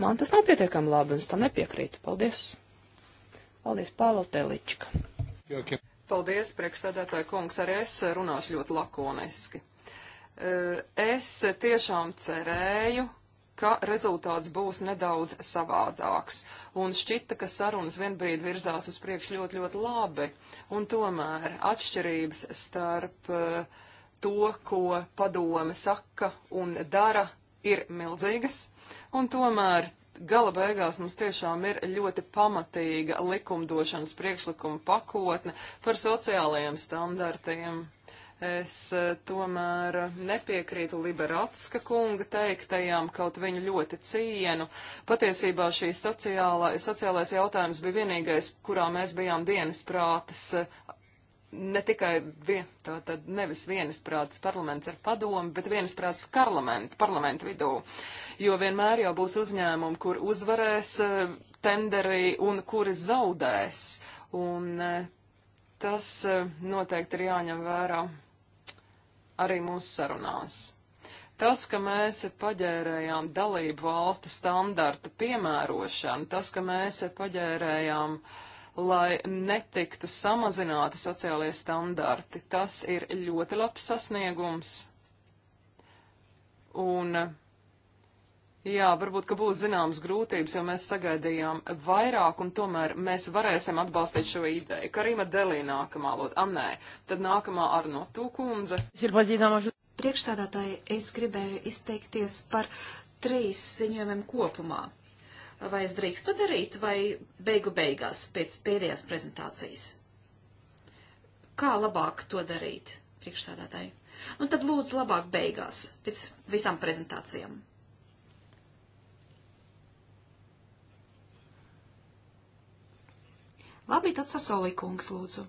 man tas nav pietiekami labi, un es tam nepiekrītu. Paldies! Paldies, Pāvēl Telička! Okay. Paldies, priekšsēdētāji kungs, arī es runāšu ļoti lakoniski. E, es tiešām cerēju, ka rezultāts būs nedaudz savādāks. Un šķita, ka sarunas vienbrīd virzās uz priekšu ļoti, ļoti labi. Un tomēr atšķirības starp uh, to, ko padome saka un dara, ir milzīgas, un tomēr gala beigās mums tiešām ir ļoti pamatīga likumdošanas priekšlikuma pakotne par sociālajiem standartiem. Es eh, tomēr nepiekrītu Liberatska kunga teiktajām, kaut viņu ļoti cienu. Patiesībā šī sociālā, sociālais jautājums bija vienīgais, kurā mēs bijām dienas prātas eh, ne tikai vien, tā tad nevis vienisprāts parlaments ar padomu, bet vienisprāts parlamentu, parlamentu vidū. Jo vienmēr jau būs uzņēmumi, kur uzvarēs eh, tenderī un kuri zaudēs. Un eh, tas eh, noteikti ir jāņem vērā arī mūsu sarunās. Tas, ka mēs paģērējām dalību valstu standartu piemērošanu, tas, ka mēs paģērējām uh, lai netiktu samazināti sociālie standarti. Tas ir ļoti labs sasniegums. Un, jā, varbūt, ka būs zināmas grūtības, jo mēs sagaidījām vairāk, un tomēr mēs varēsim atbalstīt šo ideju. Karīma Delī nākamā lūdzu. Am, nē, tad nākamā ar no tūkundze. Priekšsādātāji, es gribēju izteikties par trīs ziņojumiem kopumā. Vai es drīkstu darīt, vai beigu beigās pēc pēdējās prezentācijas? Kā labāk to darīt, priekšsādātāji? Un tad lūdzu labāk beigās, pēc visām prezentācijām. Labi, tad sasolī kungs, lūdzu.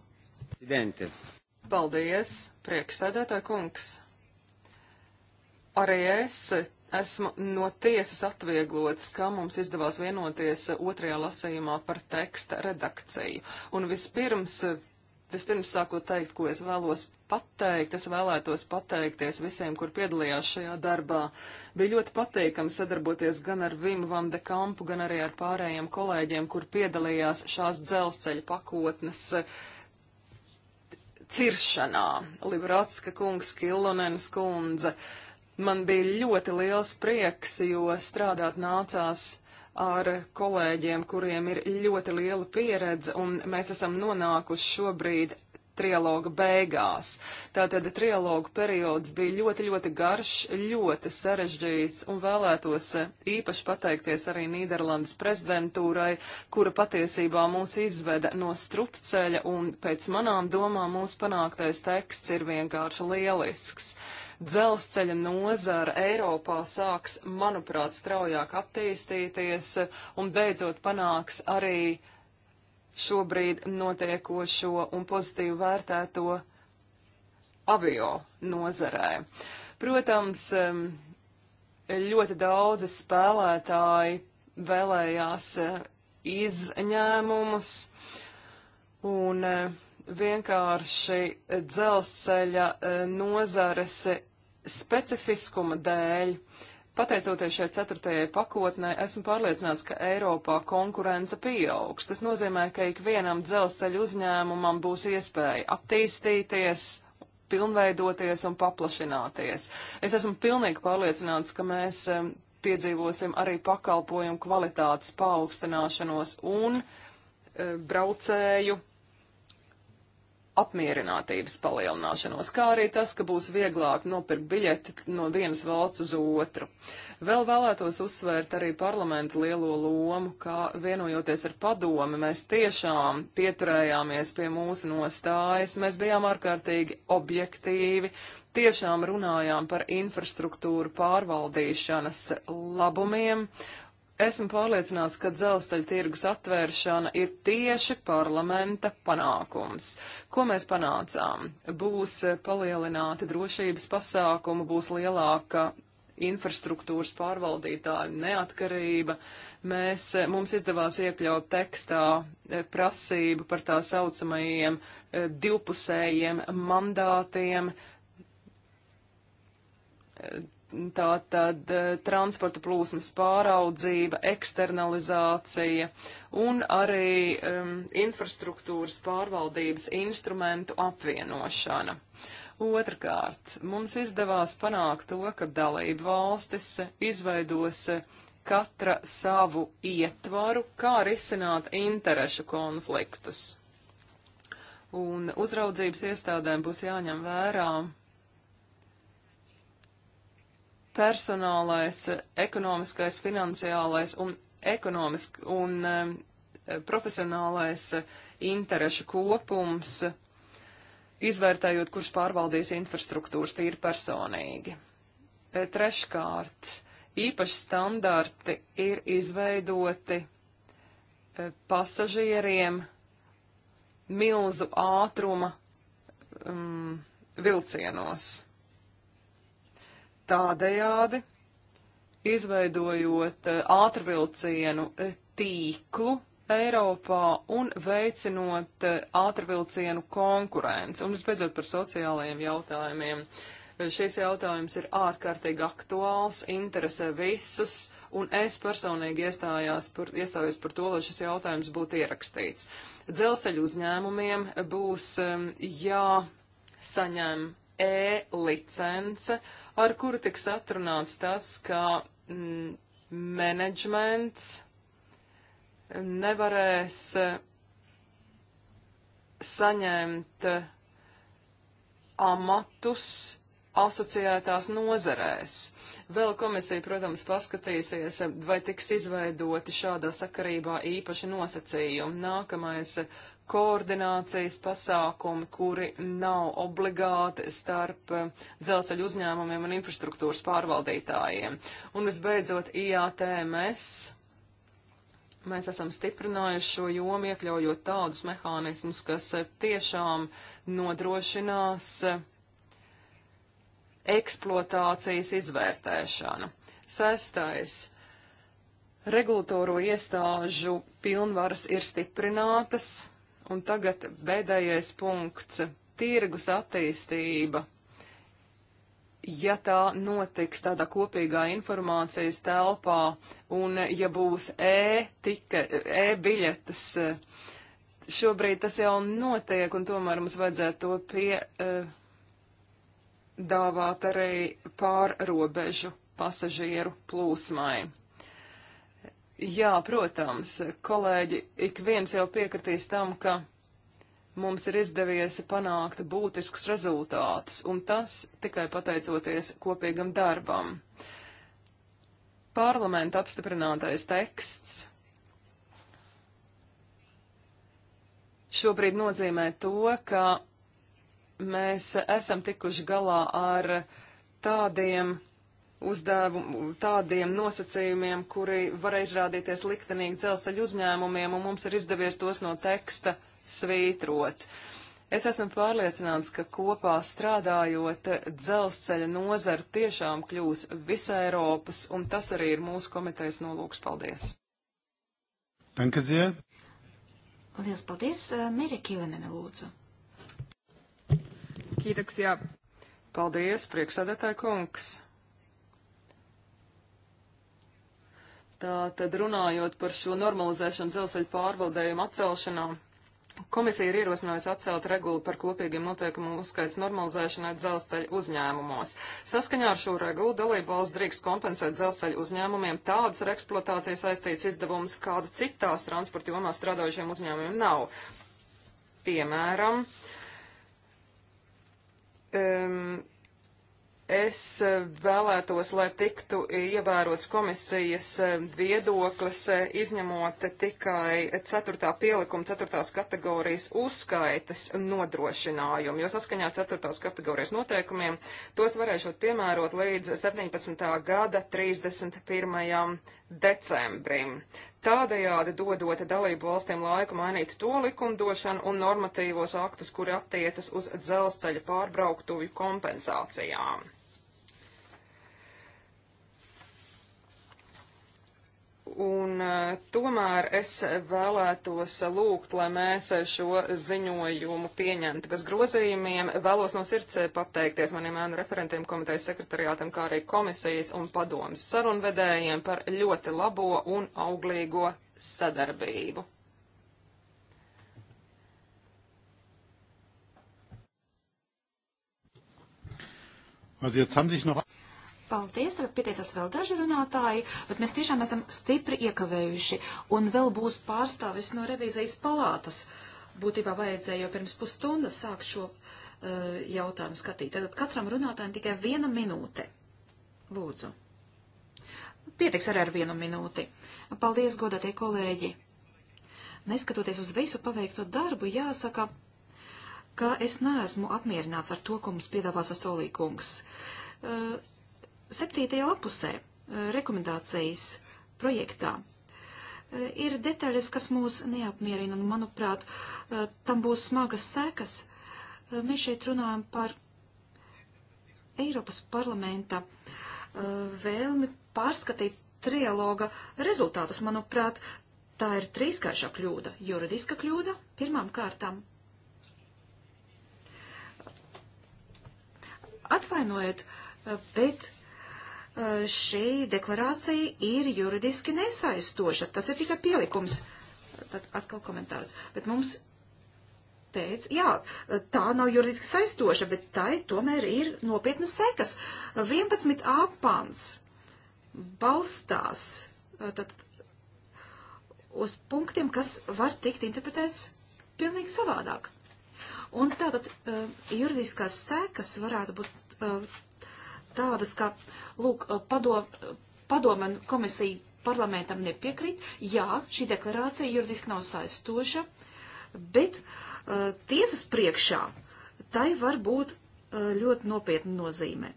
Presidente. Paldies, priekšsēdētāj kungs. Arī es Esmu no tiesas atvieglots, ka mums izdevās vienoties uh, otrajā lasījumā par teksta redakciju. Un vispirms, uh, vispirms sākot teikt, ko es vēlos pateikt, es vēlētos pateikties visiem, kur piedalījās šajā darbā. Bija ļoti pateikami sadarboties gan ar Vimu Van de Kampu, gan arī ar pārējiem kolēģiem, kur piedalījās šās dzelzceļa pakotnes uh, ciršanā. Librātska kungs, Kilonēnas kundze. Uh, Man bija ļoti liels prieks, jo strādāt nācās ar kolēģiem, kuriem ir ļoti liela pieredze, un mēs esam nonākuši šobrīd trialoga beigās. Tātad trialoga periods bija ļoti, ļoti garš, ļoti sarežģīts, un vēlētos īpaši pateikties arī Nīderlandes prezidentūrai, kura patiesībā mūs izveda no strupceļa, un pēc manām domām mūsu panāktais teksts ir vienkārši lielisks dzelzceļa nozara Eiropā sāks, manuprāt, straujāk attīstīties un beidzot panāks arī šobrīd notiekošo un pozitīvi vērtēto avio nozarē. Protams, ļoti daudzi spēlētāji vēlējās eh, izņēmumus un eh, vienkārši dzelzceļa eh, nozares specifiskuma dēļ. Pateicoties šai ceturtajai pakotnē, esmu pārliecināts, ka Eiropā konkurence pieaugs. Tas nozīmē, ka ikvienam dzelzceļu uzņēmumam būs iespēja attīstīties, pilnveidoties un paplašināties. Es esmu pilnīgi pārliecināts, ka mēs piedzīvosim arī pakalpojumu kvalitātes paaugstināšanos un e, braucēju apmierinātības palielināšanos, kā arī tas, ka būs vieglāk nopirkt biļeti no vienas valsts uz otru. Vēl vēlētos uzsvērt arī parlamenta lielo lomu, kā vienojoties ar padomi, mēs tiešām pieturējāmies pie mūsu nostājas, mēs bijām ārkārtīgi objektīvi, tiešām runājām par infrastruktūru pārvaldīšanas labumiem Esmu pārliecināts, ka dzelzceļa tirgus atvēršana ir tieši parlamenta panākums. Ko mēs panācām? Būs palielināti drošības pasākumi, būs lielāka infrastruktūras pārvaldītāja neatkarība. Mēs, mums izdevās iekļaut tekstā e, prasību par tā saucamajiem e, divpusējiem mandātiem e, Tā tad eh, transporta plūsmas pāraudzība, eksternalizācija un arī um, infrastruktūras pārvaldības instrumentu apvienošana. Otrakārt, mums izdevās panākt to, ka dalību valstis izveidos eh, katra savu ietvaru, kā risināt interešu konfliktus. Un uzraudzības iestādēm būs jāņem vērā personālais, ekonomiskais, finansiālais un, ekonomisk, un e, profesionālais eh, interešu kopums, izvērtējot, kurš pārvaldīs infrastruktūras tīri personīgi. E, treškārt, īpaši standarti ir izveidoti e, pasažieriem milzu ātruma um, vilcienos Tādējādi, izveidojot eh, ātrvilcienu eh, tīklu Eiropā un veicinot eh, ātrvilcienu konkurenci. Un visbeidzot par sociālajiem jautājumiem. Šis jautājums ir ārkārtīgi aktuāls, interesē visus un es personīgi iestājos par, iestājos par to, lai šis jautājums būtu ierakstīts. Dzelzceļu uzņēmumiem būs um, jāsaņem e-licence, ar kuru tiks atrunāts tas, ka mm, menedžments nevarēs saņemt amatus asociētās nozerēs. Vēl komisija, protams, paskatīsies, vai tiks izveidoti šādā sakarībā īpaši nosacījumi. Nākamais koordinācijas pasākumi, kuri nav obligāti starp eh, dzelzceļu uzņēmumiem un infrastruktūras pārvaldītājiem. Un visbeidzot, IATMS. Mēs esam stiprinājuši šo jomu, iekļaujot tādus mehānismus, kas eh, tiešām nodrošinās eh, eksploatācijas izvērtēšanu. Sestais. Regulatoro iestāžu pilnvaras ir stiprinātas, Un tagad bēdējais punkts - tirgus attīstība. Ja tā notiks tādā kopīgā informācijas telpā un ja būs e-biļetes, e, e šobrīd tas jau notiek un tomēr mums vajadzētu to piedāvāt e, arī pārrobežu pasažieru plūsmai. Jā, protams, kolēģi, ik viens jau piekritīs tam, ka mums ir izdevies panākt būtiskus rezultātus, un tas tikai pateicoties kopīgam darbam. Parlamenta apstiprinātais teksts šobrīd nozīmē to, ka mēs esam tikuši galā ar tādiem uzdevumu, tādiem nosacījumiem, kuri var izrādīties liktenīgi dzelzceļu uzņēmumiem, un mums ir izdevies tos no teksta svītrot. Es esmu pārliecināts, ka kopā strādājot dzelzceļa nozara tiešām kļūs visā Eiropas, un tas arī ir mūsu komitejas nolūks. Paldies! Dankazie! Liels paldies! Eh, Mērija Kilenene, lūdzu! Kīdaksjā! Paldies, priekšsēdētāji kungs! Tā tad runājot par šo normalizēšanu dzelzceļa pārvaldējumu atcelšanā, komisija ir ierosinājusi atcelt regulu par kopīgiem noteikumu uzskaits normalizēšanai dzelzceļa uzņēmumos. Saskaņā ar šo regulu dalību valsts drīkst kompensēt dzelzceļa uzņēmumiem tādus ar eksploatāciju saistīts izdevumus, kādu citās transporta jomā strādājušiem uzņēmumiem nav. Piemēram, um, Es eh, vēlētos, lai tiktu ievērots komisijas eh, viedoklis, eh, izņemot tikai 4. pielikuma 4. kategorijas uzskaitas nodrošinājumu, jo saskaņā 4. kategorijas noteikumiem tos varēšot piemērot līdz 17. gada 31 decembrim. Tādējādi dodot dalību valstīm laiku mainīt to likumdošanu un normatīvos aktus, kuri attiecas uz dzelzceļa pārbrauktuvju kompensācijām. Un eh, tomēr es vēlētos lūgt, lai mēs šo ziņojumu pieņemtu bez grozījumiem. Vēlos no sirds pateikties maniem ēnu referentiem, komitejas sekretariātam, kā arī komisijas un padomas sarunvedējiem par ļoti labo un auglīgo sadarbību. Also jetzt haben sich noch Paldies, tagad pieteicās vēl daži runātāji, bet mēs tiešām esam stipri iekavējuši. Un vēl būs pārstāvis no revīzijas palātas. Būtībā vajadzēja jau pirms pusstundas sākt šo uh, jautājumu skatīt. Tad katram runātājam tikai viena minūte. Lūdzu. Pietiks arī ar vienu minūti. Paldies, godātie kolēģi. Neskatoties uz visu paveikto darbu, jāsaka, ka es neesmu apmierināts ar to, ko mums piedāvās Astolīkungs. Uh, eh, Septītajā lapusē e, rekomendācijas projektā e, ir detaļas, kas mūs neapmierina, un, manuprāt, e, tam būs smagas sekas. Mēs šeit runājam par Eiropas parlamenta vēlmi pārskatīt trialoga rezultātus. Manuprāt, tā ir trīskāršā kļūda - juridiska kļūda pirmām kārtām. Atvainojiet, bet šī deklarācija ir juridiski nesaistoša. Tas ir tikai pielikums. Tad atkal komentārs. Bet mums teica, jā, tā nav juridiski saistoša, bet tai tomēr ir nopietnas sekas. 11. pāns balstās tad, uz punktiem, kas var tikt interpretēts pilnīgi savādāk. Un tātad juridiskās sekas varētu būt tādas, ka, lūk, padom, padoma komisija parlamentam nepiekrīt. Jā, šī deklarācija juridiski nav saistoša, bet uh, tiesas priekšā tai var būt uh, ļoti nopietna nozīme.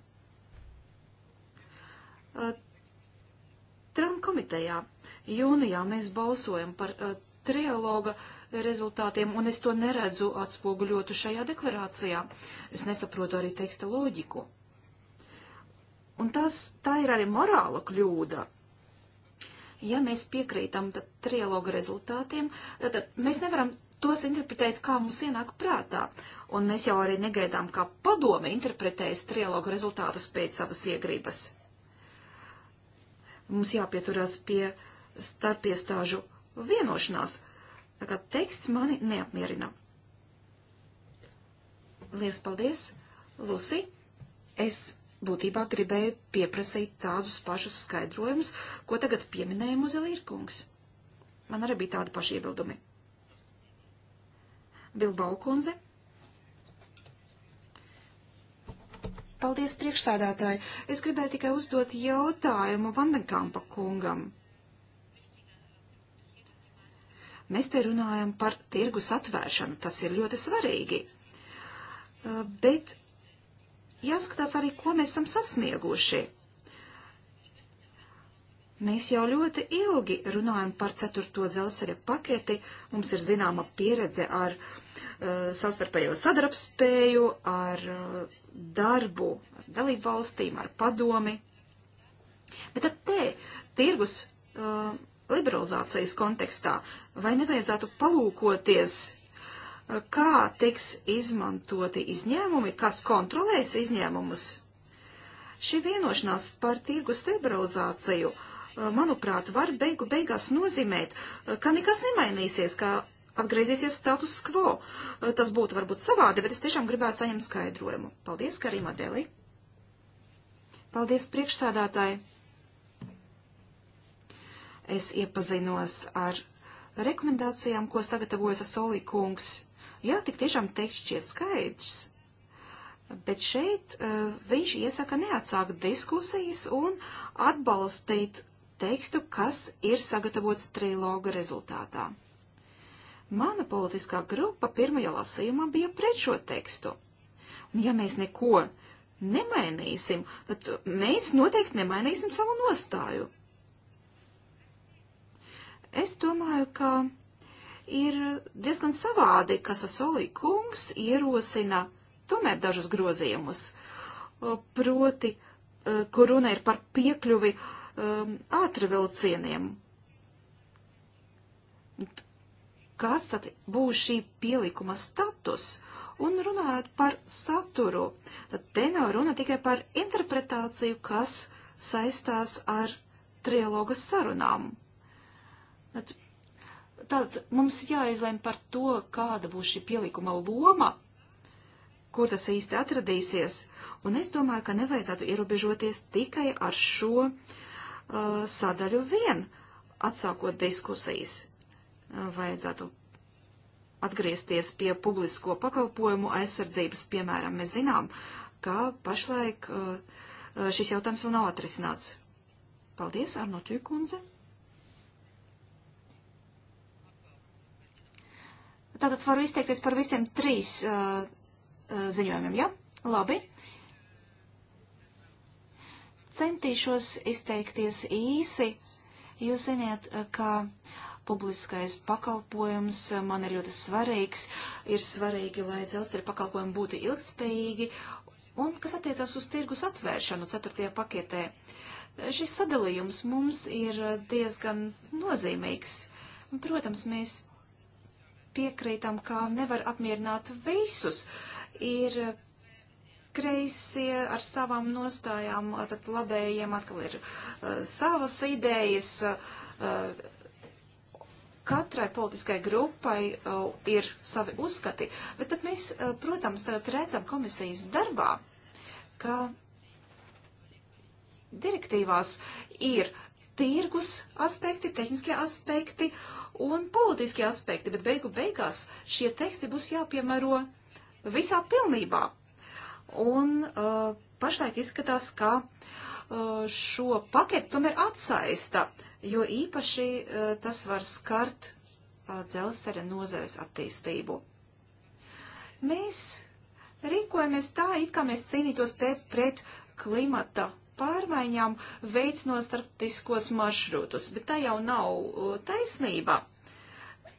Uh, Tram komitejā jūnijā mēs balsojam par uh, trialoga rezultātiem, un es to neredzu atspoguļotu šajā deklarācijā. Es nesaprotu arī teksta loģiku. Uh, Un tas, tā ir arī morāla kļūda. Ja mēs piekrītam trialoga rezultātiem, tad mēs nevaram tos interpretēt, kā mums ienāk prātā. Un mēs jau arī negaidām, kā padome interpretēs trialoga rezultātus pēc savas iegribas. Mums jāpieturās pie starpiestāžu vienošanās. Tā kā teksts mani neapmierina. Lies paldies, Lusi! Es būtībā gribēja pieprasīt tādus pašus skaidrojumus, ko tagad pieminēja Muzelīrkungs. Man arī bija tādi paši iebildumi. Bilbao kundze. Paldies priekšsādātāji. Es gribēju tikai uzdot jautājumu Vandenkampa kungam. Mēs te runājam par tirgus atvēršanu, tas ir ļoti svarīgi. Uh, bet jāskatās arī, ko mēs esam sasnieguši. Mēs jau ļoti ilgi runājam par ceturto dzelzceļa paketi, mums ir zināma pieredze ar uh, savstarpējo sadarbspēju, ar uh, darbu, ar dalību valstīm, ar padomi. Bet tad te, tirgus uh, liberalizācijas kontekstā, vai nevajadzētu palūkoties, kā tiks izmantoti izņēmumi, kas kontrolēs izņēmumus. Šī vienošanās par tirgus liberalizāciju, eh, manuprāt, var beigu beigās nozīmēt, eh, ka nekas nemainīsies, ka atgriezīsies status quo. Eh, tas būtu varbūt savādi, bet es tiešām gribētu saņemt skaidrojumu. Paldies, Karima Deli. Paldies, priekšsādātāji. Es iepazinos ar rekomendācijām, ko sagatavojas Solī kungs Jā, tik tiešām teksts šķiet skaidrs, bet šeit uh, viņš iesaka neatsākt diskusijas un atbalstīt tekstu, kas ir sagatavots triloga rezultātā. Mana politiskā grupa pirmajā lasījumā bija pret šo tekstu. Un ja mēs neko nemainīsim, tad mēs noteikti nemainīsim savu nostāju. Es domāju, ka ir diezgan savādi, ka Sasolī kungs ierosina tomēr dažus grozījumus, proti, e, kur runa ir par piekļuvi e, ātri vilcieniem. Kāds tad būs šī pielikuma status? Un runājot par saturu, tad te nav runa tikai par interpretāciju, kas saistās ar trialoga sarunām. Tad Tāds mums jāizlem par to, kāda būs šī pielikuma loma, kur tas īsti atradīsies, un es domāju, ka nevajadzētu ierobežoties tikai ar šo uh, sadaļu vien, atsākot diskusijas. Uh, vajadzētu atgriezties pie publisko pakalpojumu aizsardzības, piemēram, mēs zinām, ka pašlaik uh, uh šis jautājums vēl nav atrisināts. Paldies, Arno Tūkundze! Tātad varu izteikties par visiem trīs uh, uh ziņojumiem, ja? Labi. Centīšos izteikties īsi. Jūs ziniet, uh, ka publiskais pakalpojums uh, man ir ļoti svarīgs. Ir svarīgi, lai dzelzceļa pakalpojumi būtu ilgtspējīgi. Un kas attiecās uz tirgus atvēršanu ceturtajā paketē, šis sadalījums mums ir diezgan nozīmīgs. Protams, mēs piekrītam, ka nevar apmierināt visus. Ir kreisie ar savām nostājām, tad labējiem atkal ir uh, savas idejas. Uh, katrai politiskai grupai uh, ir savi uzskati, bet tad mēs, uh, protams, tagad redzam komisijas darbā, ka direktīvās ir tirgus aspekti, tehniskie aspekti, uh, un politiskie aspekti, bet beigu beigās šie teksti būs jāpiemēro visā pilnībā. Un uh, pašlaik izskatās, ka uh, šo paketu tomēr atsaista, jo īpaši uh, tas var skart uh, dzelzceļa nozares attīstību. Mēs rīkojamies tā, it kā mēs cīnītos te pret klimata pārmaiņām veicino starptiskos maršrutus, bet tā jau nav uh, taisnība.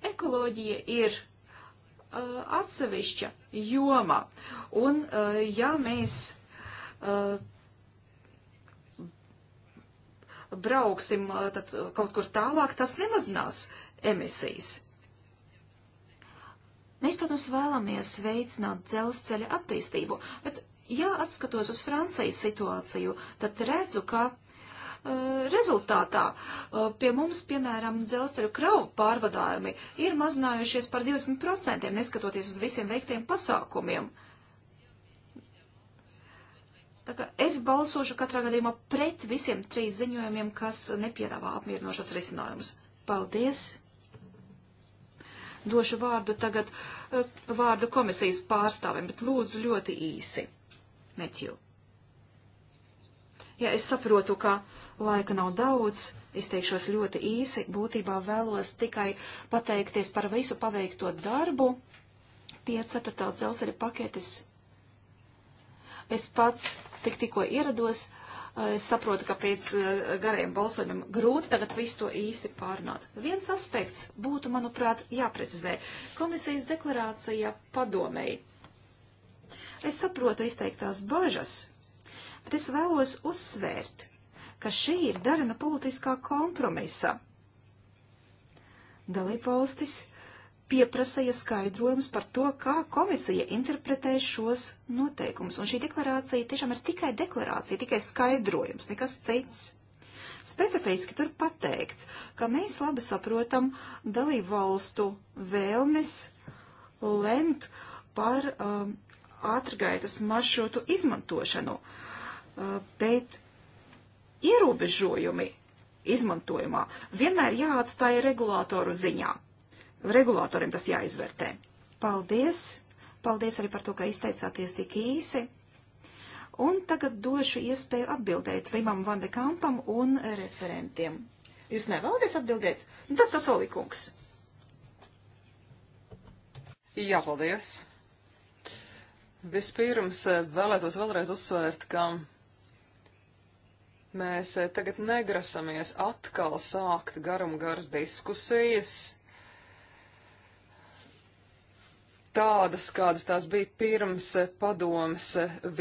Ekoloģija ir uh, atsevišķa joma, un uh, ja mēs uh, brauksim uh, tad, uh, kaut kur tālāk, tas nemazinās emisijas. Mēs, protams, vēlamies veicināt dzelzceļa attīstību, bet Ja atskatos uz Francijas situāciju, tad redzu, ka uh, rezultātā uh, pie mums, piemēram, dzelzceļu kravu pārvadājumi ir mazinājušies par 20%, neskatoties uz visiem veiktiem pasākumiem. Tā kā es balsošu katrā gadījumā pret visiem trīs ziņojumiem, kas nepiedāvā apmierinošos risinājumus. Paldies! Došu vārdu tagad e, vārdu komisijas pārstāvim, bet lūdzu ļoti īsi. Metju. Ja es saprotu, ka laika nav daudz, izteikšos ļoti īsi, būtībā vēlos tikai pateikties par visu paveikto darbu pie ceturtā dzelzceļa paketes. Es pats tik tikko ierados, es saprotu, ka pēc eh, gariem balsojumiem grūti tagad visu to īsti pārnāt. Viens aspekts būtu, manuprāt, jāprecizē. Komisijas deklarācija padomēji Es saprotu izteiktās bažas, bet es vēlos uzsvērt, ka šī ir dara no politiskā kompromisa. Dalībvalstis pieprasīja skaidrojumus par to, kā komisija interpretē šos noteikumus. Un šī deklarācija tiešām ir tikai deklarācija, tikai skaidrojums, nekas cits. Specifiski tur pateikts, ka mēs labi saprotam dalību valstu vēlmes lemt par um, ātrgaitas maršrutu izmantošanu, uh, bet ierobežojumi izmantojumā vienmēr jāatstāja regulātoru ziņā. Regulātoriem tas jāizvērtē. Paldies! Paldies arī par to, ka izteicāties tik īsi. Un tagad došu iespēju atbildēt Vimam Vandekampam un referentiem. Jūs nevēlaties atbildēt? Nu, tad sasolīkums. Jā, paldies. Vispirms eh, vēlētos vēlreiz uzsvērt, ka mēs eh, tagad negrasamies atkal sākt garumgaras diskusijas, tādas, kādas tās bija pirms eh, padomas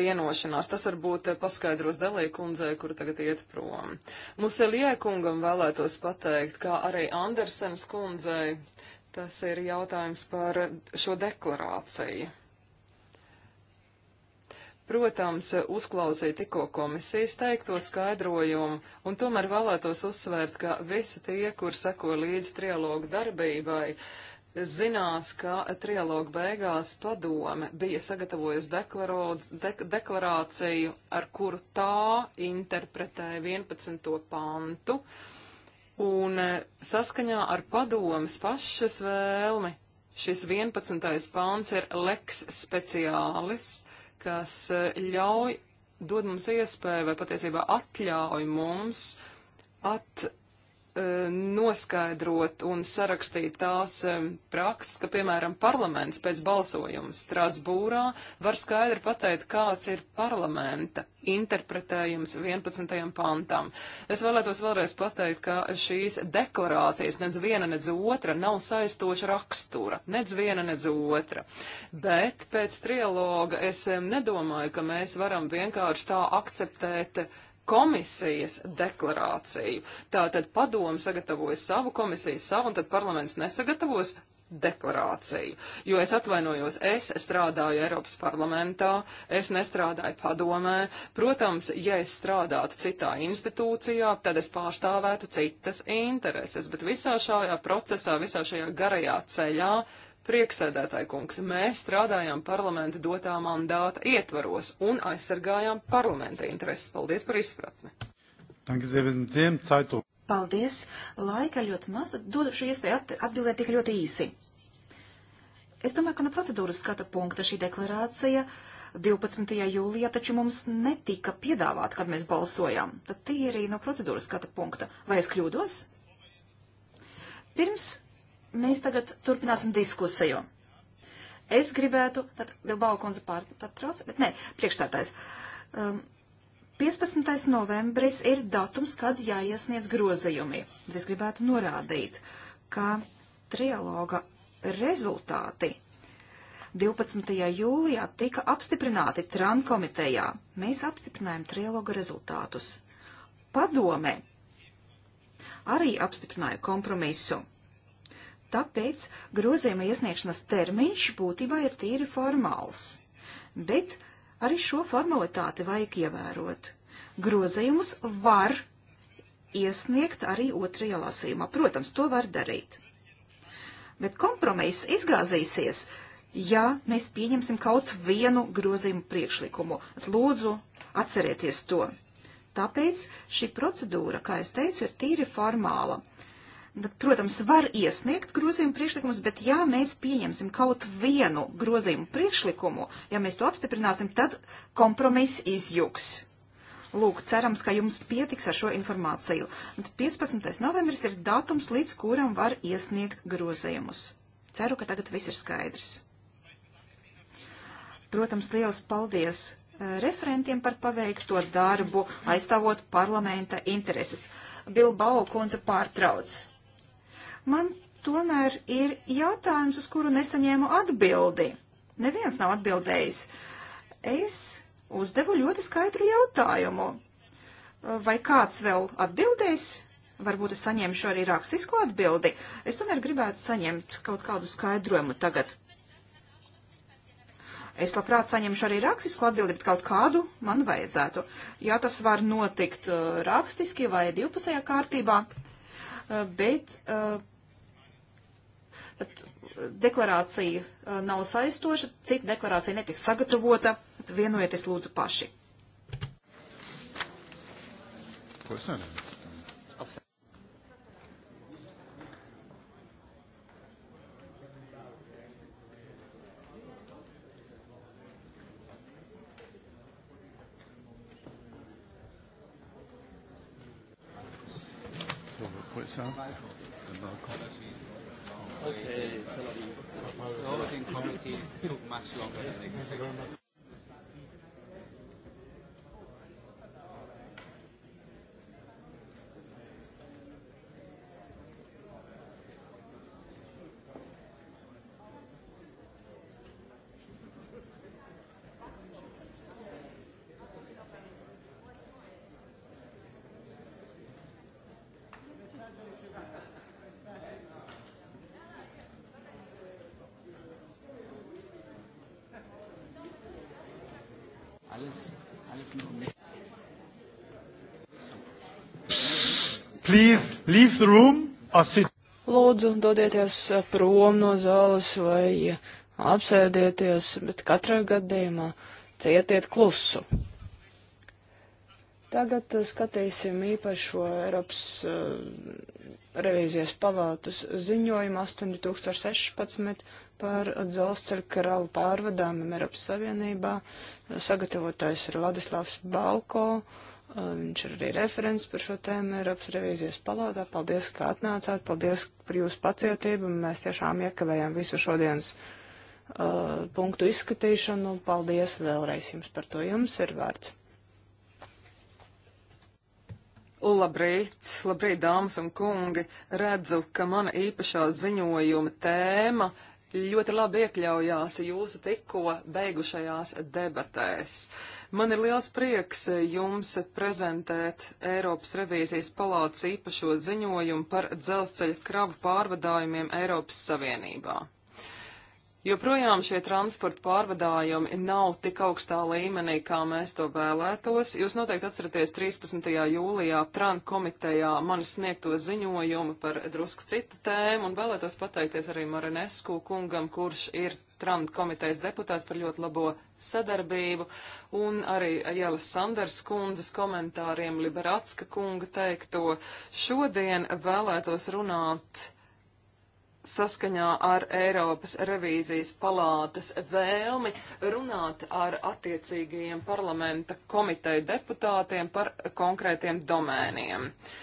vienošanās. Tas varbūt paskaidros Delija kundzei, kur tagad iet prom. Muselie kungam vēlētos pateikt, kā arī Andersens kundzei, tas ir jautājums par šo deklarāciju. Protams, uzklausīju tikko komisijas teikto skaidrojumu, un tomēr vēlētos uzsvērt, ka visi tie, kur seko līdz trialogu darbībai, zinās, ka trialogu beigās padome bija sagatavojusi de deklarāciju, ar kuru tā interpretēja 11. pantu, un eh, saskaņā ar padomas pašas vēlmi šis 11. pants ir leks speciālis kas eh, ļauj, dod mums iespēju vai patiesībā atļauj mums at Eh, noskaidrot un sarakstīt tās eh, prakses, ka, piemēram, parlaments pēc balsojuma Strasbūrā var skaidri pateikt, kāds ir parlamenta interpretējums 11. pantam. Es vēlētos vēlreiz pateikt, ka šīs deklarācijas nedz viena, nedz otra nav saistoša rakstura, nedz viena, nedz otra. Bet pēc trialoga es eh, nedomāju, ka mēs varam vienkārši tā akceptēt komisijas deklarāciju. Tātad padomu sagatavoja savu komisiju, savu, un tad parlaments nesagatavos deklarāciju. Jo es atvainojos, es strādāju Eiropas parlamentā, es nestrādāju padomē. Protams, ja es strādātu citā institūcijā, tad es pārstāvētu citas intereses, bet visā šajā procesā, visā šajā garajā ceļā Prieksēdētāji kungs, mēs strādājām parlamenta dotā mandāta ietvaros un aizsargājām parlamenta intereses. Paldies par izpratni. Paldies. Laika ļoti maz, tad dodu šo iespēju atbildēt tik ļoti īsi. Es domāju, ka no procedūras skata punkta šī deklarācija 12. jūlijā taču mums netika piedāvāta, kad mēs balsojām. Tad tie ir arī no procedūras skata punkta. Vai es kļūdos? Pirms mēs tagad turpināsim diskusiju. Es gribētu, tad Bilbao kundze pārtrauc, bet nē, priekšstātais. Um, 15. novembris ir datums, kad jāiesniedz grozījumi. Bet es gribētu norādīt, ka trialoga rezultāti 12. jūlijā tika apstiprināti TRAN komitejā. Mēs apstiprinājām trialoga rezultātus. Padome arī apstiprināja kompromisu. Tāpēc grozījuma iesniegšanas termiņš būtībā ir tīri formāls, bet arī šo formalitāti vajag ievērot. Grozījumus var iesniegt arī otrajā lasījumā. Protams, to var darīt. Bet kompromiss izgāzīsies, ja mēs pieņemsim kaut vienu grozījumu priekšlikumu. Lūdzu, atcerieties to. Tāpēc šī procedūra, kā es teicu, ir tīri formāla protams, var iesniegt grozījumu priekšlikumus, bet ja mēs pieņemsim kaut vienu grozījumu priekšlikumu, ja mēs to apstiprināsim, tad kompromiss izjuks. Lūk, cerams, ka jums pietiks ar šo informāciju. 15. novembris ir datums, līdz kuram var iesniegt grozījumus. Ceru, ka tagad viss ir skaidrs. Protams, liels paldies eh, referentiem par paveikto darbu, aizstāvot parlamenta intereses. Bilbao kundze pārtrauc. Man tomēr ir jautājums, uz kuru nesaņēmu atbildi. Neviens nav atbildējis. Es uzdevu ļoti skaidru jautājumu. Vai kāds vēl atbildēs? Varbūt es saņemšu arī rakstisku atbildi. Es tomēr gribētu saņemt kaut kādu skaidrojumu tagad. Es labprāt saņemšu arī rakstisku atbildi, bet kaut kādu man vajadzētu. Jā, tas var notikt uh, rakstiski vai divpusējā kārtībā, uh, bet uh, Tad eh, deklarācija eh, nav saistoša, cita deklarācija netiks sagatavota, tad vienojieties lūdzu paši. Ko es nedaru? So, what's that? The Markov. Okay, so the voting committees took much longer than expected. Please leave the room or sit. Lūdzu, dodieties eh, prom no zāles vai eh, apsēdieties, bet katrā gadījumā cietiet klusu. Tagad eh, skatīsim īpašo Eiropas uh, revīzijas palātas ziņojumu 8016 par dzelzceļa kravu pārvadāmiem Eiropas Savienībā. Sagatavotājs ir Ladislavs Balko. Uh, Viņš ir arī referents par šo tēmu Eiropas revīzijas palātā. Paldies, ka atnācāt, paldies par jūsu pacietību. Mēs tiešām iekavējām visu šodienas uh, punktu izskatīšanu. Paldies vēlreiz jums par to. Jums ir vārds. Labrīt, labrīt, dāmas un kungi. Redzu, ka mana īpašā ziņojuma tēma ļoti labi iekļaujās jūsu tikko beigušajās debatēs. Uh, Man ir liels prieks eh, jums prezentēt Eiropas revīzijas palātas īpašo ziņojumu par dzelzceļa kravu pārvadājumiem Eiropas Savienībā. Joprojām šie transporta pārvadājumi nav tik augstā līmenī, kā mēs to vēlētos. Jūs noteikti atceraties 13. jūlijā Tran komitejā manis sniegto ziņojumu par drusku citu tēmu un vēlētos pateikties arī Marinesku kungam, kurš ir Trump komitejas deputāts par ļoti labo sadarbību, un arī Jālas Sanders kundzes komentāriem Liberatska kunga teikto. Šodien vēlētos runāt saskaņā ar Eiropas revīzijas palātas vēlmi runāt ar attiecīgajiem parlamenta komiteju deputātiem par konkrētiem domēniem. Uh,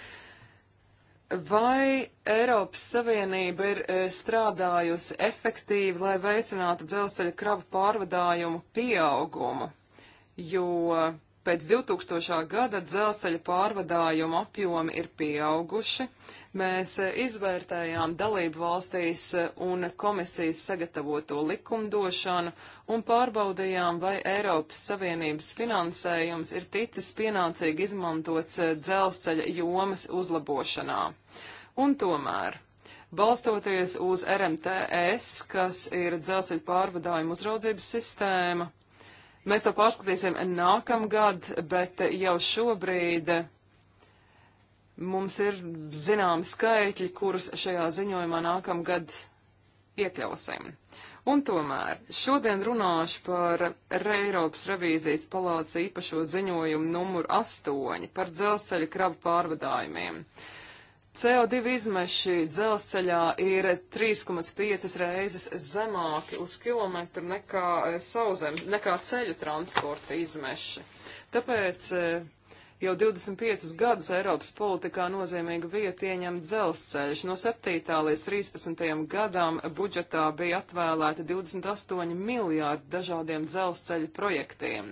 Vai Eiropas Savienība ir e, strādājusi efektīvi, lai veicinātu dzelzceļa kravu pārvadājumu pieaugumu? Jo pēc 2000. gada dzelzceļa pārvadājumu apjomi ir pieauguši, Mēs eh, izvērtējām dalību valstīs eh, un komisijas sagatavoto likumdošanu un pārbaudījām, vai Eiropas Savienības finansējums ir ticis pienācīgi izmantots eh, dzelzceļa jomas uzlabošanā. Un tomēr balstoties uz RMTS, kas ir dzelzceļa pārvadājuma uzraudzības sistēma. Mēs to pārskatīsim nākamgad, bet jau šobrīd Mums ir zināmi skaitļi, kurus šajā ziņojumā nākamgad iekļausim. Un tomēr šodien runāšu par Re Eiropas revīzijas palāca īpašo ziņojumu numuru 8 par dzelzceļa kravu pārvadājumiem. CO2 izmeši dzelzceļā ir 3,5 reizes zemāki uz kilometru nekā, eh, sauzem, nekā ceļu transporta izmeši. Tāpēc eh, Jau 25 gadus Eiropas politikā nozīmīgu vietu ieņem dzelzceļš. No 7. līdz 13. gadam budžetā bija atvēlēti 28 miljārdi dažādiem dzelzceļa projektiem.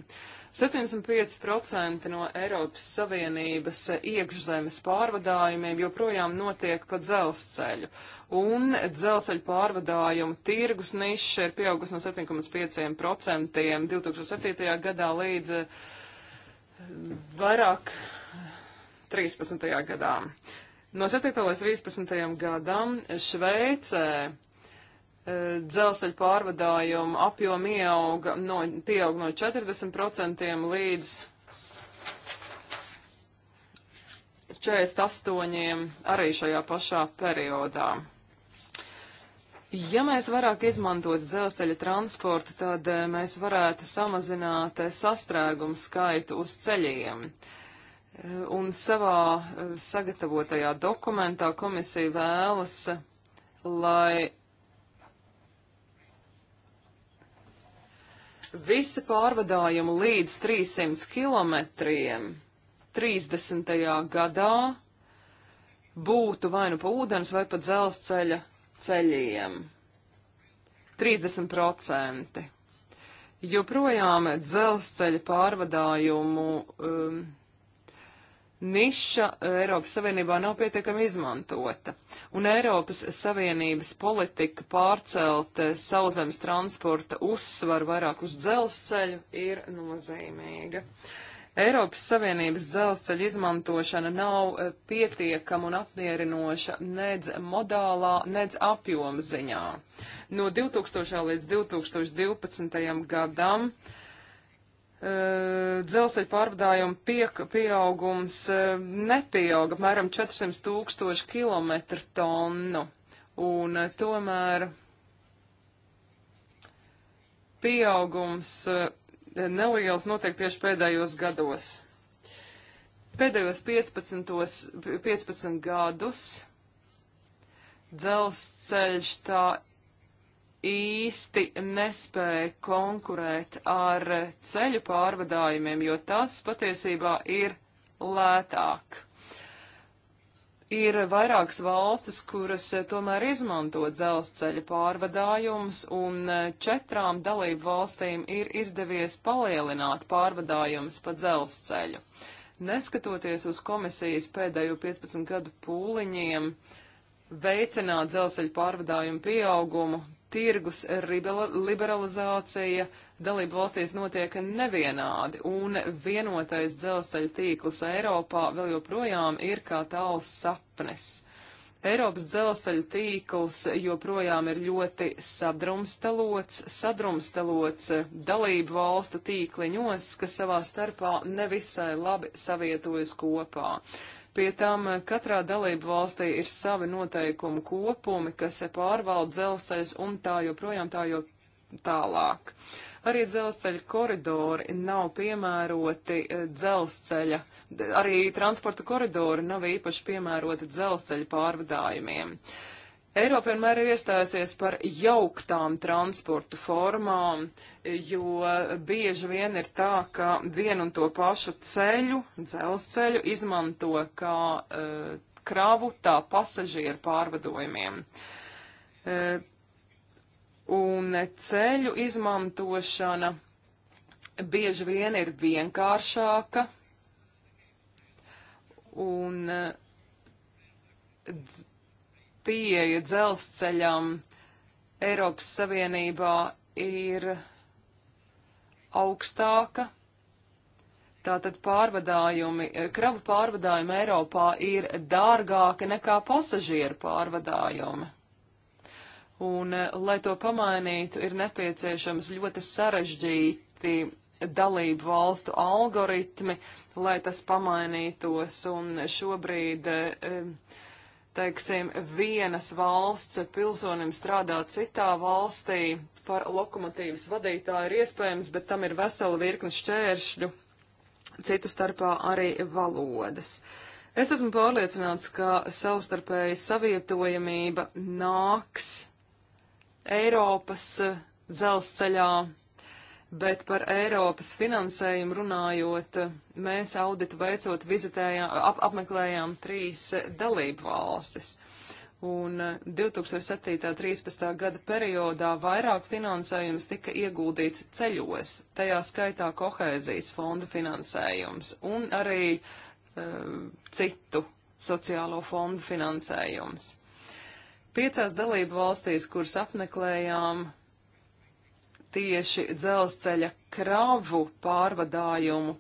75% no Eiropas Savienības iekšzemes pārvadājumiem joprojām notiek pa dzelzceļu, un dzelzceļa pārvadājumu tirgus niša ir pieaugusi no 7,5% 2007. gadā līdz vairāk 13. gadā. No 7. līdz 13. gadam Šveicē eh, dzelzceļa pārvadājuma apjoma ieauga no, pieaug no 40% līdz 48 arī šajā pašā periodā. Ja mēs vairāk izmantotu dzelzceļa transportu, tad eh, mēs varētu samazināt eh, sastrēgumu skaitu uz ceļiem. Eh, un savā sagatavotajā dokumentā komisija vēlas, lai visi pārvadājumi līdz 300 kilometriem 30. gadā būtu vai nu pa ūdens vai pa dzelzceļa ceļiem. 30%. Joprojām dzelzceļa pārvadājumu um, niša Eiropas Savienībā nav pietiekami izmantota, un Eiropas Savienības politika pārcelt eh, sauzemes transporta uzsvaru vairāk uz dzelzceļu ir nozīmīga. Uh, Eiropas Savienības dzelzceļa izmantošana nav e, pietiekama un apmierinoša nedz modālā, nedz apjoma ziņā. No 2000. līdz 2012. gadam e, dzelzceļa pārvadājuma piek, pieaugums e, nepieauga apmēram 400 tūkstoši kilometru tonu. Un tomēr pieaugums nelielas notiek tieši pēdējos gados. Pēdējos 15, 15 gadus dzelzceļš tā īsti nespēja konkurēt ar ceļu pārvadājumiem, jo tas patiesībā ir lētāk. Ir vairākas valstis, kuras eh, tomēr izmanto dzelzceļa pārvadājumus, un eh, četrām dalību valstīm ir izdevies palielināt pārvadājumus pa dzelzceļu. Neskatoties uz komisijas pēdējo 15 gadu pūliņiem, veicināt dzelzceļa pārvadājumu pieaugumu, tirgus liberalizācija dalību valstīs notiek nevienādi, un vienotais dzelzceļa tīkls Eiropā vēl joprojām ir kā tāls sapnis. Eiropas dzelzceļa tīkls joprojām ir ļoti sadrumstalots, sadrumstalots dalību valstu tīkliņos, kas savā starpā nevisai labi savietojas kopā. Pie tam eh, katrā dalību valstī ir savi noteikumu kopumi, kas pārvalda dzelzceļus un tā joprojām tā joprojām tālāk. Arī dzelzceļa koridori nav piemēroti eh, dzelzceļa, arī transporta koridori nav īpaši piemēroti dzelzceļa pārvadājumiem. Uh, Eiropa vienmēr ir iestājusies par jauktām transportu formām, jo bieži vien ir tā, ka vienu un to pašu ceļu, dzelzceļu, izmanto kā e, kravu, tā pasažieru pārvadojumiem. E, un ceļu izmantošana bieži vien ir vienkāršāka. Un, e, pieeja dzelzceļam Eiropas Savienībā ir augstāka. Tātad pārvadājumi, eh, kravu pārvadājumi Eiropā ir dārgāki nekā pasažieru pārvadājumi. Un, eh, lai to pamainītu, ir nepieciešams ļoti sarežģīti dalību valstu algoritmi, lai tas pamainītos, un šobrīd e, e, teiksim, vienas valsts pilsonim strādāt citā valstī par lokomotīvas vadītāju ir iespējams, bet tam ir vesela virkne šķēršļu, citu starpā arī valodas. Es esmu pārliecināts, ka savstarpēji savietojamība nāks Eiropas dzelzceļā bet par Eiropas finansējumu runājot, mēs auditu veicot vizitējām, ap, apmeklējām trīs dalību valstis. Un 2007.13. Eh, gada periodā vairāk finansējums tika ieguldīts ceļos, tajā skaitā kohēzijas fonda finansējums un arī um, citu sociālo fondu finansējums. Piecās dalību valstīs, kuras apmeklējām, tieši dzelzceļa kravu pārvadājumu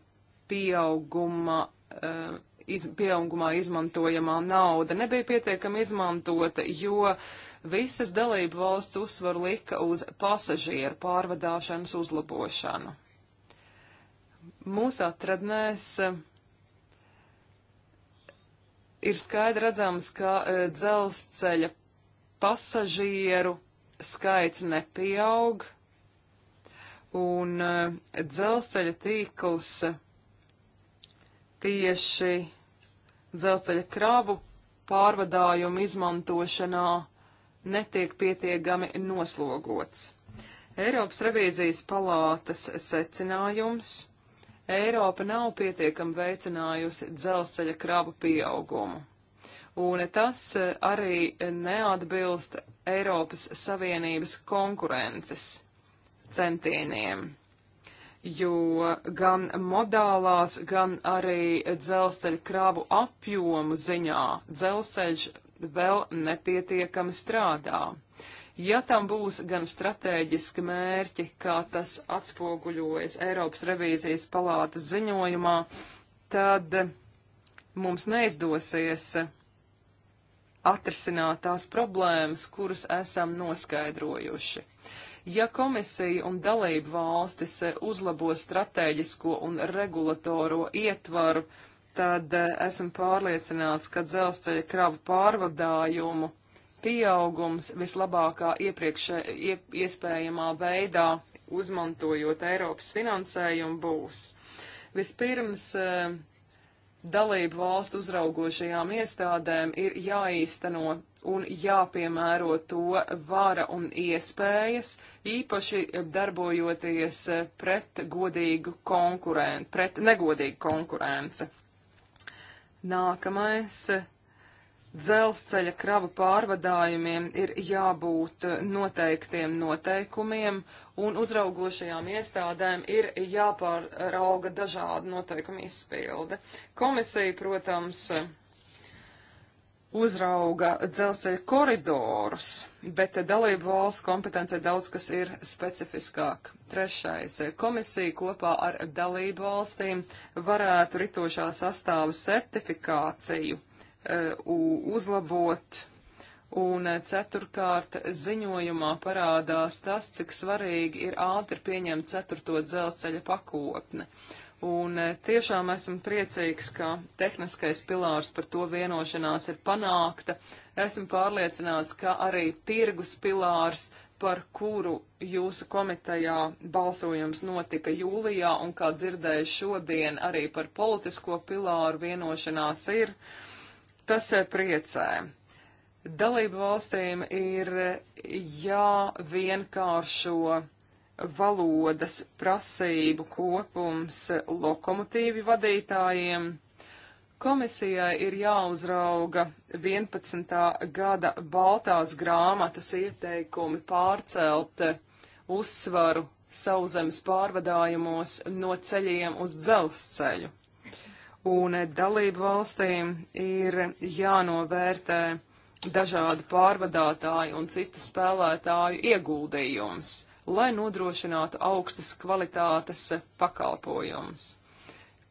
pieauguma, eh, iz, pieaugumā izmantojamā nauda nebija pietiekami izmantota, jo visas dalību valsts uzsvaru lika uz pasažieru pārvadāšanas uzlabošanu. Mūsu atradnēs eh, ir skaidri redzams, ka eh, dzelzceļa pasažieru skaits nepieaug, un eh, dzelzceļa tīkls tieši dzelzceļa kravu pārvadājumu izmantošanā netiek pietiekami noslogots. Eiropas revīzijas palātas secinājums - Eiropa nav pietiekami veicinājusi dzelzceļa kravu pieaugumu. Un tas eh, arī neatbilst Eiropas Savienības konkurences centieniem, jo gan modālās, gan arī dzelzceļa kravu apjomu ziņā dzelzceļš vēl nepietiekami strādā. Ja tam būs gan strateģiski mērķi, kā tas atspoguļojas Eiropas revīzijas palātas ziņojumā, tad mums neizdosies atrisināt tās problēmas, kuras esam noskaidrojuši. Ja komisija un dalību valstis eh, uzlabo stratēģisko un regulatoro ietvaru, tad eh, esmu pārliecināts, ka dzelzceļa kravu pārvadājumu pieaugums vislabākā iepriekšē ie, iespējamā veidā uzmantojot Eiropas finansējumu būs. Vispirms eh, dalību valstu uzraugošajām iestādēm ir jāīsteno un jāpiemēro to vara un iespējas, īpaši darbojoties pret godīgu konkurenci, pret negodīgu konkurenci. Nākamais dzelzceļa kravu pārvadājumiem ir jābūt noteiktiem noteikumiem, un uzraugošajām iestādēm ir jāpārauga dažādu noteikumu izpilde. Komisija, protams, uzrauga dzelzceļa koridorus, bet dalību valsts kompetencija daudz kas ir specifiskāk. Trešais. Komisija kopā ar dalību valstīm varētu ritošā sastāva certifikāciju uzlabot. Un eh, ceturkārt ziņojumā parādās tas, cik svarīgi ir ātri pieņemt ceturto dzelzceļa pakotni. Un eh, tiešām esmu priecīgs, ka tehniskais pilārs par to vienošanās ir panākta. Esmu pārliecināts, ka arī tirgus pilārs, par kuru jūsu komitejā balsojums notika jūlijā un kā dzirdēju šodien arī par politisko pilāru vienošanās ir. Uh, Tas eh, priecē. Dalību valstīm ir eh, jāvienkāršo valodas prasību kopums eh, lokomotīvi vadītājiem. Komisijai ir jāuzrauga 11. gada Baltās grāmatas ieteikumi pārcelt uzsvaru sauzemes pārvadājumos no ceļiem uz dzelzceļu un dalību valstīm ir jānovērtē dažādu pārvadātāju un citu spēlētāju ieguldījums, lai nodrošinātu augstas kvalitātes pakalpojumus.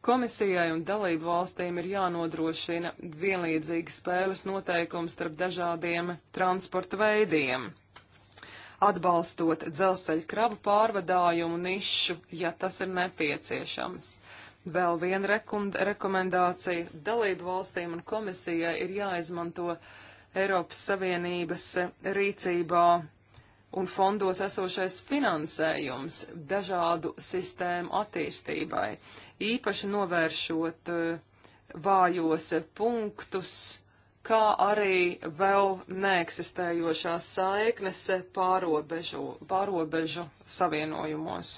Komisijai un dalību valstīm ir jānodrošina vienlīdzīgi spēles noteikums starp dažādiem transporta veidiem, atbalstot dzelzceļa kravu pārvadājumu nišu, ja tas ir nepieciešams. Vēl viena rekomendācija dalību valstīm un komisijai ir jāizmanto Eiropas Savienības rīcībā un fondos esošais finansējums dažādu sistēmu attīstībai, īpaši novēršot eh, vājos punktus, kā arī vēl neeksistējošās saiknes pārobežu, pārobežu savienojumos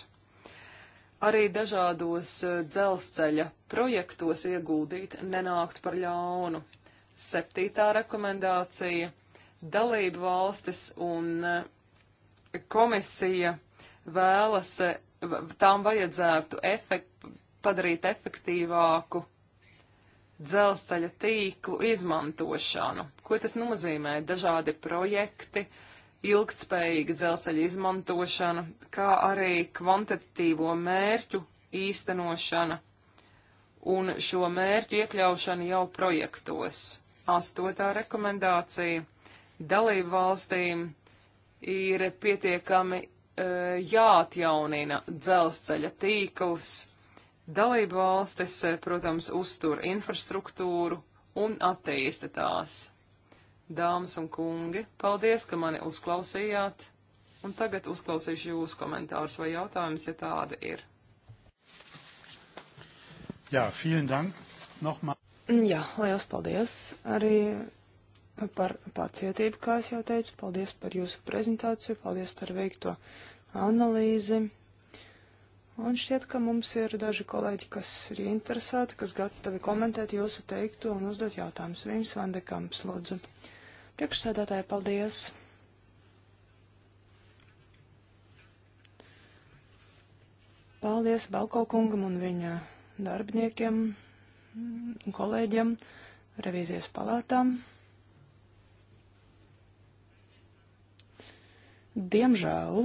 arī dažādos eh, dzelzceļa projektos ieguldīt nenākt par ļaunu. Septītā rekomendācija - dalību valstis un eh, komisija vēlas, eh, tām vajadzētu efekt, padarīt efektīvāku dzelzceļa tīklu izmantošanu. Ko tas nozīmē? Dažādi projekti, uh, ilgtspējīga dzelzceļa izmantošana, kā arī kvantitatīvo mērķu īstenošana un šo mērķu iekļaušana jau projektos. Astotā rekomendācija - dalību valstīm ir pietiekami e, jāatjaunina dzelzceļa tīkls. Dalību valstis, e, protams, uztur infrastruktūru un attīsta tās dāmas un kungi, paldies, ka mani uzklausījāt, un tagad uzklausīšu jūsu komentārus vai jautājumus, ja tāda ir. Jā, vielen dank. Nochmal. Jā, liels paldies arī par pacietību, kā es jau teicu. Paldies par jūsu prezentāciju, paldies par veikto analīzi. Un šķiet, ka mums ir daži kolēģi, kas ir interesēti, kas gatavi komentēt jūsu teikto un uzdot jautājumus. Vīms Vandekamps, lūdzu. Uh, Priekšsēdētāji, paldies! Paldies Balko kungam un viņa darbiniekiem un kolēģiem revīzijas palātām. Diemžēl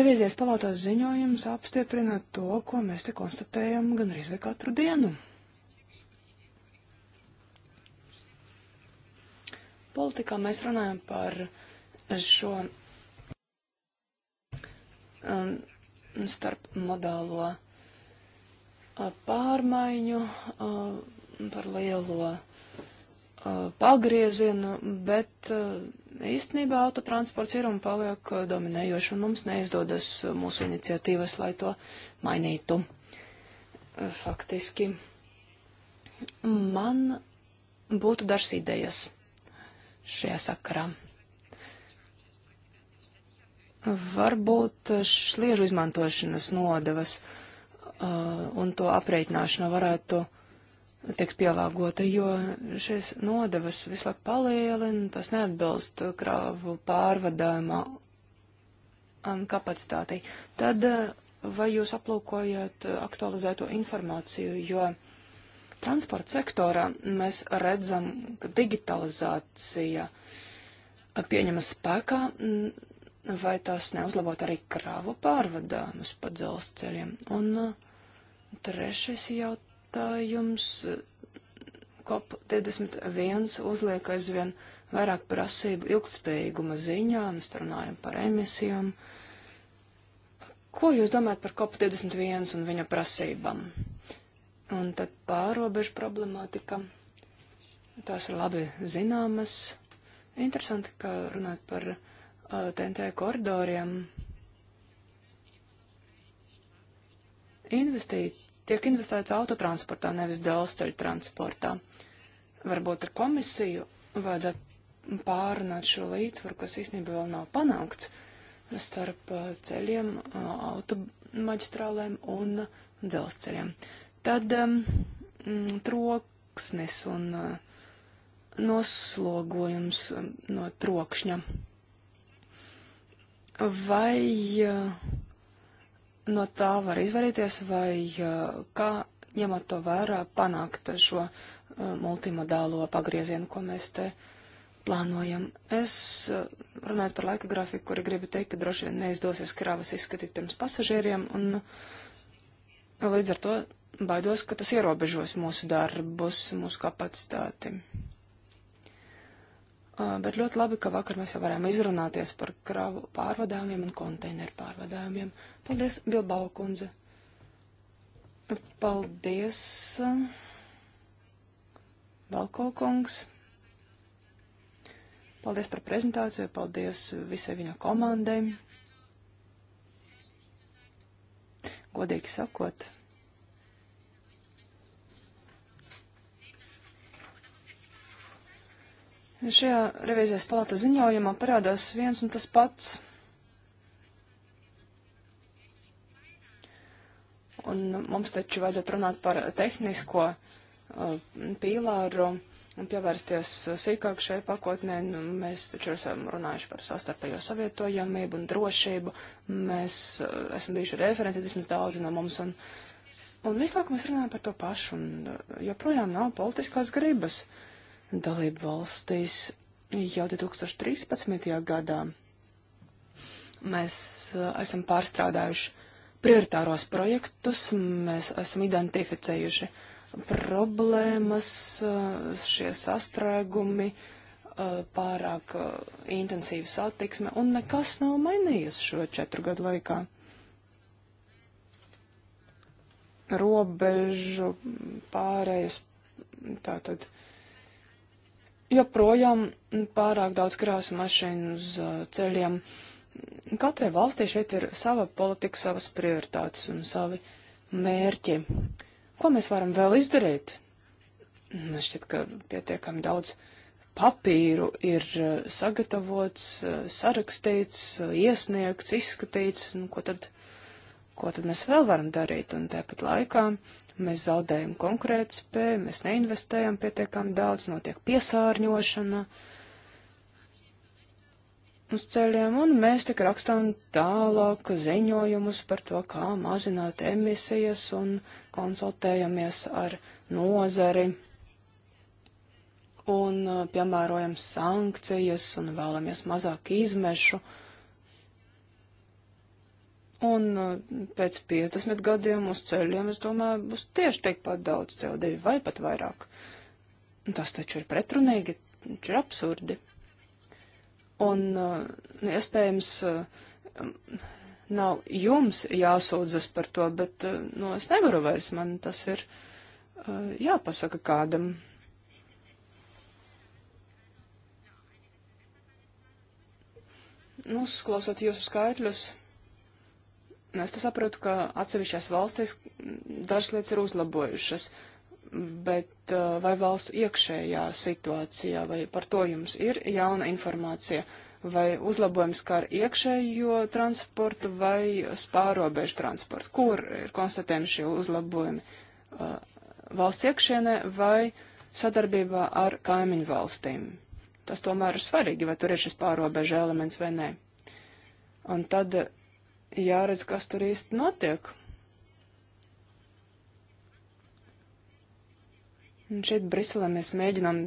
revīzijas palātos ziņojums apstiprina to, ko mēs te konstatējam gan arī katru dienu. politikā mēs runājam par šo um, starpmodālo uh, pārmaiņu, uh, par lielo uh, pagriezienu, bet uh, īstenībā autotransports ir un paliek uh, dominējoši, un mums neizdodas uh, mūsu iniciatīvas, lai to mainītu. Faktiski man būtu dažas idejas šajā sakarā. Varbūt sliežu izmantošanas nodevas uh, un to aprēķināšana varētu tikt pielāgota, jo šīs nodevas vislāk palielina, tas neatbilst krāvu pārvadājumā um, kapacitātei. Tad uh, vai jūs aplūkojat aktualizēto informāciju, jo Transporta sektorā mēs redzam, ka digitalizācija pieņemas spēkā, vai tas neuzlabot arī kravu pārvadājumus pa dzelzceļiem. Un uh, trešais jautājums. COP21 uh, uzliek aizvien vairāk prasību ilgtspējīguma ziņā, mēs runājam par emisijām. Ko jūs domājat par COP21 un viņa prasībām? Un tad pārobežu problemātika. Tās ir labi zināmas. Interesanti, ka runāt par uh, TNT koridoriem. Investīt, tiek investēts autotransportā, nevis dzelzceļa transportā. Varbūt ar komisiju vajadzētu pārunāt šo līdzsvaru, kas īstenībā vēl nav panākts starp uh, ceļiem, uh, automaģistrālēm un dzelzceļiem. Uh, Tad um, mm, troksnis un uh, noslogojums um, no trokšņa. Vai uh, no tā var izvairīties, vai uh, kā ņemot to vērā panākt šo uh, multimodālo pagriezienu, ko mēs te plānojam. Es uh, runāju par laika grafiku, kuri gribu teikt, ka droši vien neizdosies kravas izskatīt pirms pasažieriem, un uh, līdz ar to baidos, ka tas ierobežos mūsu darbus, mūsu kapacitāti. Uh, bet ļoti labi, ka vakar mēs jau varējām izrunāties par kravu pārvadājumiem un konteineru pārvadājumiem. Paldies, Bilbao kundze. Paldies, Balko kungs. Paldies par prezentāciju, paldies visai viņa komandai. Godīgi sakot. Šajā revīzijas palāta ziņojumā parādās viens un tas pats. Un mums taču vajadzētu runāt par tehnisko uh, pīlāru un pievērsties sīkāk šai pakotnē. Nu, mēs taču esam runājuši par sastarpējo savietojamību un drošību. Mēs uh, esam bijuši referenti, vismaz daudzi no mums. Un, un visu laiku mēs runājam par to pašu un uh, joprojām nav politiskās gribas. Uh, dalību valstīs jau 2013. gadā. Mēs uh, esam pārstrādājuši prioritāros projektus, mēs esam identificējuši problēmas, uh, šie sastrēgumi, uh, pārāk intensīva satiksme, un nekas nav mainījies šo četru gadu laikā. Robežu pārējas, tātad. Uh, joprojām pārāk daudz krāsu mašīnu uz uh, ceļiem. Katrai valstī šeit ir sava politika, savas prioritātes un savi mērķi. Ko mēs varam vēl izdarīt? Man šķiet, ka pietiekami daudz papīru ir uh, sagatavots, uh, sarakstīts, iesniegts, izskatīts, un nu, ko tad, ko tad mēs vēl varam darīt? Un tāpat laikā Mēs zaudējam konkurētspēju, mēs neinvestējam pietiekami daudz, notiek piesārņošana uz ceļiem, un mēs tik rakstām tālāk ziņojumus par to, kā mazināt emisijas un konsultējamies ar nozari un uh, piemērojam sankcijas un vēlamies mazāk izmešu. Uh, Un uh, pēc 50 gadiem uz ceļiem, es domāju, būs tieši tikpat daudz CO2 vai pat vairāk. Tas taču ir pretrunīgi, taču ir absurdi. Un uh, iespējams, uh, nav jums jāsūdzas par to, bet nu, es nevaru vairs, man tas ir jāpasaka kādam. Nu, uzklausot jūsu skaitļus. Nu, es saprotu, ka atsevišķās valstīs dažas lietas ir uzlabojušas, bet uh, vai valstu iekšējā situācijā, vai par to jums ir jauna informācija, vai uzlabojums kā ar iekšējo transportu vai spārobežu transportu? Kur ir konstatējumi šie uzlabojumi? Uh, valsts iekšienē vai sadarbībā ar kaimiņu valstīm? Tas tomēr ir svarīgi, vai tur ir šis pārobežu elements vai nē. Un tad jāredz, kas tur īsti notiek. Un šeit Briselē mēs mēģinām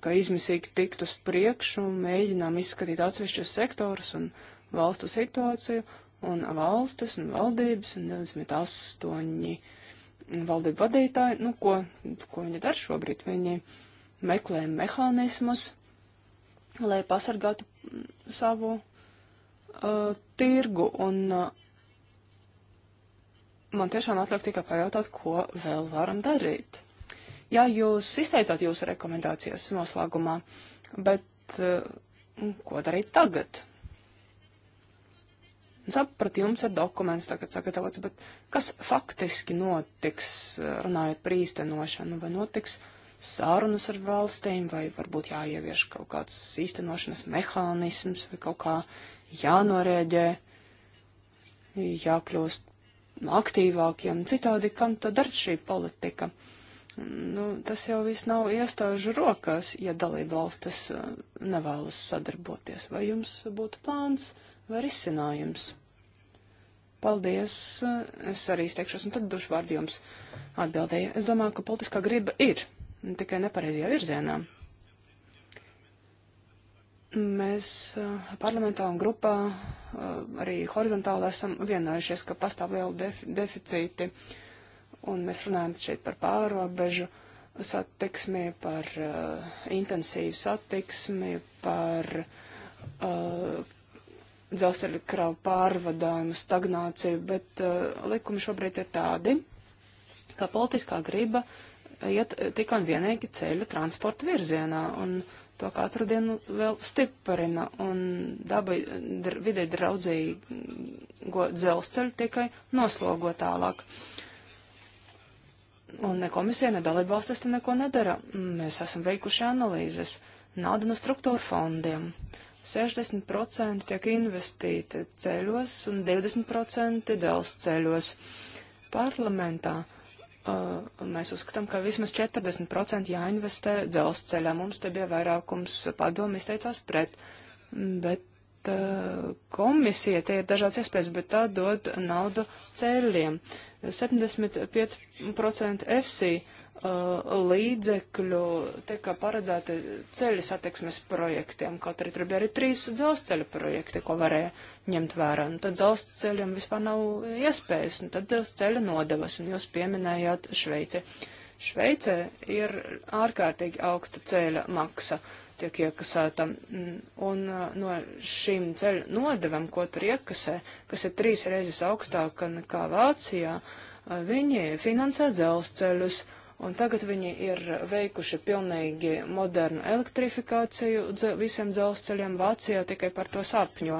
kā, izmisīgi tikt uz priekšu, mēģinām izskatīt atsevišķus sektorus un valstu situāciju, un valstis un valdības un 28 valdību vadītāji, nu, ko, ko viņi dara šobrīd? Viņi meklē mehānismus, lai pasargātu savu uh, tirgu. Un, uh, man tiešām atliek tikai pajautāt, ko vēl varam darīt. Jā, jūs izteicāt jūsu rekomendācijas noslēgumā, bet uh, ko darīt tagad? Sapratu, jums ir dokuments tagad sagatavots, bet kas faktiski notiks, uh, runājot par īstenošanu, vai notiks uh, sārunas ar valstīm, vai varbūt jāievieš kaut kāds īstenošanas mehānisms, vai kaut kā jānorēģē, jākļūst aktīvākiem, citādi, kam tad ar šī politika? Nu, tas jau viss nav iestāžu rokās, ja dalība valstis uh, nevēlas sadarboties. Vai jums būtu plāns vai risinājums? Paldies, uh, es arī izteikšos, un tad dušu vārdu jums atbildēju. Es domāju, ka politiskā griba ir tikai nepareizajā virzienā. Mēs eh, parlamentā un grupā eh, arī horizontāli esam vienojušies, ka pastāv liela defi deficīti, un mēs runājam šeit par pārobežu satiksmi, par uh, intensīvu satiksmi, par uh, dzelzceļa kravu pārvadājumu, stagnāciju, bet uh, likumi šobrīd ir tādi, ka politiskā griba uh, iet eh, tik un vienīgi ceļu transporta virzienā, un to katru dienu vēl stiprina, un dabai dr, vidē draudzīgo dzelzceļu tikai noslogo tālāk. Un ne komisija, ne dalībvalstis te neko nedara. Mēs esam veikuši analīzes. Nauda no struktūra fondiem. 60% tiek investīti ceļos un 20% dēls ceļos. Parlamentā Uh, mēs uzskatām, ka vismaz 40% jāinvestē dzelzceļā. Mums te bija vairākums padomu izteicās pret, bet uh, komisija, tie ir dažādas iespējas, bet tā dod naudu ceļiem. 75% FC Uh, līdzekļu tika paredzēti ceļu satiksmes projektiem, kaut arī tur bija arī trīs dzelzceļa projekti, ko varēja ņemt vērā. Nu, tad dzelzceļam vispār nav iespējas, un nu, tad dzelzceļa nodevas, un jūs pieminējāt Šveici. Šveicē ir ārkārtīgi augsta ceļa maksa tiek iekasēta, un uh, no šīm ceļa nodevam, ko tur iekasē, kas ir trīs reizes augstāka nekā Vācijā, uh, viņi finansē dzelzceļus. ceļus Un tagad viņi ir veikuši pilnīgi modernu elektrifikāciju dze, visiem dzelzceļiem. Vācijā tikai par to sapņo,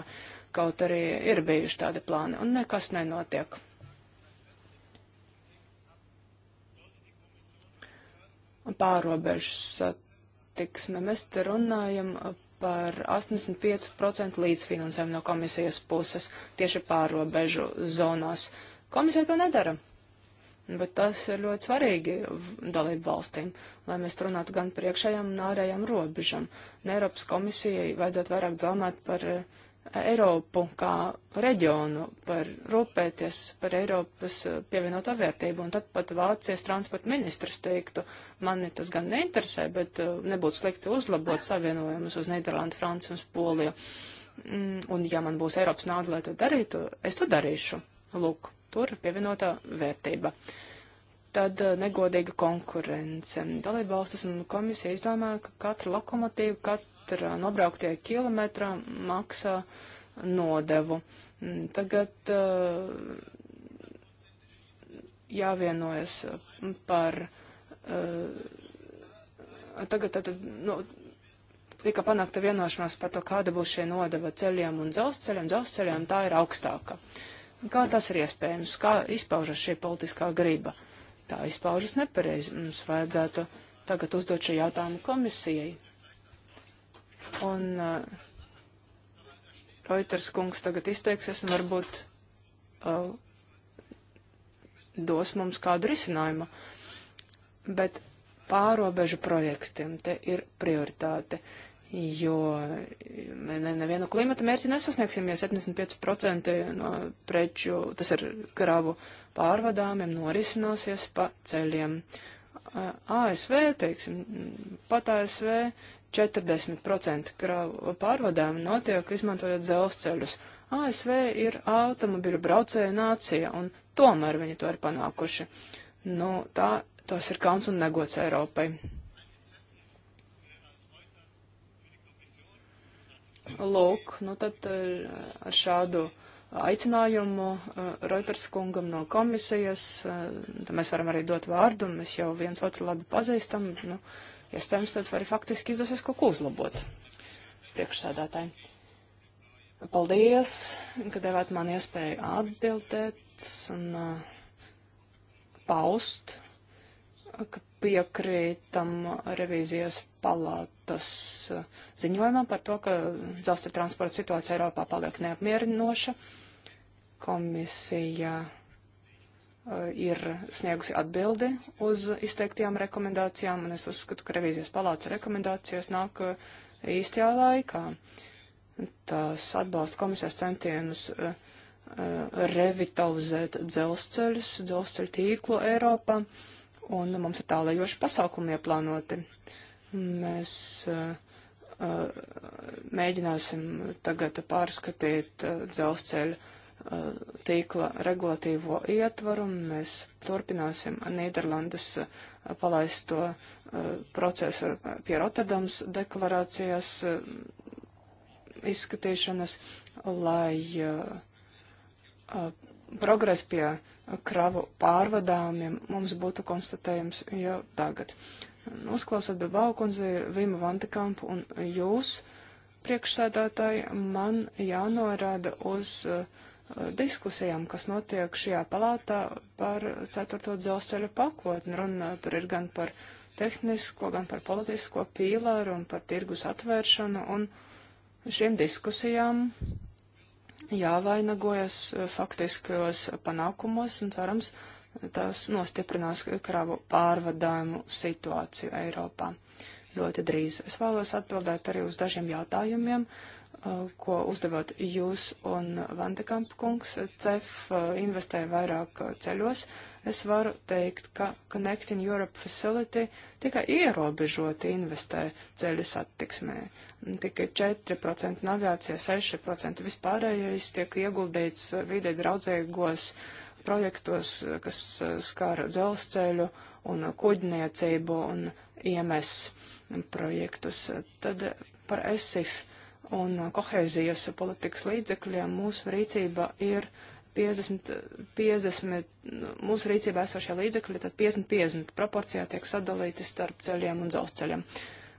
kaut arī ir bijuši tādi plāni, un nekas nenotiek. Pārobežu satiksme. Mēs te runājam par 85% līdzfinansējumu no komisijas puses tieši pārobežu zonās. Komisija to nedara. Bet tas ir ļoti svarīgi dalību valstīm, lai mēs runātu gan par iekšējām un ārējām robežām. Un Eiropas komisijai vajadzētu vairāk domāt par eh, Eiropu kā reģionu, par rūpēties par Eiropas eh, pievienoto vērtību. Un tad pat Vācijas transporta ministrs teiktu, mani tas gan neinteresē, bet eh, nebūtu slikti uzlabot savienojumus uz Nīderlandu, Franciju un Poliju. Mm, un ja man būs Eiropas nauda, lai to darītu, es to darīšu. Lūk tur ir pievienotā vērtība. Tad eh, negodīga konkurence. Dalībvalstis un komisija izdomāja, ka katra lokomotīva, katra nobrauktie kilometrā maksā nodevu. Mm, tagad eh, jāvienojas par. Eh, tagad tad, nu, tika panākta vienošanās par to, kāda būs šī nodeva ceļiem un dzelzceļiem. Dzelzceļiem tā ir augstāka. Uh, Kā tas ir iespējams? Kā izpaužas šī politiskā griba? Tā izpaužas nepareizi. Mums vajadzētu tagad uzdot šo jautājumu komisijai. Un uh, Reuters kungs tagad izteiksies un varbūt uh, dos mums kādu risinājumu. Bet pārobežu projektiem te ir prioritāte. Uh, jo nevienu klimata mērķi nesasniegsim, ja 75% no preču, tas ir kravu pārvadāmiem, norisināsies pa ceļiem. ASV, teiksim, pat ASV 40% kravu pārvadāmi notiek izmantojot dzelzceļus. ASV ir automobiļu braucēju nācija, un tomēr viņi to ir panākuši. Nu, tā, tas ir kauns un negods Eiropai. Lūk, nu tad eh, ar šādu eh, aicinājumu eh, Reuters kungam no komisijas, tad mēs varam arī dot vārdu, mēs jau viens otru labi pazīstam, nu, iespējams, ja tad arī faktiski izdosies kaut ko uzlabot priekšsēdētāji. Paldies, ka devāt man iespēju atbildēt un uh, paust, ka piekrītam revīzijas palātas uh, ziņojumam par to, ka dzelzceļa transporta situācija Eiropā paliek neapmierinoša. Komisija uh, ir sniegusi atbildi uz izteiktajām rekomendācijām, un es uzskatu, ka revīzijas palāca rekomendācijas nāk uh, īstajā laikā. Tas atbalsta komisijas centienus revitalizēt dzelzceļus, dzelzceļu tīklu Eiropā. Uh, un mums ir tālajoši pasākumi ieplānoti. Mēs uh, uh, mēģināsim tagad pārskatīt uh, dzelzceļa tīkla regulatīvo ietvaru. Mēs turpināsim Nīderlandes palaisto procesu pie Rotterdams deklarācijas izskatīšanas, lai progress pie kravu pārvadājumiem mums būtu konstatējums jau tagad. Uzklausot Baukundzi, Vimu Vantikampu un jūs, priekšsēdētāji, man jānorāda uz uh, diskusijām, kas notiek šajā palātā par ceturto dzelzceļa pakotni. Runa tur ir gan par tehnisko, gan par politisko pīlāru un par tirgus atvēršanu. Un šiem diskusijām jāvainagojas eh, faktiskajos panākumos un cerams, tas nostiprinās kravu pārvadājumu situāciju Eiropā ļoti drīz. Es vēlos atbildēt arī uz dažiem jautājumiem, uh, Uh, ko uzdevāt jūs un Vandekamp kungs. CEF uh, investē vairāk uh, ceļos. Es varu teikt, ka Connecting Europe Facility tikai ierobežoti investē ceļu satiksmē. Tikai 4% navigācija, 6% vispārējais tiek ieguldīts vidē draudzīgos projektos, kas skar dzelzceļu un kuģniecību un IMS projektus. Tad par ESIF un uh, kohēzijas politikas līdzekļiem mūsu rīcība ir 50, 50, mūsu rīcībā esošie līdzekļi, tad 50-50 proporcijā tiek sadalīti starp ceļiem un dzelzceļiem.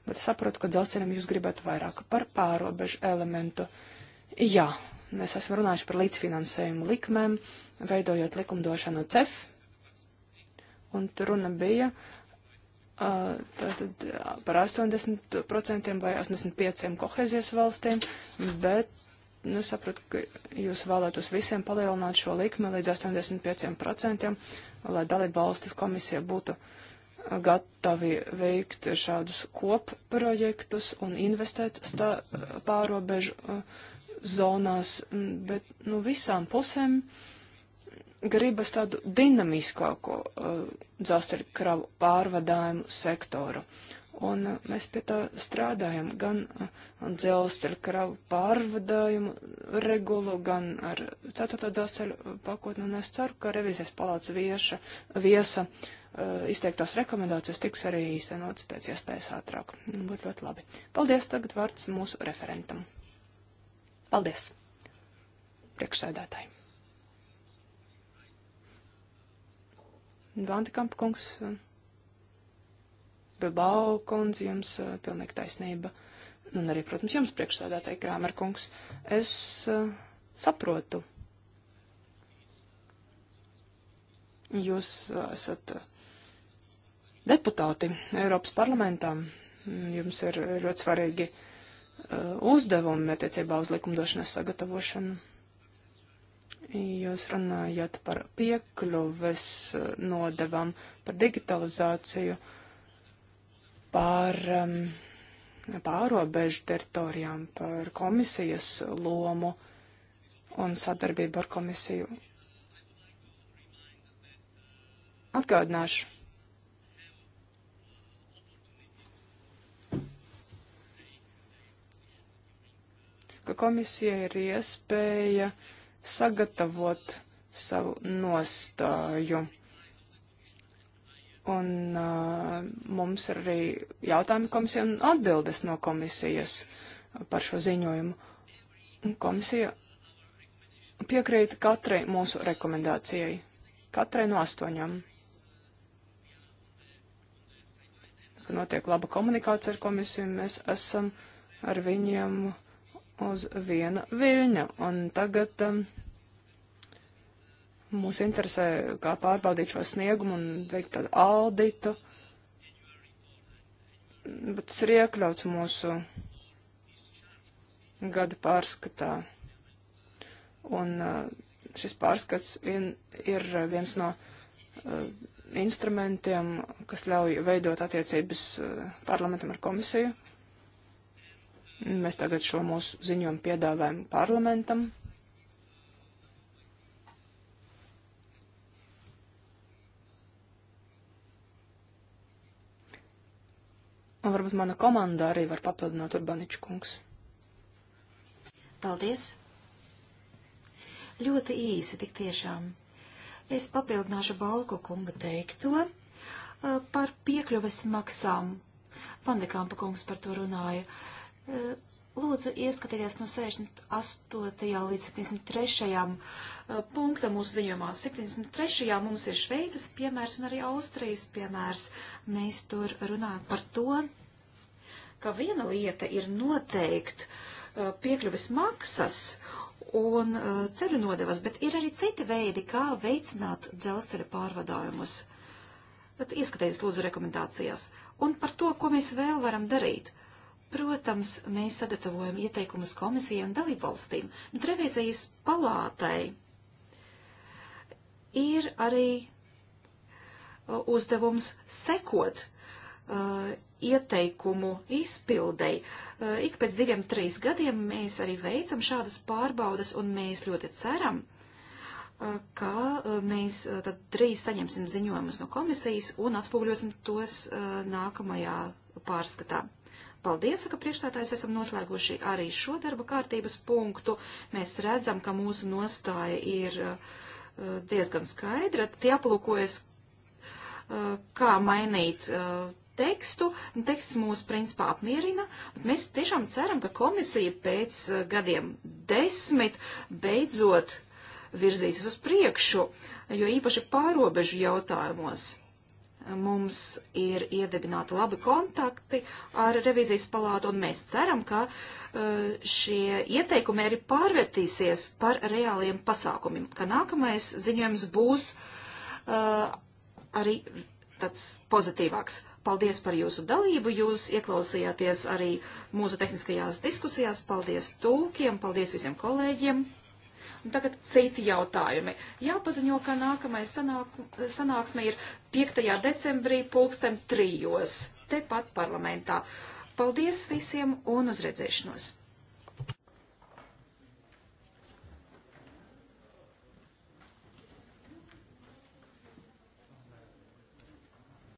Bet es saprotu, ka dzelzceļiem jūs gribat vairāk par pārobežu elementu. Jā, mēs esam runājuši par līdzfinansējumu likmēm, veidojot likumdošanu CEF, un runa bija tātad par 80% vai 85% kohēzijas valstīm, bet nu, sapratu, ka jūs vēlētos visiem palielināt šo likmi līdz 85%, lai dalība valstis komisija būtu gatavi veikt šādus kopprojektus un investēt stā, pārobežu zonās, mm, bet nu, visām pusēm uh, gribas tādu dinamiskāko uh, dzelzceļa kravu pārvadājumu sektoru. Un uh, mēs pie tā strādājam gan uh, dzelzceļa kravu pārvadājumu regulu, gan ar ceturto dzelzceļa uh, pakotni. Un es ceru, ka revizijas palāca vieša, viesa uh, izteiktās rekomendācijas tiks arī īstenotas pēc iespējas ātrāk. Nu, būtu ļoti labi. Paldies, tagad vārds mūsu referentam. Paldies, priekšsēdētāji. Vantikampa kungs, Bilbao kundze, jums eh, pilnīgi taisnība. Un arī, protams, jums priekšsādātāji Krāmer kungs. Es eh, saprotu. Jūs eh, esat deputāti Eiropas parlamentā. Jums ir ļoti svarīgi uzdevumi attiecībā uz likumdošanas sagatavošanu. Jūs runājat par piekļuves eh, nodevam, par digitalizāciju, par um, pārobežu teritorijām, par komisijas lomu un sadarbību ar komisiju. Atgādināšu. ka komisija ir iespēja uh, sagatavot savu nostāju. Un uh, mums ir arī jautājumi komisija un atbildes no komisijas par šo ziņojumu. Komisija piekrīt katrai mūsu rekomendācijai, katrai no astoņām. Notiek laba komunikācija ar komisiju, mēs esam ar viņiem uz viena viļņa. Un tagad um, mūs interesē, kā pārbaudīt šo sniegumu un veikt tādu auditu. Bet tas ir iekļauts mūsu gada pārskatā. Un uh, šis pārskats in, ir uh, viens no uh, instrumentiem, kas ļauj veidot attiecības uh, parlamentam ar komisiju. Mēs tagad šo mūsu ziņojumu piedāvājam parlamentam. Un varbūt mana komanda arī var papildināt Urbaniču kungs. Paldies! Ļoti īsi tik tiešām. Es papildināšu Balko kunga teikto eh, par piekļuves maksām. Vandekāmpa kungs par to runāja. Uh, Eh, lūdzu, ieskatieties no 68. līdz 73. Eh, punkta mūsu ziņojumā. 73. mums ir Šveices piemērs un arī Austrijas piemērs. Mēs tur runājam par to, ka viena lieta ir noteikt eh, piekļuves maksas un ceļu nodevas, bet ir arī citi veidi, kā veicināt dzelzceļa pārvadājumus. Tad ieskatieties lūdzu rekomendācijās. Un par to, ko mēs vēl varam darīt – Protams, mēs sagatavojam ieteikumus komisijai un dalībvalstīm, bet revizijas palātai ir arī uh, uzdevums sekot uh, ieteikumu izpildei. Uh, ik pēc diviem, trīs gadiem mēs arī veicam šādas pārbaudas, un mēs ļoti ceram, uh, ka uh, mēs uh, tad drīz saņemsim ziņojumus no komisijas un atspūgļosim tos nākamajā pārskatā. Paldies, ka priekšstādājs esam noslēguši arī šo darba kārtības punktu. Mēs redzam, ka mūsu nostāja ir uh, uh, diezgan skaidra. Tie aplūkojas, uh, kā mainīt tekstu. Teksts mūs principā apmierina, bet mēs tiešām ceram, ka komisija pēc gadiem desmit beidzot virzīsies uz priekšu, jo īpaši pārobežu jautājumos Mums ir iedibināti labi kontakti ar revizijas palātu, un mēs ceram, ka uh, šie ieteikumi arī pārvērtīsies par reāliem pasākumiem, ka nākamais ziņojums būs uh, arī tāds pozitīvāks. Paldies par jūsu dalību, jūs ieklausījāties arī mūsu tehniskajās diskusijās, paldies tulkiem, paldies visiem kolēģiem. Un tagad citi jautājumi. Jāpaziņo, ka nākamais sanāk, sanāksme ir 5. decembrī pulksten trijos, tepat parlamentā. Paldies visiem un uz redzēšanos!